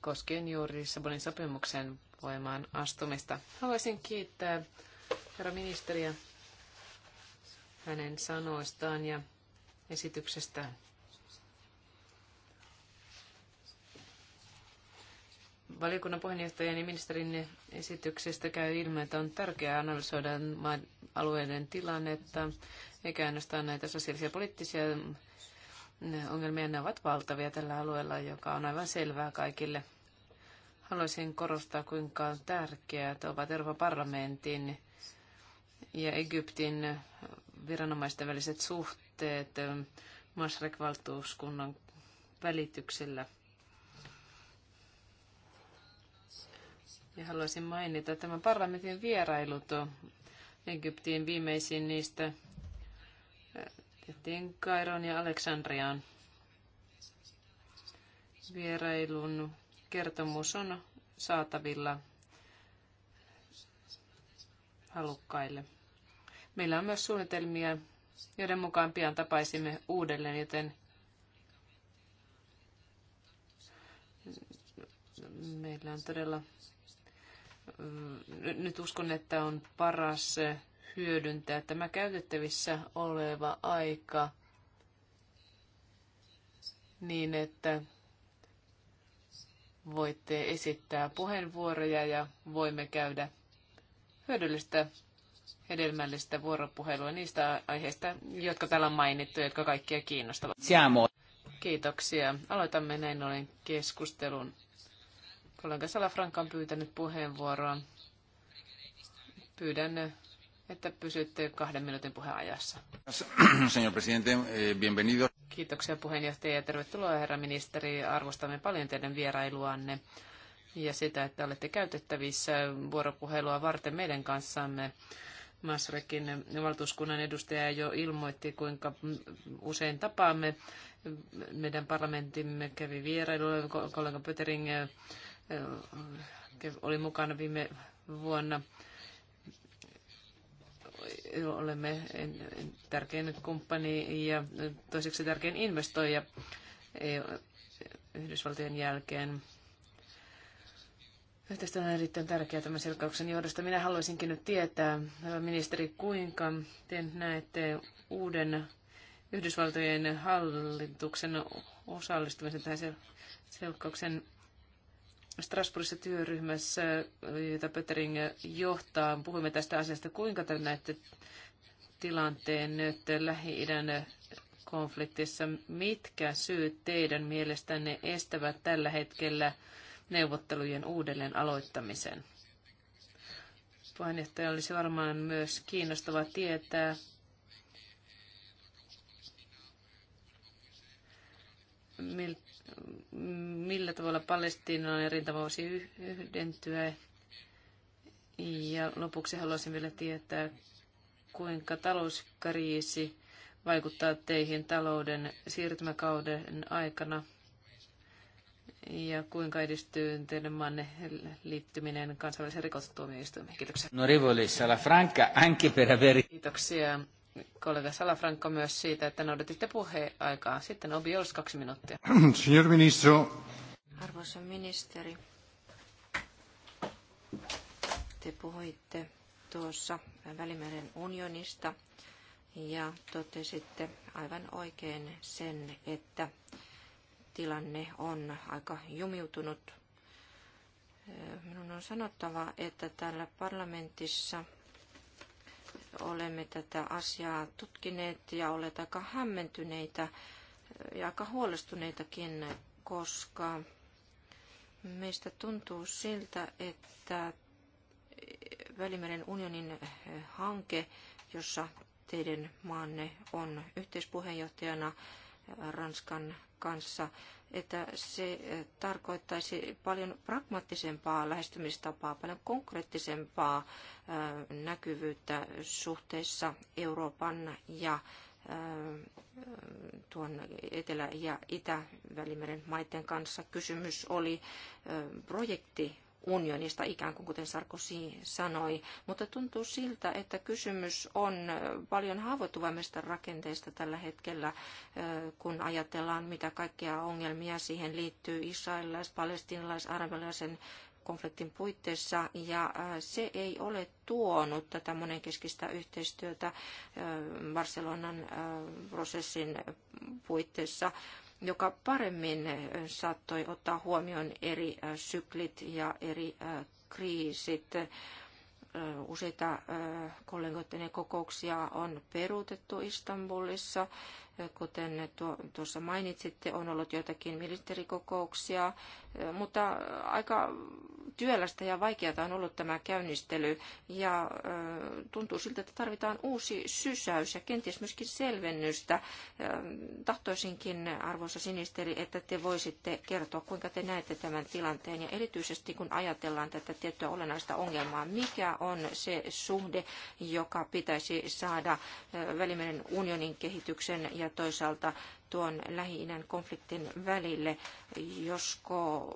S3: koskien juuri Lissabonin sopimuksen voimaan astumista. Haluaisin kiittää herra ministeriä hänen sanoistaan ja esityksestään. Valiokunnan puheenjohtajan ja ministerin esityksestä käy ilmi, että on tärkeää analysoida alueiden tilannetta, eikä ainoastaan näitä sosiaalisia ja poliittisia ongelmia. Ne ovat valtavia tällä alueella, joka on aivan selvää kaikille. Haluaisin korostaa, kuinka tärkeät ovat Euroopan parlamentin ja Egyptin viranomaisten väliset suhteet Masrek-valtuuskunnan välityksellä – Ja haluaisin mainita tämän parlamentin vierailut Egyptiin viimeisin niistä tehtiin Kairon ja Aleksandriaan. Vierailun kertomus on saatavilla halukkaille. Meillä on myös suunnitelmia, joiden mukaan pian tapaisimme uudelleen, joten meillä on todella nyt uskon, että on paras hyödyntää tämä käytettävissä oleva aika niin, että voitte esittää puheenvuoroja ja voimme käydä hyödyllistä, hedelmällistä vuoropuhelua niistä aiheista, jotka täällä on mainittu, jotka kaikkia kiinnostavat. Kiitoksia. Aloitamme näin ollen keskustelun. Kollega Salafranka on pyytänyt puheenvuoroa. Pyydän, että pysytte kahden minuutin puheajassa.
S1: Señor presidente, eh, bienvenido.
S3: Kiitoksia puheenjohtaja ja tervetuloa herra ministeri. Arvostamme paljon teidän vierailuanne ja sitä, että olette käytettävissä vuoropuhelua varten meidän kanssamme. Masrekin valtuuskunnan edustaja jo ilmoitti, kuinka usein tapaamme. Meidän parlamentimme kävi vierailulla, kollega Pöteringen oli mukana viime vuonna. Olemme tärkein kumppani ja toiseksi tärkein investoija e, Yhdysvaltojen jälkeen. Yhteistyö on erittäin tärkeää tämän selkauksen johdosta. Minä haluaisinkin nyt tietää, ministeri, kuinka te näette uuden Yhdysvaltojen hallituksen osallistumisen tähän selkauksen. Strasbourgissa työryhmässä, jota Pöttering johtaa, puhuimme tästä asiasta. Kuinka te näette tilanteen nyt Lähi-idän konfliktissa? Mitkä syyt teidän mielestänne estävät tällä hetkellä neuvottelujen uudelleen aloittamisen? Puheenjohtaja olisi varmaan myös kiinnostava tietää, miltä millä tavalla Palestiinan rintama voisi yhdentyä. Ja lopuksi haluaisin vielä tietää, kuinka talouskriisi vaikuttaa teihin talouden siirtymäkauden aikana ja kuinka edistyy teidän maanne liittyminen kansainvälisen rikostuomioistuimeen. Kiitoksia. Norivoli
S1: Salafranca, anche per aver...
S3: Kiitoksia kollega Salafranco myös siitä, että noudatitte puheaikaa. Sitten Obi Ols kaksi minuuttia.
S1: [CLEARS THROAT] Signor ministro.
S3: Arvoisa ministeri, te puhuitte
S4: tuossa Välimeren unionista ja totesitte aivan oikein sen, että tilanne on aika jumiutunut. Minun on sanottava, että täällä parlamentissa – olemme tätä asiaa tutkineet ja olleet aika hämmentyneitä ja aika huolestuneitakin, koska meistä tuntuu siltä, että Välimeren unionin hanke, jossa teidän maanne on yhteispuheenjohtajana Ranskan kanssa, että se eh, tarkoittaisi paljon pragmaattisempaa lähestymistapaa, paljon konkreettisempaa eh, näkyvyyttä suhteessa Euroopan ja eh, tuon Etelä- ja Itä-Välimeren maiden kanssa. Kysymys oli projekti unionista, ikään kuin kuten Sarkozy sanoi. Mutta tuntuu siltä, että kysymys on paljon haavoittuvammista rakenteista tällä hetkellä, kun ajatellaan, mitä kaikkia ongelmia siihen liittyy israelilais, palestinalais, arabilaisen konfliktin puitteissa, ja se ei ole tuonut tätä monenkeskistä yhteistyötä Barcelonan prosessin puitteissa joka paremmin saattoi ottaa huomioon eri syklit ja eri kriisit. Useita kollegoiden kokouksia on peruutettu Istanbulissa Kuten tuossa mainitsitte, on ollut joitakin ministerikokouksia, mutta aika työlästä ja vaikeata on ollut tämä käynnistely ja tuntuu siltä, että tarvitaan uusi sysäys ja kenties myöskin selvennystä. Tahtoisinkin, arvoisa sinisteri, että te voisitte kertoa, kuinka te näette tämän tilanteen ja erityisesti kun ajatellaan tätä tiettyä olennaista ongelmaa, mikä on se suhde, joka pitäisi saada Välimeren unionin kehityksen ja ja toisaalta tuon lähi konfliktin välille, josko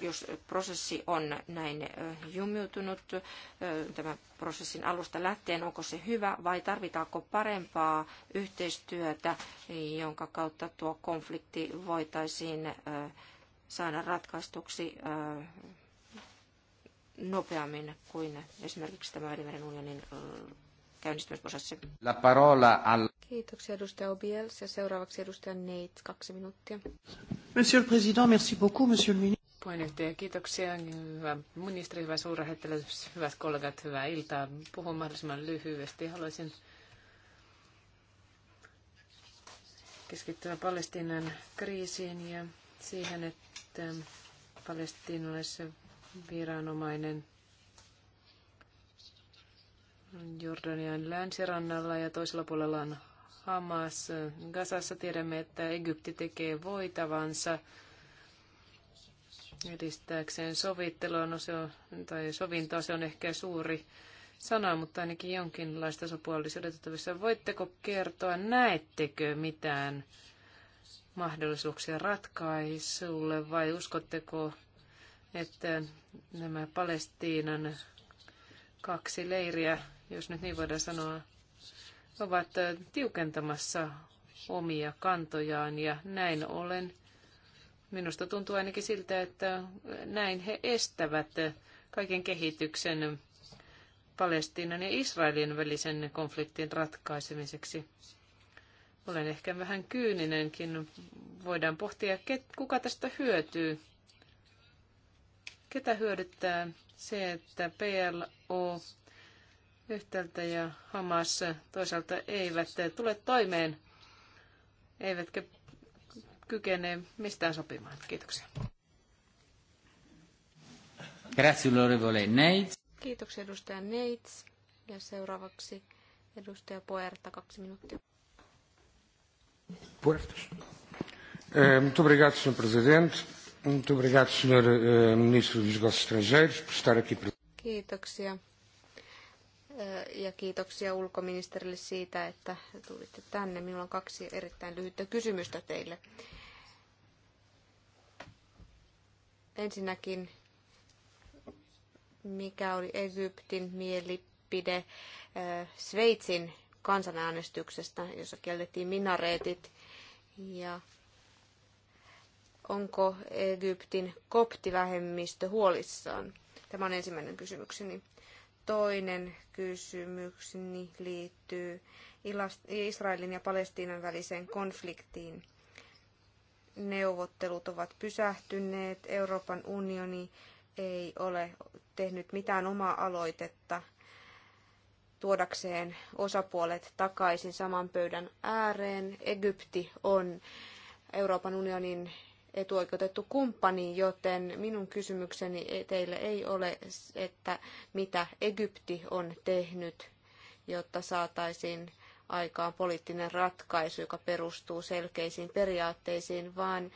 S4: jos prosessi on näin jumiutunut tämän prosessin alusta lähtien, onko se hyvä vai tarvitaanko parempaa yhteistyötä, jonka kautta tuo konflikti voitaisiin saada ratkaistuksi nopeammin kuin esimerkiksi tämä Välimeren unionin käynnistymisprosessi. La
S1: parola al...
S2: Kiitoksia edustaja Obiels ja seuraavaksi edustaja Neit, kaksi minuuttia.
S1: Monsieur le Président, merci beaucoup, monsieur le ministre.
S3: Puheenjohtaja, kiitoksia. Hyvä ministeri, hyvä suurlähettiläs, hyvät kollegat, hyvää iltaa. Puhun mahdollisimman lyhyesti. Haluaisin keskittyä Palestiinan kriisiin ja siihen, että palestiinalaisen viranomainen – Jordanian länsirannalla ja toisella puolella on Hamas. Gazassa tiedämme, että Egypti tekee voitavansa edistääkseen sovittelua. No se on, tai sovintoa se on ehkä suuri sana, mutta ainakin jonkinlaista sopua olisi odotettavissa. Voitteko kertoa, näettekö mitään mahdollisuuksia ratkaisulle vai uskotteko, että nämä Palestiinan kaksi leiriä jos nyt niin voidaan sanoa, ovat tiukentamassa omia kantojaan ja näin olen minusta tuntuu ainakin siltä, että näin he estävät kaiken kehityksen Palestiinan ja Israelin välisen konfliktin ratkaisemiseksi. Olen ehkä vähän kyyninenkin. Voidaan pohtia, kuka tästä hyötyy. Ketä hyödyttää se, että PLO yhtäältä ja Hamas toisaalta eivät tule toimeen, eivätkä kykene mistään sopimaan. Kiitoksia.
S1: Grazie, onorevole Neitz.
S2: Kiitoksia, edustaja Neitz. Ja seuraavaksi edustaja Poerta, kaksi minuuttia.
S1: Puertas. Eh, muito obrigado, Sr. Presidente. Muito obrigado, Senhor eh, Ministro dos Negócios Estrangeiros, por estar aqui presente.
S2: Kiitoksia, ja kiitoksia ulkoministerille siitä, että tulitte tänne. Minulla on kaksi erittäin lyhyttä kysymystä teille. Ensinnäkin, mikä oli Egyptin mielipide Sveitsin kansanäänestyksestä, jossa kiellettiin minareetit, ja onko Egyptin koptivähemmistö huolissaan? Tämä on ensimmäinen kysymykseni. Toinen kysymykseni liittyy Israelin ja Palestiinan väliseen konfliktiin. Neuvottelut ovat pysähtyneet. Euroopan unioni ei ole tehnyt mitään omaa aloitetta tuodakseen osapuolet takaisin saman pöydän ääreen. Egypti on Euroopan unionin etuoikeutettu kumppani, joten minun kysymykseni teille ei ole, että mitä Egypti on tehnyt, jotta saataisiin aikaan poliittinen ratkaisu, joka perustuu selkeisiin periaatteisiin, vaan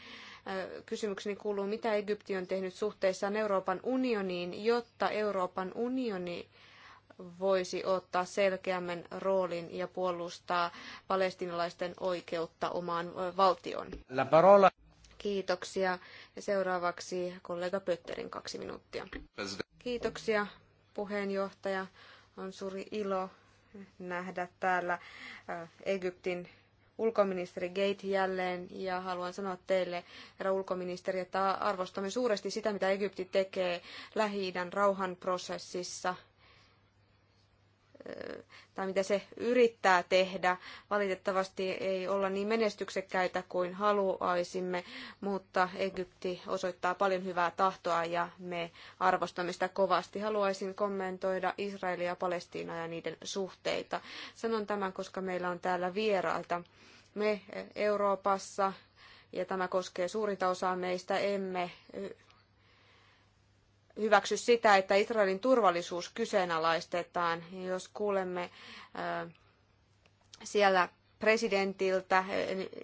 S2: kysymykseni kuuluu, mitä Egypti on tehnyt suhteessaan Euroopan unioniin, jotta Euroopan unioni voisi ottaa selkeämmän roolin ja puolustaa palestinalaisten oikeutta omaan valtioon.
S1: La parola.
S2: Kiitoksia. Ja seuraavaksi kollega Pötterin kaksi minuuttia. Kiitoksia puheenjohtaja. On suuri ilo nähdä täällä äh, Egyptin ulkoministeri Gate jälleen ja haluan sanoa teille, herra ulkoministeri, että arvostamme suuresti sitä, mitä Egypti tekee Lähi-idän rauhanprosessissa – tai mitä se yrittää tehdä. Valitettavasti ei olla niin menestyksekkäitä kuin haluaisimme, mutta Egypti osoittaa paljon hyvää tahtoa ja me arvostamme sitä kovasti. Haluaisin kommentoida Israelia ja Palestiinaa ja niiden suhteita. Sanon tämän, koska meillä on täällä vierailta. Me Euroopassa, ja tämä koskee suurinta osaa meistä, emme hyväksy sitä, että Israelin turvallisuus kyseenalaistetaan. Jos kuulemme äh, siellä presidentiltä,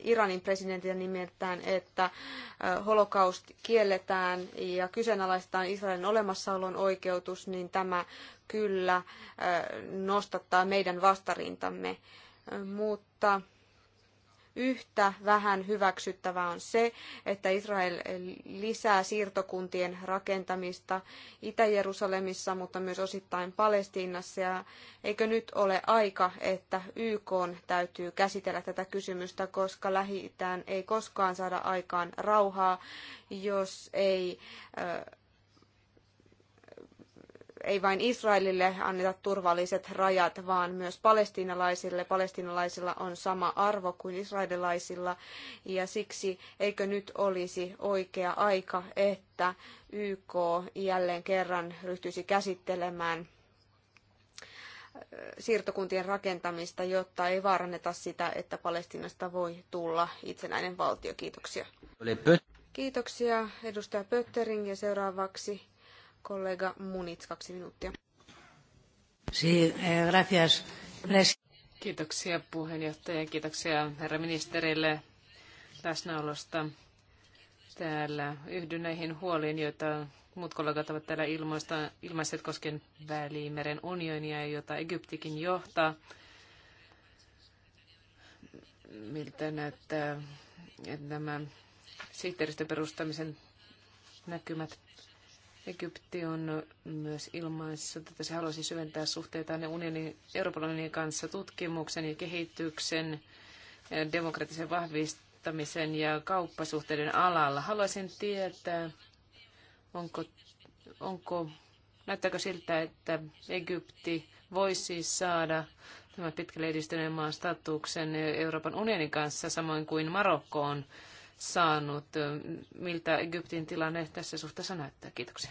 S2: Iranin presidentiltä nimeltään, että äh, holokaust kielletään ja kyseenalaistetaan Israelin olemassaolon oikeutus, niin tämä kyllä äh, nostattaa meidän vastarintamme. Mutta Yhtä vähän hyväksyttävää on se, että Israel lisää siirtokuntien rakentamista Itä-Jerusalemissa, mutta myös osittain Palestiinassa. Ja eikö nyt ole aika, että YK täytyy käsitellä tätä kysymystä, koska lähi ei koskaan saada aikaan rauhaa, jos ei ei vain Israelille anneta turvalliset rajat, vaan myös palestiinalaisille. Palestiinalaisilla on sama arvo kuin israelilaisilla ja siksi eikö nyt olisi oikea aika, että YK jälleen kerran ryhtyisi käsittelemään äh, siirtokuntien rakentamista, jotta ei vaaranneta sitä, että Palestiinasta voi tulla itsenäinen valtio. Kiitoksia. Kiitoksia edustaja Pöttering ja seuraavaksi Kollega Munits, kaksi minuuttia.
S1: Sí,
S3: eh, gracias. Kiitoksia puheenjohtaja, kiitoksia herra ministerille läsnäolosta täällä. Yhdyn näihin huoliin, joita muut kollegat ovat täällä ilmoista, ilmaiset kosken Välimeren unionia, jota Egyptikin johtaa. Miltä näyttää nämä sihteeristön perustamisen näkymät Egypti on myös ilmaissut, että se haluaisi syventää suhteitaan unionin, Euroopan unionin kanssa tutkimuksen ja kehityksen, eh, demokratisen vahvistamisen ja kauppasuhteiden alalla. Haluaisin tietää, onko, onko näyttääkö siltä, että Egypti voisi saada tämän pitkälle edistyneen maan statuksen Euroopan unionin kanssa, samoin kuin Marokko on saanut. Miltä Egyptin tilanne tässä suhteessa näyttää?
S2: Kiitoksia.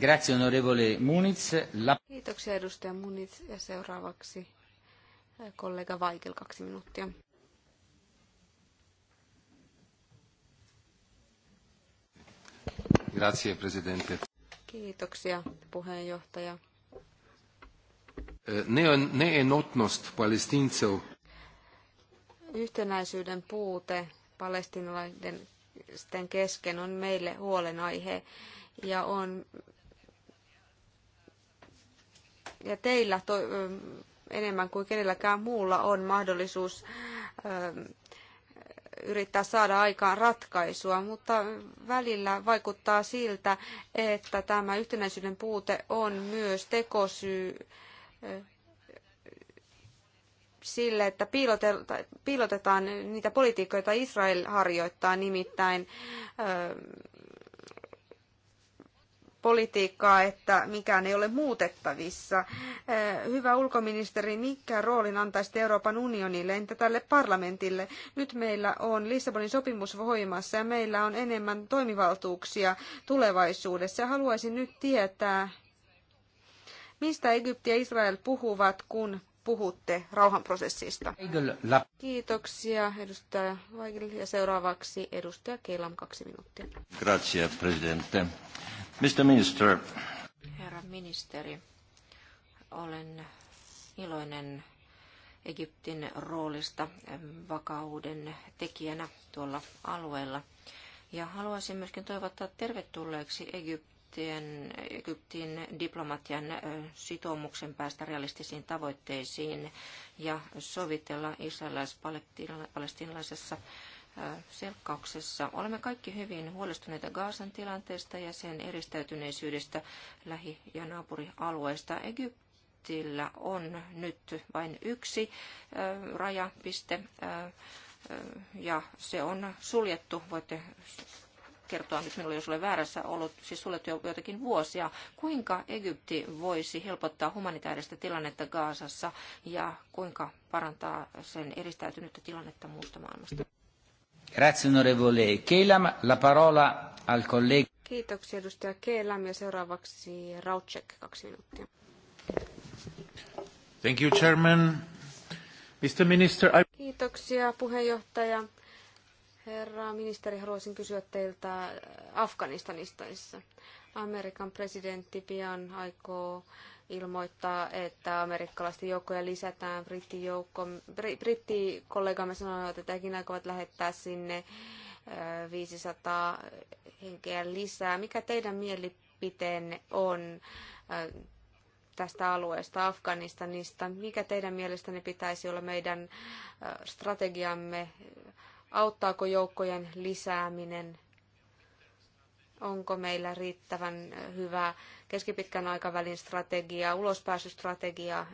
S1: Grazie, onorevole Muniz. La...
S2: Kiitoksia, edustaja Muniz. Ja seuraavaksi kollega Vaikel, kaksi minuuttia.
S1: Grazie, presidente.
S2: Kiitoksia, puheenjohtaja.
S1: Neenotnost palestincev
S2: yhtenäisyyden puute palestinalaisten kesken on meille huolenaihe ja on ja teillä to, enemmän kuin kenelläkään muulla on mahdollisuus ö, yrittää saada aikaan ratkaisua, mutta välillä vaikuttaa siltä, että tämä yhtenäisyyden puute on myös tekosyy sille, että piilotetaan niitä politiikkoja, joita Israel harjoittaa, nimittäin politiikkaa, että mikään ei ole muutettavissa. Hyvä ulkoministeri, mikä roolin antaisi Euroopan unionille, entä tälle parlamentille? Nyt meillä on Lissabonin sopimus voimassa ja meillä on enemmän toimivaltuuksia tulevaisuudessa. Haluaisin nyt tietää, mistä Egypti ja Israel puhuvat, kun puhutte rauhanprosessista. Kiitoksia edustaja Weigel ja seuraavaksi edustaja Keilam kaksi minuuttia.
S1: Grazie, presidente. Mr. Minister.
S2: Herra ministeri,
S4: olen iloinen Egyptin roolista vakauden tekijänä tuolla alueella. Ja haluaisin myöskin toivottaa tervetulleeksi Egyptin Egyptin, Egyptin diplomatian sitoumuksen päästä realistisiin tavoitteisiin ja sovitella israelais-palestinalaisessa selkkauksessa. Olemme kaikki hyvin huolestuneita Gaasan tilanteesta ja sen eristäytyneisyydestä lähi- ja naapurialueista. Egyptillä on nyt vain yksi rajapiste ja se on suljettu. Voitte kertoa että minulla jos olen väärässä ollut, siis sulle jo joitakin vuosia. Kuinka Egypti voisi helpottaa humanitaarista tilannetta Gaasassa ja kuinka parantaa sen eristäytynyttä tilannetta
S1: muusta maailmasta? Grazie onorevole Kelam. La parola al collega.
S2: Kiitoksia edustaja Kelam ja seuraavaksi Rautsek, kaksi minuuttia.
S1: Thank you, Chairman. Mr. Minister, I...
S2: Kiitoksia puheenjohtaja. Herra ministeri, haluaisin kysyä teiltä äh, Afganistanista. Amerikan presidentti pian aikoo ilmoittaa, että amerikkalaisten joukkoja lisätään. Brittijoukko, brittikollegamme sanoivat, että hekin aikovat lähettää sinne 500 äh, henkeä lisää. Mikä teidän mielipiteenne on äh, tästä alueesta, Afganistanista? Mikä teidän mielestänne pitäisi olla meidän strategiamme Auttaako joukkojen lisääminen? Onko meillä riittävän hyvä keskipitkän aikavälin strategia, ulospääsystrategia?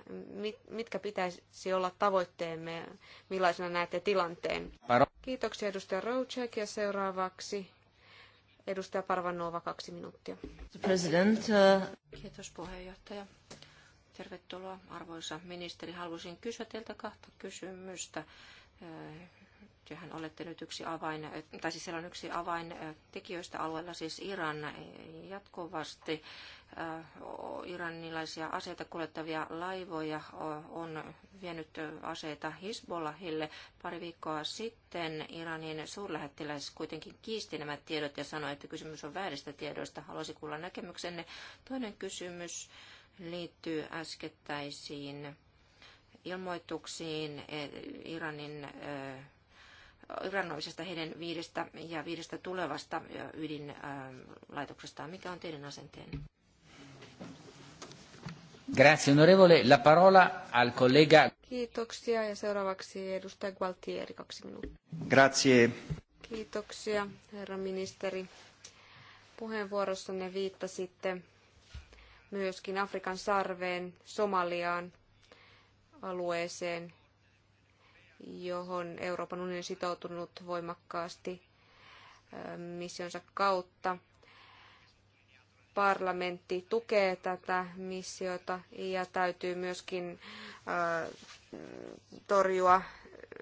S2: Mitkä pitäisi olla tavoitteemme? Millaisena näette tilanteen? Kiitoksia edustaja Rocek ja seuraavaksi Edustaja Parvanova, kaksi minuuttia. President, uh, Kiitos puheenjohtaja.
S4: Tervetuloa arvoisa ministeri. Haluaisin kysyä teiltä kahta kysymystä. Uh, Tehän olette nyt yksi avain, tai siis siellä on yksi avain tekijöistä alueella, siis Iran jatkuvasti. Äh, iranilaisia aseita kuljettavia laivoja on vienyt aseita Hisbollahille. Pari viikkoa sitten Iranin suurlähettiläs kuitenkin kiisti nämä tiedot ja sanoi, että kysymys on vääristä tiedoista. Haluaisin kuulla näkemyksenne. Toinen kysymys liittyy äskettäisiin ilmoituksiin eh, Iranin eh, rannoisesta heidän viidestä ja viidestä tulevasta ydinlaitoksestaan.
S2: Mikä on teidän asenteenne?
S1: Grazie onorevole. La parola al collega.
S2: Kiitoksia ja seuraavaksi edustaja Gualtieri, kaksi
S1: minuuttia. Grazie.
S2: Kiitoksia herra ministeri. Puheenvuorossanne viittasitte myöskin Afrikan sarveen, Somaliaan, alueeseen, johon Euroopan unioni on sitoutunut voimakkaasti missionsa kautta. Parlamentti tukee tätä missiota ja täytyy myöskin torjua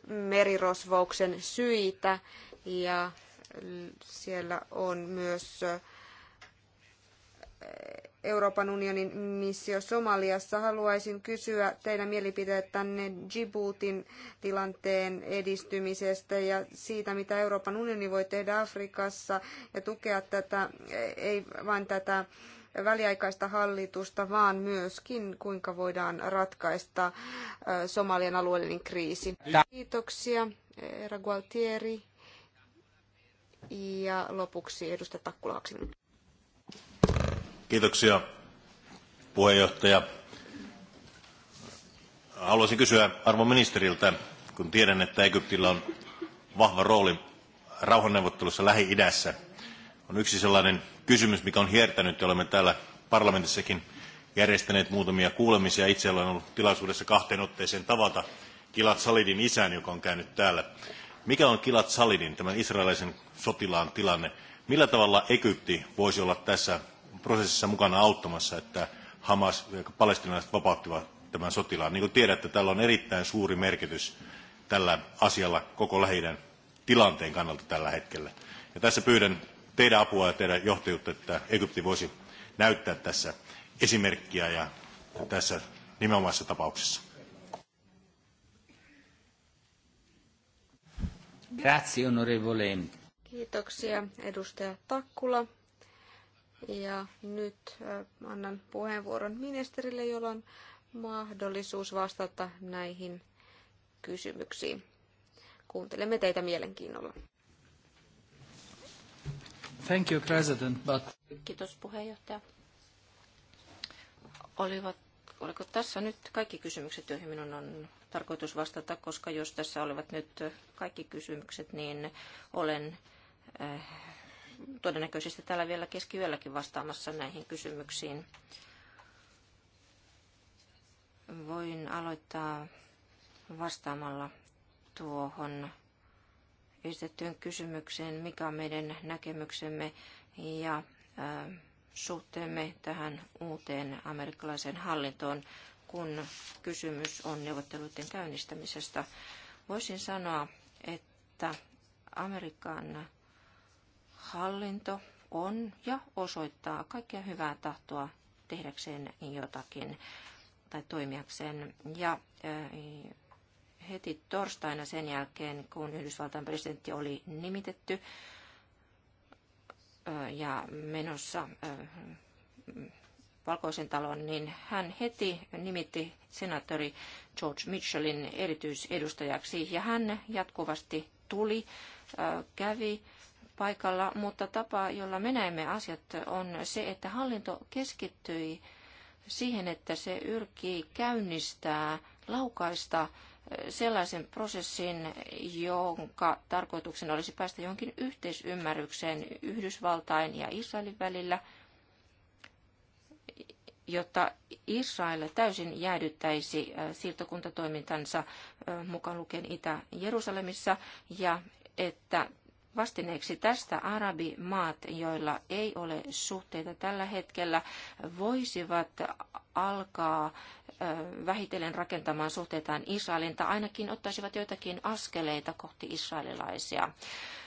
S2: merirosvouksen syitä ja siellä on myös Euroopan unionin missio Somaliassa. Haluaisin kysyä teidän tänne Djiboutin tilanteen edistymisestä ja siitä, mitä Euroopan unioni voi tehdä Afrikassa ja tukea tätä, ei vain tätä väliaikaista hallitusta, vaan myöskin kuinka voidaan ratkaista Somalian alueellinen kriisi. Kiitoksia, Era Gualtieri. Ja lopuksi edustaja Takkula,
S1: Kiitoksia puheenjohtaja. Haluaisin kysyä arvon ministeriltä, kun tiedän, että Egyptillä on vahva rooli rauhanneuvottelussa Lähi-idässä. On yksi sellainen
S2: kysymys, mikä on hiertänyt, ja olemme täällä parlamentissakin järjestäneet muutamia kuulemisia. Itse olen ollut tilaisuudessa kahteen otteeseen tavata Kilat Salidin isän, joka on käynyt täällä. Mikä on Kilat Salidin, tämän israelaisen sotilaan tilanne? Millä tavalla Egypti voisi olla tässä prosessissa mukana auttamassa, että Hamas, ja palestinalaiset vapauttivat
S1: tämän sotilaan. Niin kuin tiedätte, tällä on erittäin suuri merkitys tällä asialla koko lähi tilanteen kannalta tällä hetkellä. Ja tässä pyydän teidän apua ja teidän johtajuutta, että Egypti voisi näyttää tässä esimerkkiä ja tässä nimenomaisessa tapauksessa. Grazie, onorevole.
S2: Kiitoksia, edustaja Takkula. Ja nyt annan puheenvuoron ministerille, jolla on mahdollisuus vastata näihin kysymyksiin. Kuuntelemme teitä mielenkiinnolla.
S1: Thank you, President, but...
S4: Kiitos puheenjohtaja. Olivat, oliko tässä nyt kaikki kysymykset, joihin minun on tarkoitus vastata, koska jos tässä olivat nyt kaikki kysymykset, niin olen eh, todennäköisesti täällä vielä keskiyölläkin vastaamassa näihin kysymyksiin. Voin aloittaa vastaamalla tuohon esitettyyn kysymykseen, mikä on meidän näkemyksemme ja suhteemme tähän uuteen amerikkalaiseen hallintoon, kun kysymys on neuvotteluiden käynnistämisestä. Voisin sanoa, että Amerikan hallinto on ja osoittaa kaikkea hyvää tahtoa tehdäkseen jotakin tai toimijakseen. Ja heti torstaina sen jälkeen, kun Yhdysvaltain presidentti oli nimitetty ja menossa Valkoisen talon, niin hän heti nimitti senaattori George Mitchellin erityisedustajaksi ja hän jatkuvasti tuli, kävi paikalla, mutta tapa, jolla me näemme asiat, on se, että hallinto keskittyi siihen, että se yrkii käynnistää, laukaista eh, sellaisen prosessin, jonka tarkoituksena olisi päästä johonkin yhteisymmärrykseen Yhdysvaltain ja Israelin välillä, jotta Israel täysin jäädyttäisi eh, siirtokuntatoimintansa eh, mukaan lukien Itä-Jerusalemissa ja että Vastineeksi tästä arabimaat, joilla ei ole suhteita tällä hetkellä, voisivat alkaa vähitellen rakentamaan suhteitaan Israelin tai ainakin ottaisivat joitakin askeleita kohti israelilaisia.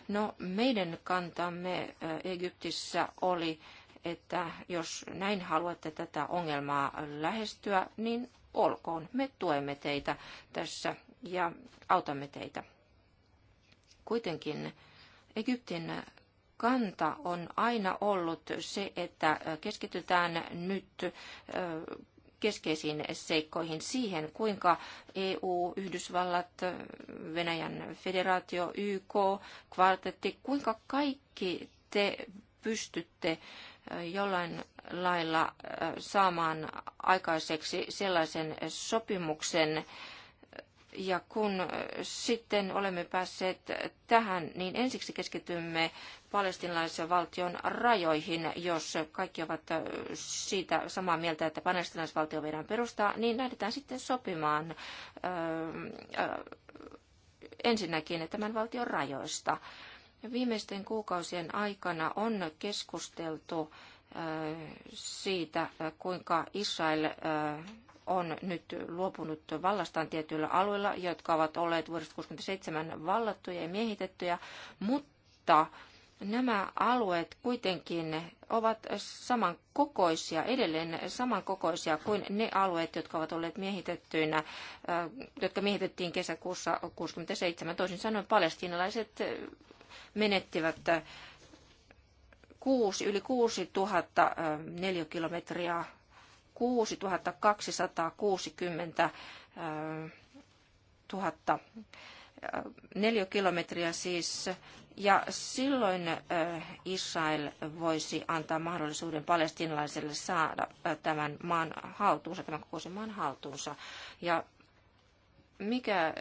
S4: No, meidän kantamme Egyptissä oli, että jos näin haluatte tätä ongelmaa lähestyä, niin olkoon. Me tuemme teitä tässä ja autamme teitä. Kuitenkin Egyptin kanta on aina ollut se, että keskitytään nyt keskeisiin seikkoihin siihen, kuinka EU, Yhdysvallat, Venäjän federaatio, YK, kvartetti, kuinka kaikki te pystytte jollain lailla saamaan aikaiseksi sellaisen sopimuksen, ja kun sitten olemme päässeet tähän, niin ensiksi keskitymme palestinaisen valtion rajoihin. Jos kaikki ovat siitä samaa mieltä, että palestinaisvaltio voidaan perustaa, niin lähdetään sitten sopimaan ensinnäkin tämän valtion rajoista. Viimeisten kuukausien aikana on keskusteltu siitä, kuinka Israel on nyt luopunut vallastaan tietyillä alueilla, jotka ovat olleet vuodesta 1967 vallattuja ja miehitettyjä, mutta nämä alueet kuitenkin ovat samankokoisia, edelleen samankokoisia kuin ne alueet, jotka ovat olleet miehitettyinä, jotka miehitettiin kesäkuussa 1967. Toisin sanoen palestiinalaiset menettivät kuusi, yli 6000 neliökilometriä 6260 000 äh, äh, neliökilometriä siis, ja silloin äh, Israel voisi antaa mahdollisuuden palestinalaisille saada tämän maan haltuunsa, tämän kokoisen maan haltuunsa. Ja mikä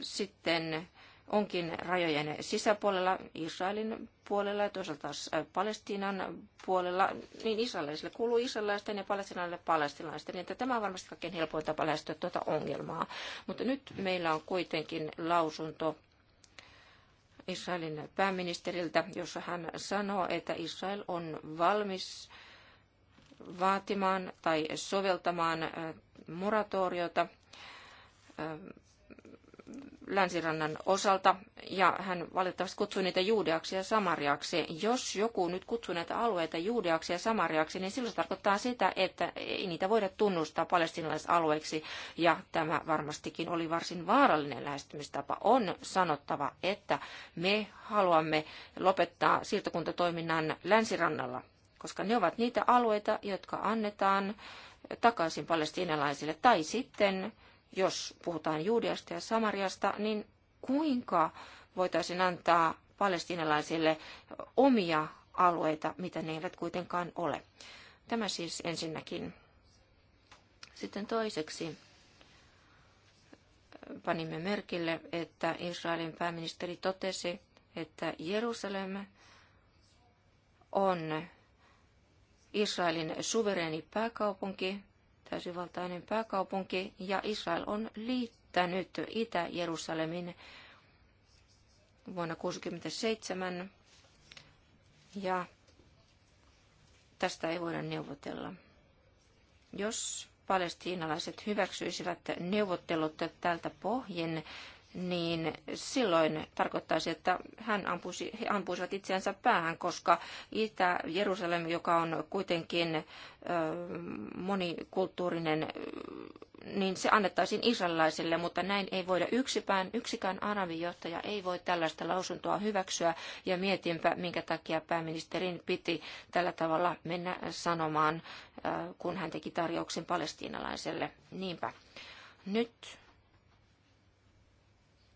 S4: sitten onkin rajojen sisäpuolella, Israelin puolella ja toisaalta taas Palestiinan puolella, niin israelilaisille kuuluu israelilaisten ja palestinaisille palestinaisten, niin että tämä on varmasti kaikkein helpoin tapa lähestyä tuota ongelmaa. Mutta nyt meillä on kuitenkin lausunto Israelin pääministeriltä, jossa hän sanoo, että Israel on valmis vaatimaan tai soveltamaan moratoriota länsirannan osalta, ja hän valitettavasti kutsui niitä Juudeaksi ja Samariaksi. Jos joku nyt kutsuu näitä alueita Juudeaksi ja Samariaksi, niin silloin se tarkoittaa sitä, että ei niitä voida tunnustaa palestinalaisalueiksi, ja tämä varmastikin oli varsin vaarallinen lähestymistapa. On sanottava, että me haluamme lopettaa siirtokuntatoiminnan länsirannalla, koska ne ovat niitä alueita, jotka annetaan takaisin palestiinalaisille, tai sitten jos puhutaan Juudeasta ja Samariasta, niin kuinka voitaisiin antaa palestinalaisille omia alueita, mitä ne eivät kuitenkaan ole. Tämä siis ensinnäkin. Sitten toiseksi panimme merkille, että Israelin pääministeri totesi, että Jerusalem on Israelin suvereeni pääkaupunki täysivaltainen pääkaupunki, ja Israel on liittänyt Itä-Jerusalemin vuonna 1967, ja tästä ei voida neuvotella. Jos palestiinalaiset hyväksyisivät neuvottelut tältä pohjin, niin silloin tarkoittaisi, että hän ampuisi, he ampuisivat itseänsä päähän, koska Itä-Jerusalem, joka on kuitenkin ö, monikulttuurinen, niin se annettaisiin israelaisille, mutta näin ei voida yksipään, yksikään arabijohtaja ei voi tällaista lausuntoa hyväksyä, ja mietinpä, minkä takia pääministerin piti tällä tavalla mennä sanomaan, kun hän teki tarjouksen palestiinalaiselle. Niinpä. Nyt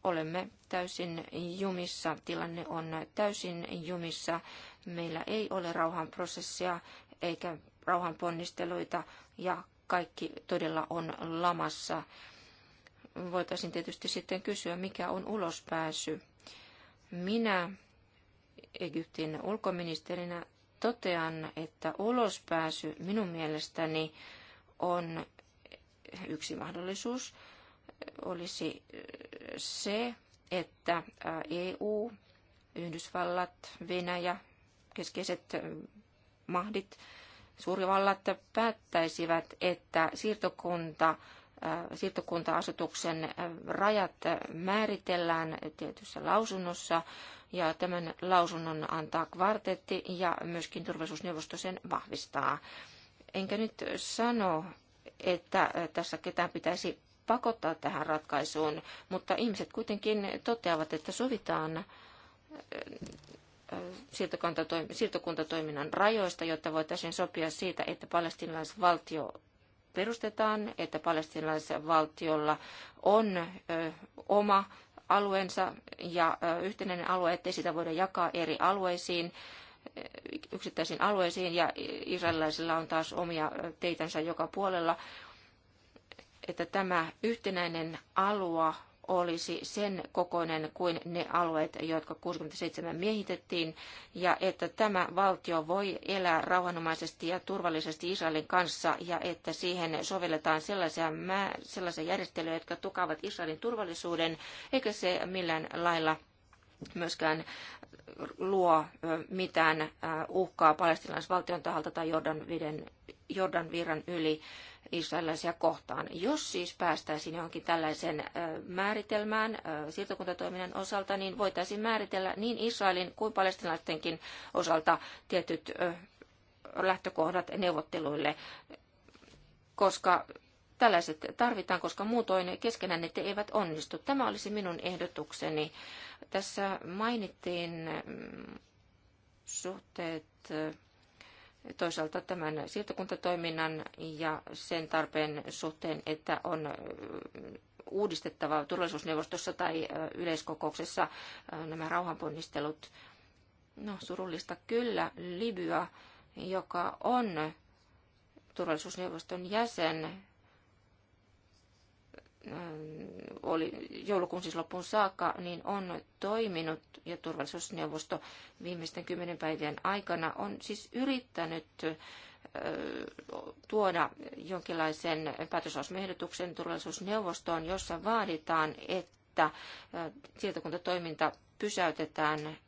S4: olemme täysin jumissa, tilanne on täysin jumissa, meillä ei ole rauhanprosessia eikä rauhanponnisteluita ja kaikki todella on lamassa. Voitaisiin tietysti sitten kysyä, mikä on ulospääsy. Minä Egyptin ulkoministerinä totean, että ulospääsy minun mielestäni on yksi mahdollisuus olisi se, että EU, Yhdysvallat, Venäjä, keskeiset mahdit, suurivallat päättäisivät, että siirtokunta siirtokunta-asetuksen rajat määritellään tietyssä lausunnossa ja tämän lausunnon antaa kvartetti ja myöskin turvallisuusneuvosto sen vahvistaa. Enkä nyt sano, että tässä ketään pitäisi pakottaa tähän ratkaisuun, mutta ihmiset kuitenkin toteavat, että sovitaan äh, äh, siirtokuntatoiminnan rajoista, jotta voitaisiin sopia siitä, että palestinaisvaltio perustetaan, että palestinaisvaltiolla on oma alueensa ja yhtenäinen alue, ettei sitä voida jakaa eri alueisiin, yksittäisiin alueisiin, ja israelilaisilla on taas omia teitänsä joka puolella että tämä yhtenäinen alue olisi sen kokoinen kuin ne alueet, jotka 67 miehitettiin, ja että tämä valtio voi elää rauhanomaisesti ja turvallisesti Israelin kanssa, ja että siihen sovelletaan sellaisia, mä, sellaisia järjestelyjä, jotka tukavat Israelin turvallisuuden, eikä se millään lailla myöskään luo mitään uhkaa palestinaisvaltion taholta tai Jordan, Jordan virran yli israelaisia kohtaan. Jos siis päästäisiin johonkin tällaisen määritelmään siirtokuntatoiminnan osalta, niin voitaisiin määritellä niin Israelin kuin palestinalaistenkin osalta tietyt lähtökohdat neuvotteluille, koska tällaiset tarvitaan, koska muutoin keskenään ne eivät onnistu. Tämä olisi minun ehdotukseni. Tässä mainittiin mm, suhteet toisaalta tämän siirtokuntatoiminnan ja sen tarpeen suhteen, että on uudistettava turvallisuusneuvostossa tai yleiskokouksessa nämä rauhanponnistelut. No surullista kyllä, Libya, joka on turvallisuusneuvoston jäsen, oli joulukuun siis loppuun saakka, niin on toiminut ja turvallisuusneuvosto viimeisten kymmenen päivien aikana on siis yrittänyt tuoda jonkinlaisen päätösosmehdotuksen turvallisuusneuvostoon, jossa vaaditaan, että tietokuntatoiminta pysäytetään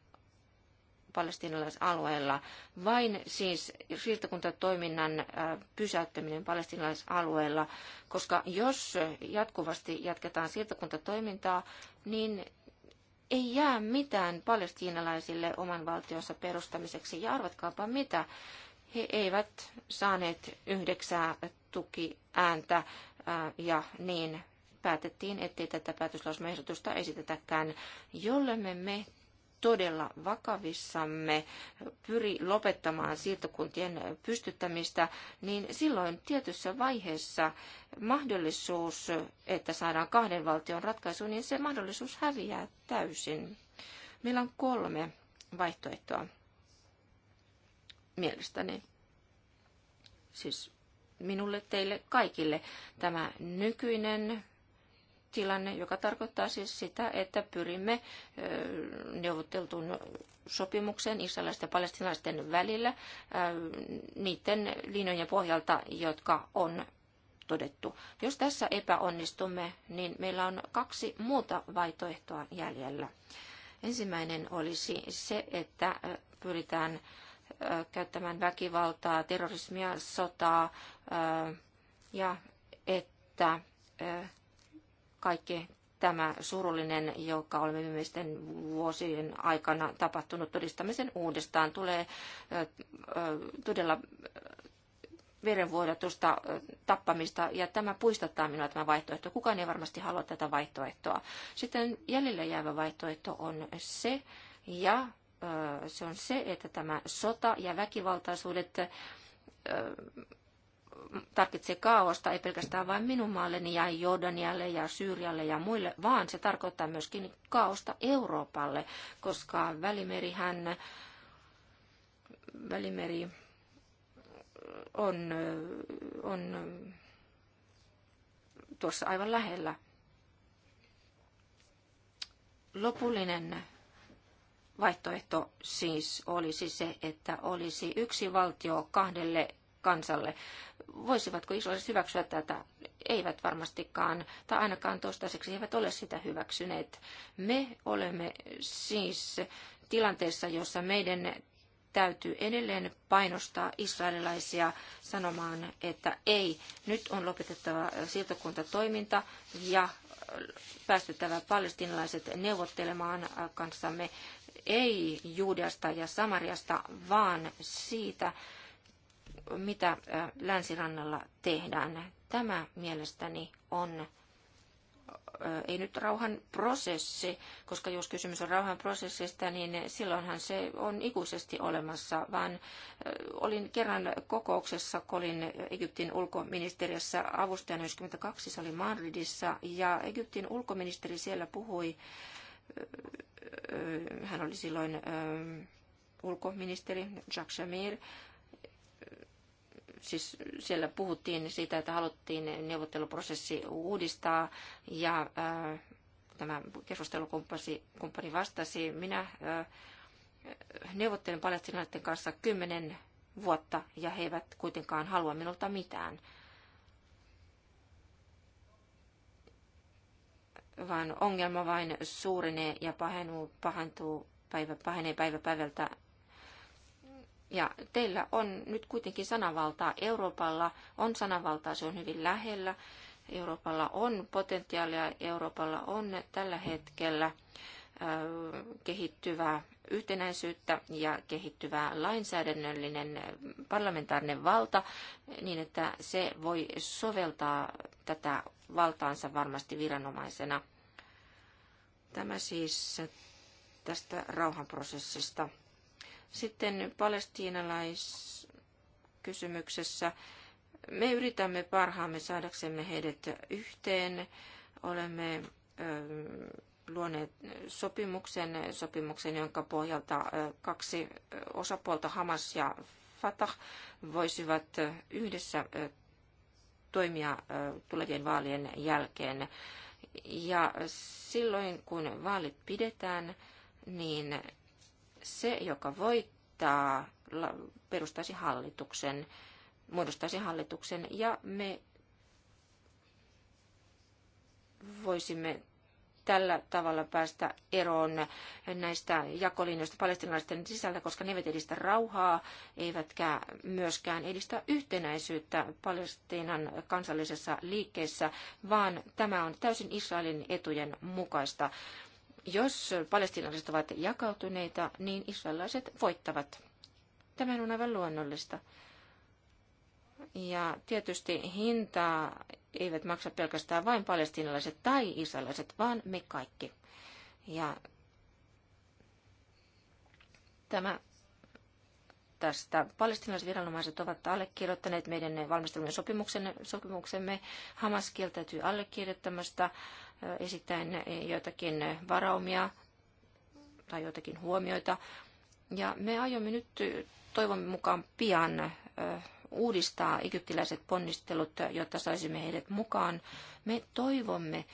S4: palestinalaisalueella. Vain siis siirtokuntatoiminnan äh, pysäyttäminen palestinalaisalueella, koska jos jatkuvasti jatketaan siirtokuntatoimintaa, niin ei jää mitään palestiinalaisille oman valtionsa perustamiseksi. Ja arvatkaapa mitä, he eivät saaneet yhdeksää tukiääntä äh, ja niin päätettiin, ettei tätä päätöslausmaehdotusta esitetäkään, jollemme me todella vakavissamme pyri lopettamaan siirtokuntien pystyttämistä, niin silloin tietyssä vaiheessa mahdollisuus, että saadaan kahden valtion ratkaisu, niin se mahdollisuus häviää täysin. Meillä on kolme vaihtoehtoa mielestäni. Siis minulle, teille, kaikille tämä nykyinen tilanne, joka tarkoittaa siis sitä, että pyrimme neuvoteltuun sopimukseen israelaisten ja Palestiinalaisten välillä niiden linjojen pohjalta, jotka on todettu. Jos tässä epäonnistumme, niin meillä on kaksi muuta vaihtoehtoa jäljellä. Ensimmäinen olisi se, että pyritään käyttämään väkivaltaa, terrorismia, sotaa ja että kaikki tämä surullinen, joka olemme viimeisten vuosien aikana tapahtunut todistamisen uudestaan, tulee todella verenvuodatusta, tappamista, ja tämä puistattaa minua tämä vaihtoehto. Kukaan ei varmasti halua tätä vaihtoehtoa. Sitten jäljelle jäävä vaihtoehto on se, ja se on se, että tämä sota ja väkivaltaisuudet tarvitse kaaosta ei pelkästään vain minun maalleni ja Jordanialle ja Syyrialle ja muille, vaan se tarkoittaa myöskin kaaosta Euroopalle, koska välimerihän välimeri on, on tuossa aivan lähellä. Lopullinen vaihtoehto siis olisi se, että olisi yksi valtio kahdelle kansalle. Voisivatko isolaiset hyväksyä tätä? Eivät varmastikaan, tai ainakaan toistaiseksi eivät ole sitä hyväksyneet. Me olemme siis tilanteessa, jossa meidän täytyy edelleen painostaa israelilaisia sanomaan, että ei, nyt on lopetettava siirtokuntatoiminta ja päästettävä palestinalaiset neuvottelemaan kanssamme ei Juudasta ja Samariasta, vaan siitä, mitä länsirannalla tehdään. Tämä mielestäni on ei nyt rauhan prosessi, koska jos kysymys on rauhan prosessista, niin silloinhan se on ikuisesti olemassa, vaan olin kerran kokouksessa, kun olin Egyptin ulkoministeriössä avustajana 92, se oli Madridissa, ja Egyptin ulkoministeri siellä puhui, hän oli silloin ulkoministeri Jacques Chamir, siis siellä puhuttiin siitä, että haluttiin neuvotteluprosessi uudistaa ja ää, äh, tämä keskustelukumppani vastasi, minä ää, äh, neuvottelen palestinaisten kanssa kymmenen vuotta ja he eivät kuitenkaan halua minulta mitään. Vaan ongelma vain suurenee ja pahentuu, pahentuu päivä, pahenee päivä päivältä ja teillä on nyt kuitenkin sanavaltaa. Euroopalla on sanavaltaa, se on hyvin lähellä. Euroopalla on potentiaalia, Euroopalla on tällä hetkellä kehittyvää yhtenäisyyttä ja kehittyvää lainsäädännöllinen parlamentaarinen valta niin, että se voi soveltaa tätä valtaansa varmasti viranomaisena. Tämä siis tästä rauhanprosessista. Sitten palestiinalaiskysymyksessä me yritämme parhaamme saadaksemme heidät yhteen. Olemme luoneet sopimuksen, sopimuksen, jonka pohjalta kaksi osapuolta, Hamas ja Fatah, voisivat yhdessä toimia tulevien vaalien jälkeen. Ja silloin, kun vaalit pidetään, niin se, joka voittaa, perustaisi hallituksen, muodostaisi hallituksen ja me voisimme tällä tavalla päästä eroon näistä jakolinjoista palestinalaisten sisällä, koska ne eivät edistä rauhaa, eivätkä myöskään edistä yhtenäisyyttä Palestiinan kansallisessa liikkeessä, vaan tämä on täysin Israelin etujen mukaista. Jos palestinalaiset ovat jakautuneita, niin israelaiset voittavat. Tämä on aivan luonnollista. Ja tietysti hintaa eivät maksa pelkästään vain palestinalaiset tai israelaiset, vaan me kaikki. Ja tämä tästä. viranomaiset ovat allekirjoittaneet meidän valmistelun sopimuksemme. Hamas kieltäytyy allekirjoittamasta esittäen joitakin varaumia tai joitakin huomioita. Ja me aiomme nyt toivomme mukaan pian uudistaa egyptiläiset ponnistelut, jotta saisimme heidät mukaan. Me toivomme,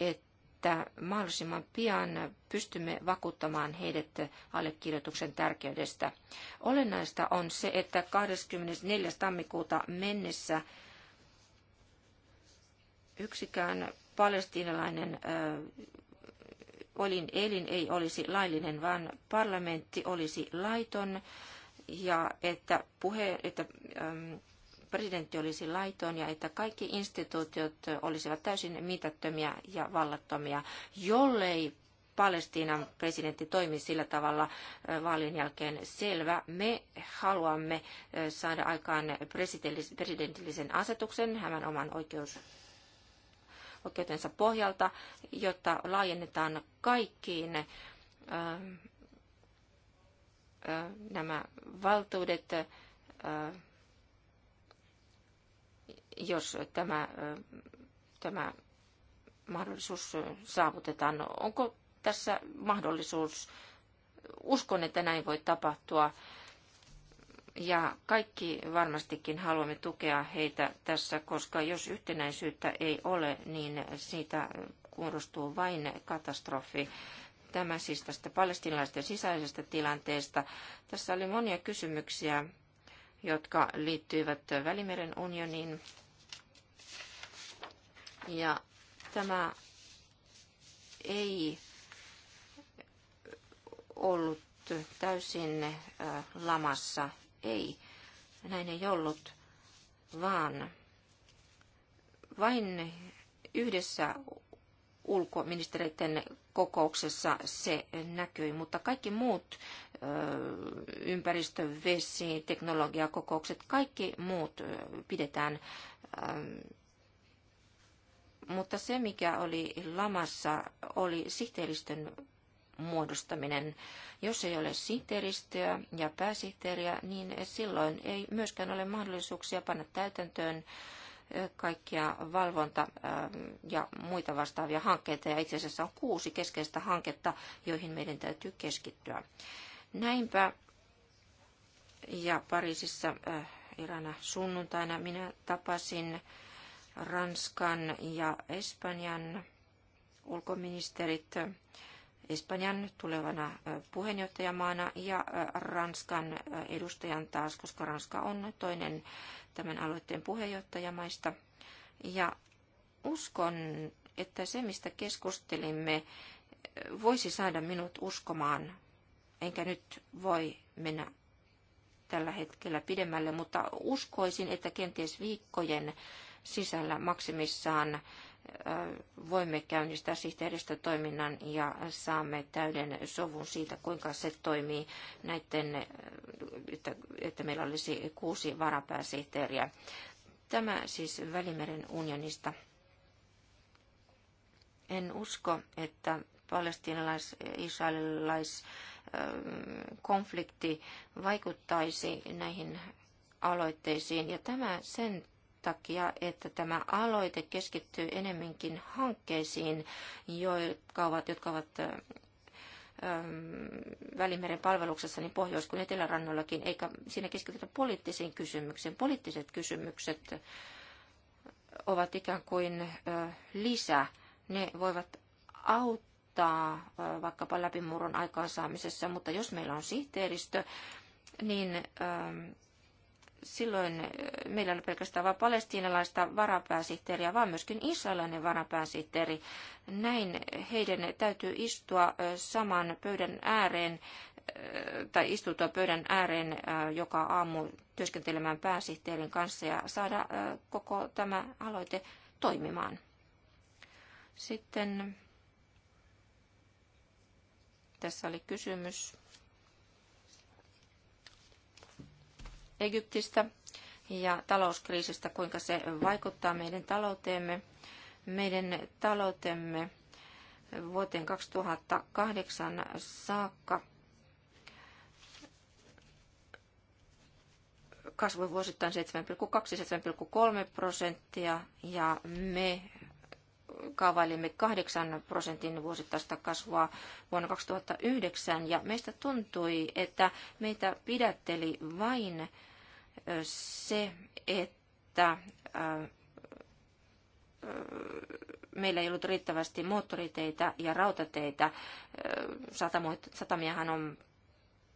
S4: että että mahdollisimman pian pystymme vakuuttamaan heidät allekirjoituksen tärkeydestä. Olennaista on se, että 24. tammikuuta mennessä yksikään palestiinalainen olin elin ei olisi laillinen, vaan parlamentti olisi laiton ja että, puhe, että ähm, presidentti olisi laiton ja että kaikki instituutiot olisivat täysin mitättömiä ja vallattomia, jollei Palestiinan presidentti toimi sillä tavalla vaalien jälkeen selvä. Me haluamme saada aikaan presidentillisen asetuksen hänen oman oikeus, oikeutensa pohjalta, jotta laajennetaan kaikkiin ö, ö, nämä valtuudet. Ö, jos tämä, tämä mahdollisuus saavutetaan. Onko tässä mahdollisuus? Uskon, että näin voi tapahtua. Ja kaikki varmastikin haluamme tukea heitä tässä, koska jos yhtenäisyyttä ei ole, niin siitä muodostuu vain katastrofi. Tämä siis tästä palestinalaisten sisäisestä tilanteesta. Tässä oli monia kysymyksiä, jotka liittyivät Välimeren unioniin. Ja tämä ei ollut täysin äh, lamassa. Ei, näin ei ollut, vaan vain yhdessä ulkoministereiden kokouksessa se näkyi, mutta kaikki muut äh, ympäristö, vesi, teknologiakokoukset, kaikki muut äh, pidetään ähm, mutta se, mikä oli lamassa, oli sihteeristön muodostaminen. Jos ei ole sihteeristöä ja pääsihteeriä, niin silloin ei myöskään ole mahdollisuuksia panna täytäntöön kaikkia valvonta- ja muita vastaavia hankkeita. Ja itse asiassa on kuusi keskeistä hanketta, joihin meidän täytyy keskittyä. Näinpä ja Pariisissa äh, eräänä sunnuntaina minä tapasin äh, Ranskan ja Espanjan ulkoministerit Espanjan tulevana puheenjohtajamaana ja Ranskan edustajan taas, koska Ranska on toinen tämän aloitteen puheenjohtajamaista. Ja uskon, että se, mistä keskustelimme, voisi saada minut uskomaan, enkä nyt voi mennä tällä hetkellä pidemmälle, mutta uskoisin, että kenties viikkojen sisällä maksimissaan voimme käynnistää sihteeristötoiminnan ja saamme täyden sovun siitä, kuinka se toimii näiden, että, että meillä olisi kuusi varapääsihteeriä. Tämä siis Välimeren unionista. En usko, että palestinalais-israelilais konflikti vaikuttaisi näihin aloitteisiin. Ja tämä sen takia, että tämä aloite keskittyy enemminkin hankkeisiin, jotka ovat, jotka ovat Välimeren palveluksessa niin pohjois- kuin etelärannoillakin, eikä siinä keskitytä poliittisiin kysymyksiin. Poliittiset kysymykset ovat ikään kuin lisä. Ne voivat auttaa vaikkapa läpimurron aikaansaamisessa, mutta jos meillä on sihteeristö, niin silloin eh, meillä oli pelkästään vain palestiinalaista varapääsihteeriä, vaan myöskin israelainen varapääsihteeri. Näin heidän täytyy istua eh, saman pöydän ääreen eh, tai istutua pöydän ääreen joka aamu työskentelemään pääsihteerin kanssa ja saada koko tämä aloite toimimaan. Sitten tässä oli kysymys Egyptistä ja talouskriisistä, kuinka se vaikuttaa meidän talouteemme. Meidän taloutemme vuoteen 2008 saakka kasvoi vuosittain 7,2-7,3 prosenttia ja me kaavailimme 8 prosentin vuosittaista kasvua vuonna 2009 ja meistä tuntui, että meitä pidätteli vain se, että meillä ei ollut riittävästi moottoriteitä ja rautateitä. Satamiahan on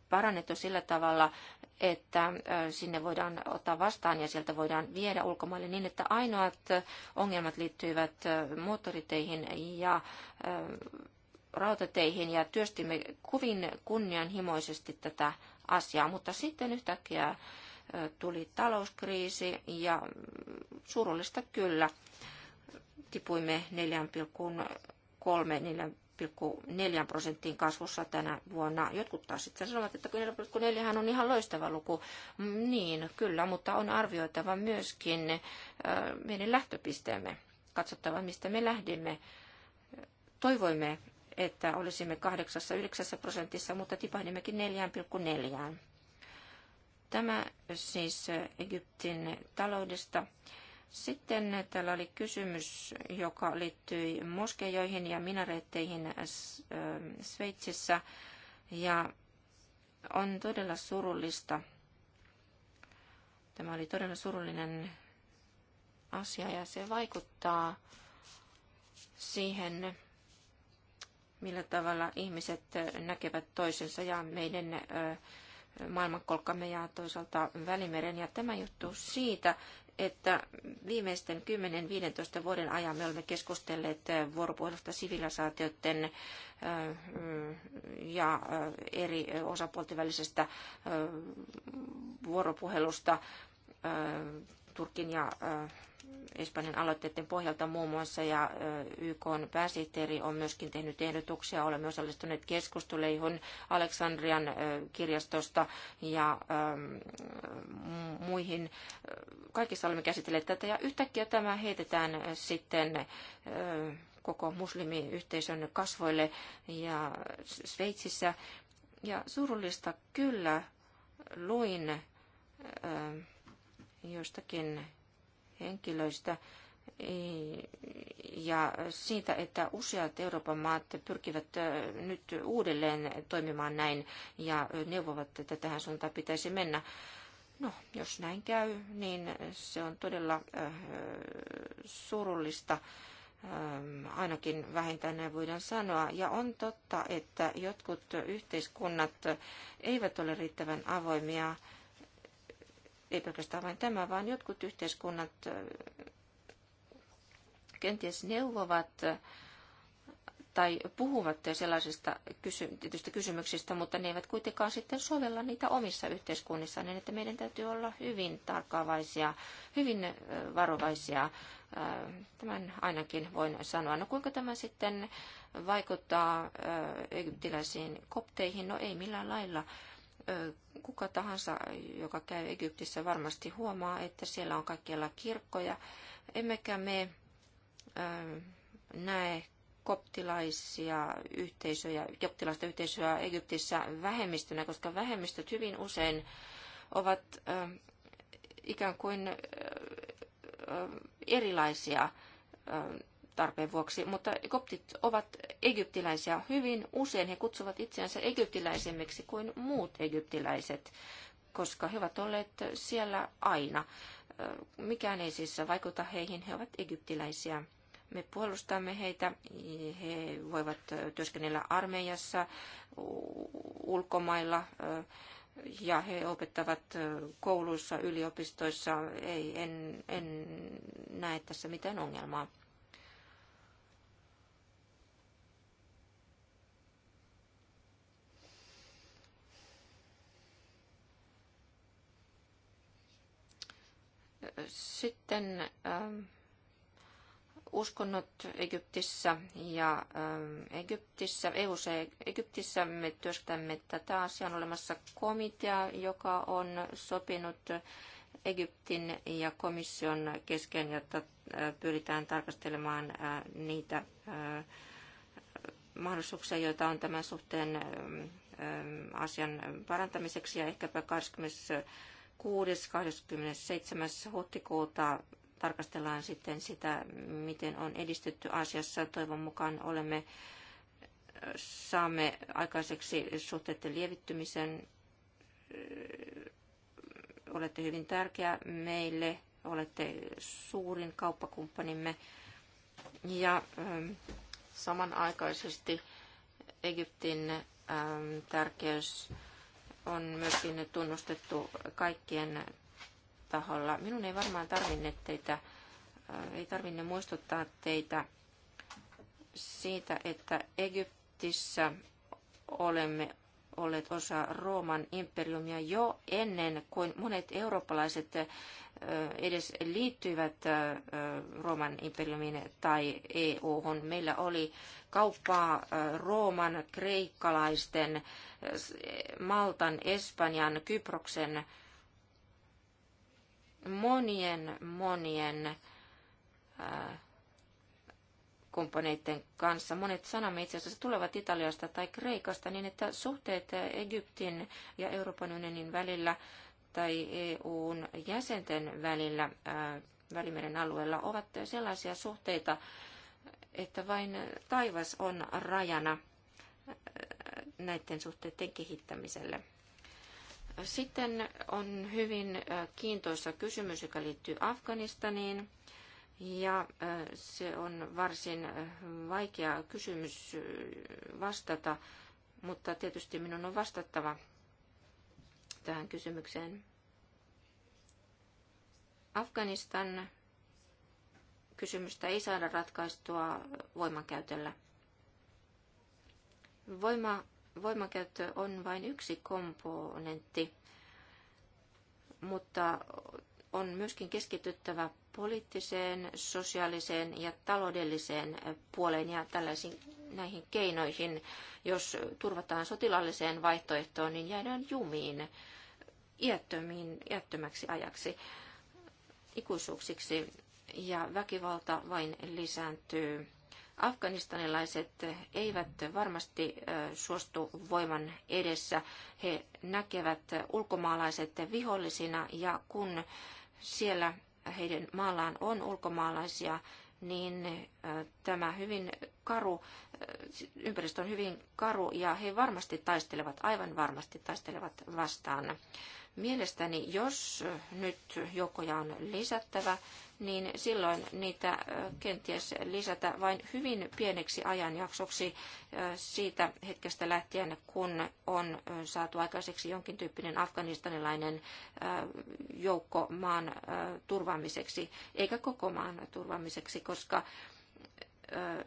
S4: parannettu sillä tavalla, että sinne voidaan ottaa vastaan ja sieltä voidaan viedä ulkomaille niin, että ainoat ongelmat liittyivät moottoriteihin ja rautateihin ja työstimme kuvin kunnianhimoisesti tätä asiaa, mutta sitten yhtäkkiä tuli talouskriisi ja surullista kyllä tipuimme 4,3-4,4 prosenttiin kasvussa tänä vuonna. Jotkut taas sitten sanovat, että 4,4 on ihan loistava luku. Niin, kyllä, mutta on arvioitava myöskin meidän lähtöpisteemme. Katsottava, mistä me lähdimme. Toivoimme, että olisimme 8-9 prosentissa, mutta tipahdimmekin 4,4. Tämä siis Egyptin taloudesta. Sitten täällä oli kysymys, joka liittyi moskeijoihin ja minareetteihin Sveitsissä. Ja on todella surullista. Tämä oli todella surullinen asia ja se vaikuttaa siihen, millä tavalla ihmiset näkevät toisensa ja meidän maailmankolkkamme ja toisaalta Välimeren. Ja tämä johtuu siitä, että viimeisten 10-15 vuoden ajan me olemme keskustelleet äh, vuoropuhelusta sivilisaatioiden äh, ja äh, eri osapuolten välisestä vuoropuhelusta Turkin ja Espanjan aloitteiden pohjalta muun muassa ja YK pääsihteeri on myöskin tehnyt ehdotuksia. Olemme osallistuneet keskusteluihin Aleksandrian kirjastosta ja muihin. Kaikissa olemme käsitelleet tätä ja yhtäkkiä tämä heitetään sitten koko muslimiyhteisön kasvoille ja Sveitsissä. Ja surullista kyllä luin jostakin henkilöistä ja siitä, että useat Euroopan maat pyrkivät nyt uudelleen toimimaan näin ja neuvovat, että tähän suuntaan pitäisi mennä. No, jos näin käy, niin se on todella surullista ainakin vähintään näin voidaan sanoa. Ja on totta, että jotkut yhteiskunnat eivät ole riittävän avoimia ei pelkästään vain tämä, vaan jotkut yhteiskunnat kenties neuvovat tai puhuvat sellaisista kysy- tietystä kysymyksistä, mutta ne eivät kuitenkaan sitten sovella niitä omissa yhteiskunnissa, niin että meidän täytyy olla hyvin tarkkaavaisia, hyvin varovaisia. Tämän ainakin voin sanoa. No kuinka tämä sitten vaikuttaa egyptiläisiin kopteihin? No ei millään lailla. Kuka tahansa, joka käy Egyptissä, varmasti huomaa, että siellä on kaikkialla kirkkoja. Emmekä me näe koptilaisia yhteisöjä, koptilaista yhteisöä Egyptissä vähemmistönä, koska vähemmistöt hyvin usein ovat ikään kuin erilaisia tarpeen vuoksi, mutta koptit ovat egyptiläisiä hyvin usein. He kutsuvat itseänsä egyptiläisemmiksi kuin muut egyptiläiset, koska he ovat olleet siellä aina. Mikään ei siis vaikuta heihin, he ovat egyptiläisiä. Me puolustamme heitä, he voivat työskennellä armeijassa, ulkomailla, ja he opettavat kouluissa, yliopistoissa. Ei, en, en näe tässä mitään ongelmaa. Sitten äh, uskonnot Egyptissä ja äh, Egyptissä, eu Egyptissä me työstämme tätä asiaa. On olemassa komitea, joka on sopinut Egyptin ja komission kesken, jotta äh, pyritään tarkastelemaan äh, niitä äh, mahdollisuuksia, joita on tämän suhteen ähm, ähm, asian parantamiseksi ja ehkäpä 20. 26 seitsemäs huhtikuuta tarkastellaan sitten sitä, miten on edistetty asiassa. Toivon mukaan olemme saamme aikaiseksi suhteiden lievittymisen. Olette hyvin tärkeä meille, olette suurin kauppakumppanimme. Ja ähm, samanaikaisesti Egyptin ähm, tärkeys on myöskin tunnustettu kaikkien taholla. Minun ei varmaan tarvinne teitä, äh, ei tarvinne muistuttaa teitä siitä, että Egyptissä olemme olleet osa Rooman imperiumia jo ennen kuin monet eurooppalaiset edes liittyivät Rooman imperiumiin tai EU-hun. Meillä oli kauppaa Rooman, kreikkalaisten, Maltan, Espanjan, Kyproksen, monien, monien kumppaneiden kanssa. Monet sanamme itse asiassa tulevat Italiasta tai Kreikasta niin, että suhteet Egyptin ja Euroopan unionin välillä tai EUn jäsenten välillä ää, Välimeren alueella ovat sellaisia suhteita, että vain taivas on rajana näiden suhteiden kehittämiselle. Sitten on hyvin kiintoisa kysymys, joka liittyy Afganistaniin. Ja se on varsin vaikea kysymys vastata, mutta tietysti minun on vastattava tähän kysymykseen. Afganistan kysymystä ei saada ratkaistua voimankäytöllä. Voima, voimankäyttö on vain yksi komponentti, mutta on myöskin keskityttävä poliittiseen, sosiaaliseen ja taloudelliseen puoleen ja tällaisiin näihin keinoihin. Jos turvataan sotilaalliseen vaihtoehtoon, niin jäädään jumiin iättömiin, iättömäksi ajaksi, ikuisuuksiksi ja väkivalta vain lisääntyy. Afganistanilaiset eivät varmasti suostu voiman edessä. He näkevät ulkomaalaiset vihollisina ja kun siellä heidän maallaan on ulkomaalaisia, niin tämä hyvin karu, ympäristö on hyvin karu ja he varmasti taistelevat, aivan varmasti taistelevat vastaan Mielestäni, jos nyt joukkoja on lisättävä, niin silloin niitä kenties lisätä vain hyvin pieneksi ajanjaksoksi siitä hetkestä lähtien, kun on saatu aikaiseksi jonkin tyyppinen afganistanilainen joukko maan turvaamiseksi, eikä koko maan turvaamiseksi, koska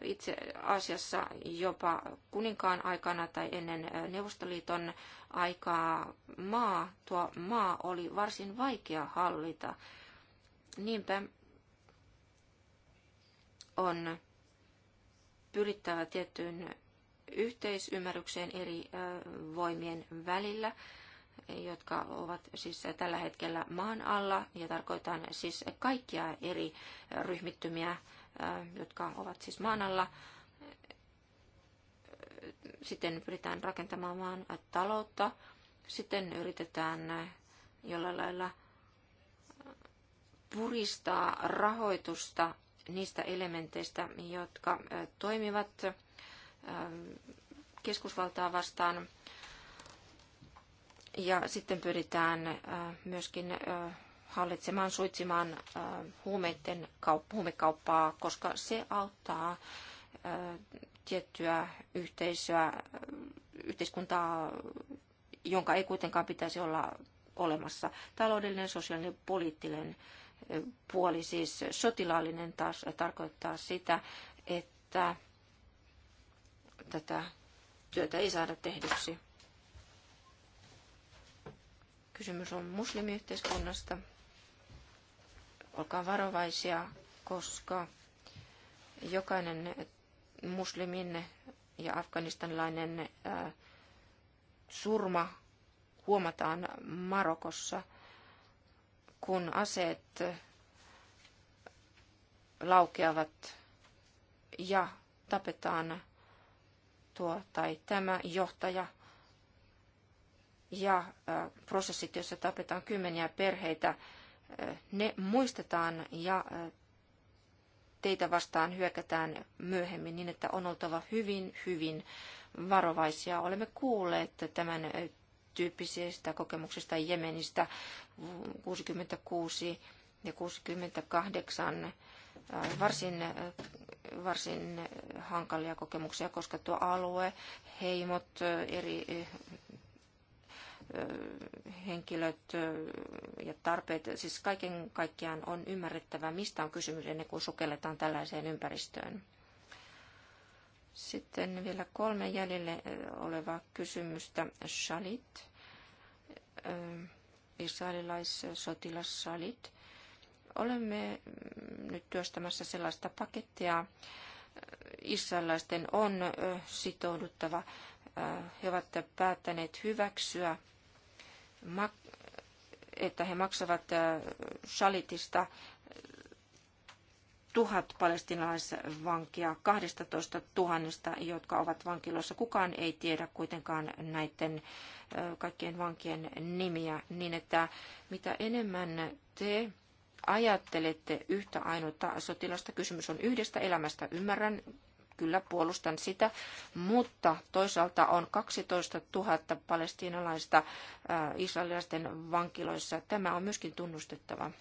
S4: itse asiassa jopa kuninkaan aikana tai ennen Neuvostoliiton aikaa maa, tuo maa oli varsin vaikea hallita. Niinpä on pyrittävä tiettyyn yhteisymmärrykseen eri voimien välillä, jotka ovat siis tällä hetkellä maan alla, ja tarkoitan siis kaikkia eri ryhmittymiä jotka ovat siis maan alla. Sitten pyritään rakentamaan maan taloutta. Sitten yritetään jollain lailla puristaa rahoitusta niistä elementeistä, jotka toimivat keskusvaltaa vastaan. Ja sitten pyritään myöskin hallitsemaan, suitsimaan huumeiden kaup- huumekauppaa, koska se auttaa tiettyä yhteisöä, yhteiskuntaa, jonka ei kuitenkaan pitäisi olla olemassa. Taloudellinen, sosiaalinen, poliittinen puoli, siis sotilaallinen taas tarkoittaa sitä, että tätä työtä ei saada tehdyksi. Kysymys on muslimiyhteiskunnasta olkaa varovaisia, koska jokainen muslimin ja afganistanilainen surma huomataan Marokossa, kun aseet laukeavat ja tapetaan tuo tai tämä johtaja ja prosessit, joissa tapetaan kymmeniä perheitä, ne muistetaan ja äh, teitä vastaan hyökätään myöhemmin niin, että on oltava hyvin, hyvin varovaisia. Olemme kuulleet tämän äh, tyyppisistä kokemuksista Jemenistä 66 ja 68 äh, varsin, varsin hankalia kokemuksia, koska tuo alue, heimot, eri henkilöt ja tarpeet. Siis kaiken kaikkiaan on ymmärrettävä, mistä on kysymys ennen kuin sukelletaan tällaiseen ympäristöön. Sitten vielä kolme jäljelle olevaa kysymystä. Shalit, Shalit. Olemme nyt työstämässä sellaista pakettia, Israelaisten on sitouduttava. He ovat päättäneet hyväksyä että he maksavat äh, Shalitista tuhat palestinaisvankia 12 tuhannesta, jotka ovat vankiloissa. Kukaan ei tiedä kuitenkaan näiden äh, kaikkien vankien nimiä, niin että mitä enemmän te ajattelette yhtä ainutta sotilasta, kysymys on yhdestä elämästä, ymmärrän kyllä puolustan sitä, mutta toisaalta on 12 000 palestiinalaista äh, israelilaisten vankiloissa. Tämä on myöskin tunnustettava.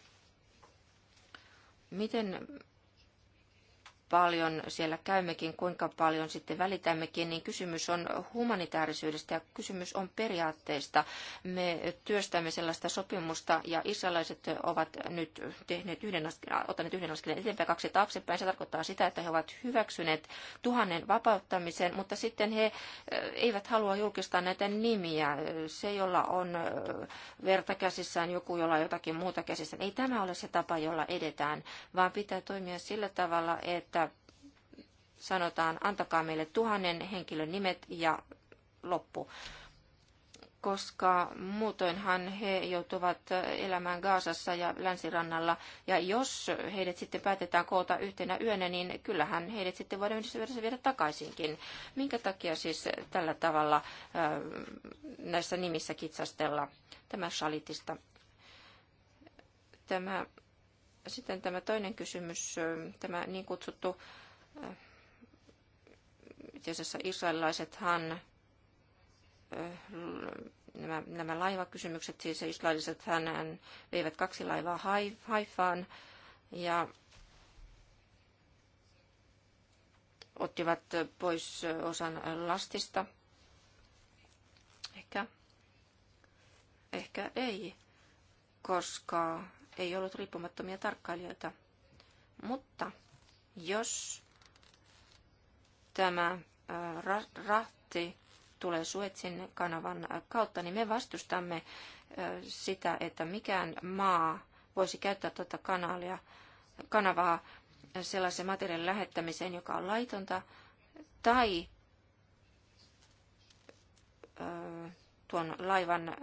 S4: Miten paljon siellä käymmekin, kuinka paljon sitten välitämmekin, niin kysymys on humanitaarisyydestä ja kysymys on periaatteista. Me työstämme sellaista sopimusta ja israelaiset ovat nyt tehneet yhden askeleen, ottaneet yhden askeleen eteenpäin kaksi taaksepäin. Se tarkoittaa sitä, että he ovat hyväksyneet tuhannen vapauttamisen, mutta sitten he eh, eivät halua julkistaa näitä nimiä. Se, jolla on eh, verta käsissään, joku, jolla on jotakin muuta käsissään. Ei tämä ole se tapa, jolla edetään, vaan pitää toimia sillä tavalla, että sanotaan, antakaa meille tuhannen henkilön nimet ja loppu. Koska muutoinhan he joutuvat elämään Gaasassa ja länsirannalla. Ja jos heidät sitten päätetään koota yhtenä yönä, niin kyllähän heidät sitten voidaan yhdessä viedä takaisinkin. Minkä takia siis tällä tavalla näissä nimissä kitsastella tämä shalitista? Tämä, sitten tämä toinen kysymys, tämä niin kutsuttu itse asiassa israelilaisethan, nämä, nämä laivakysymykset, siis israeliset hän veivät kaksi laivaa Haifaan ja ottivat pois osan lastista. Ehkä, ehkä ei, koska ei ollut riippumattomia tarkkailijoita. Mutta jos tämä Äh, rahti tulee Suetsin kanavan kautta, niin me vastustamme äh, sitä, että mikään maa voisi käyttää tuota kanalia, kanavaa äh, sellaisen materiaalin lähettämiseen, joka on laitonta, tai tuon laivan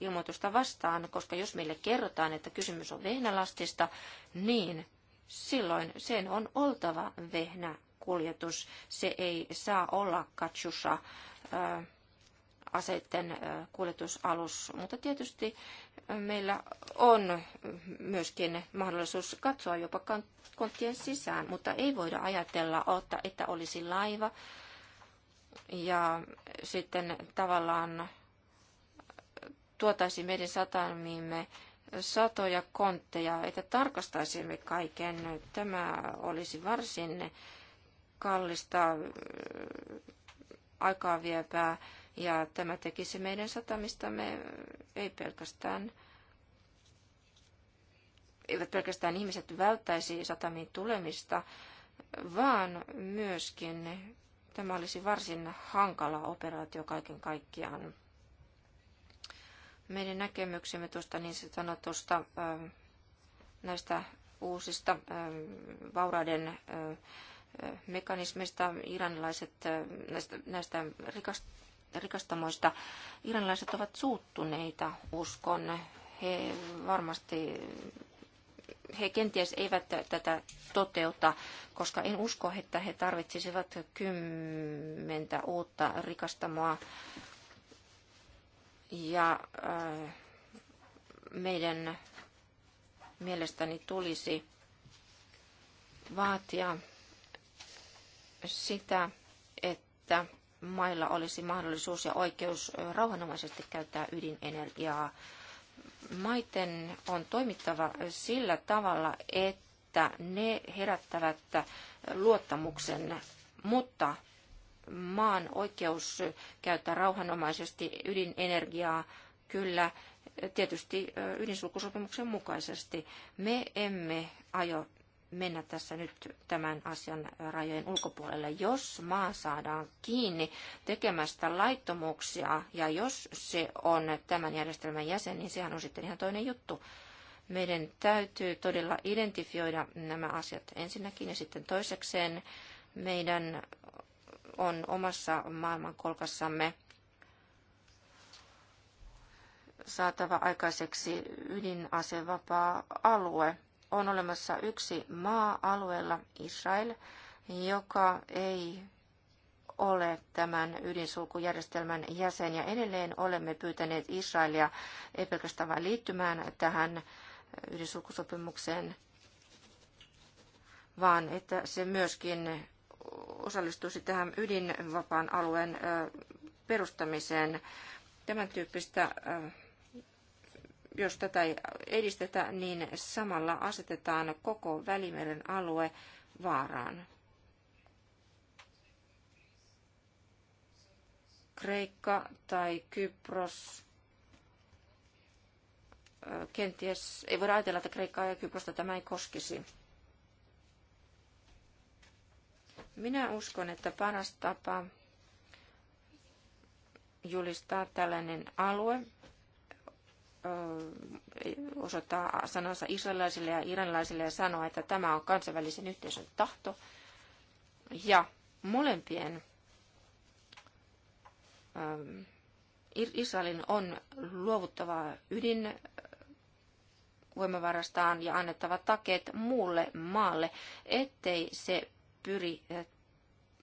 S4: ilmoitusta vastaan, koska jos meille kerrotaan, että kysymys on vehnälastista, niin silloin sen on oltava vehnä kuljetus, se ei saa olla katsussa aseiden kuljetusalus, mutta tietysti meillä on myöskin mahdollisuus katsoa jopa konttien sisään, mutta ei voida ajatella, että olisi laiva ja sitten tavallaan tuotaisi meidän satamiimme satoja kontteja, että tarkastaisimme kaiken. Tämä olisi varsin kallista, aikaa viepää ja tämä tekisi meidän satamistamme ei pelkästään eivät pelkästään ihmiset välttäisi satamiin tulemista, vaan myöskin tämä olisi varsin hankala operaatio kaiken kaikkiaan. Meidän näkemyksemme tuosta niin sanotusta näistä uusista vauraiden mekanismista, iranilaiset näistä, näistä rikastamoista. Iranilaiset ovat suuttuneita, uskon. He varmasti he kenties eivät tätä toteuta, koska en usko, että he tarvitsisivat kymmentä uutta rikastamoa. Ja äh, meidän mielestäni tulisi vaatia sitä, että mailla olisi mahdollisuus ja oikeus rauhanomaisesti käyttää ydinenergiaa. Maiten on toimittava sillä tavalla, että ne herättävät luottamuksen, mutta maan oikeus käyttää rauhanomaisesti ydinenergiaa kyllä tietysti ydinsulkusopimuksen mukaisesti. Me emme aio mennä tässä nyt tämän asian rajojen ulkopuolelle. Jos maa saadaan kiinni tekemästä laittomuuksia ja jos se on tämän järjestelmän jäsen, niin sehän on sitten ihan toinen juttu. Meidän täytyy todella identifioida nämä asiat ensinnäkin ja sitten toisekseen meidän on omassa maailmankolkassamme saatava aikaiseksi ydinasevapaa alue – on olemassa yksi maa alueella, Israel, joka ei ole tämän ydinsulkujärjestelmän jäsen. Ja edelleen olemme pyytäneet Israelia ei pelkästään vain liittymään tähän ydinsulkusopimukseen, vaan että se myöskin osallistuisi tähän ydinvapaan alueen perustamiseen. Tämän tyyppistä jos tätä ei edistetä, niin samalla asetetaan koko Välimeren alue vaaraan. Kreikka tai Kypros, kenties, ei voida ajatella, että Kreikkaa ja Kyprosta tämä ei koskisi. Minä uskon, että paras tapa julistaa tällainen alue osoittaa sanansa israelilaisille ja iranilaisille ja sanoa, että tämä on kansainvälisen yhteisön tahto. Ja molempien Israelin on luovuttava ydin voimavarastaan ja annettava takeet muulle maalle, ettei se pyri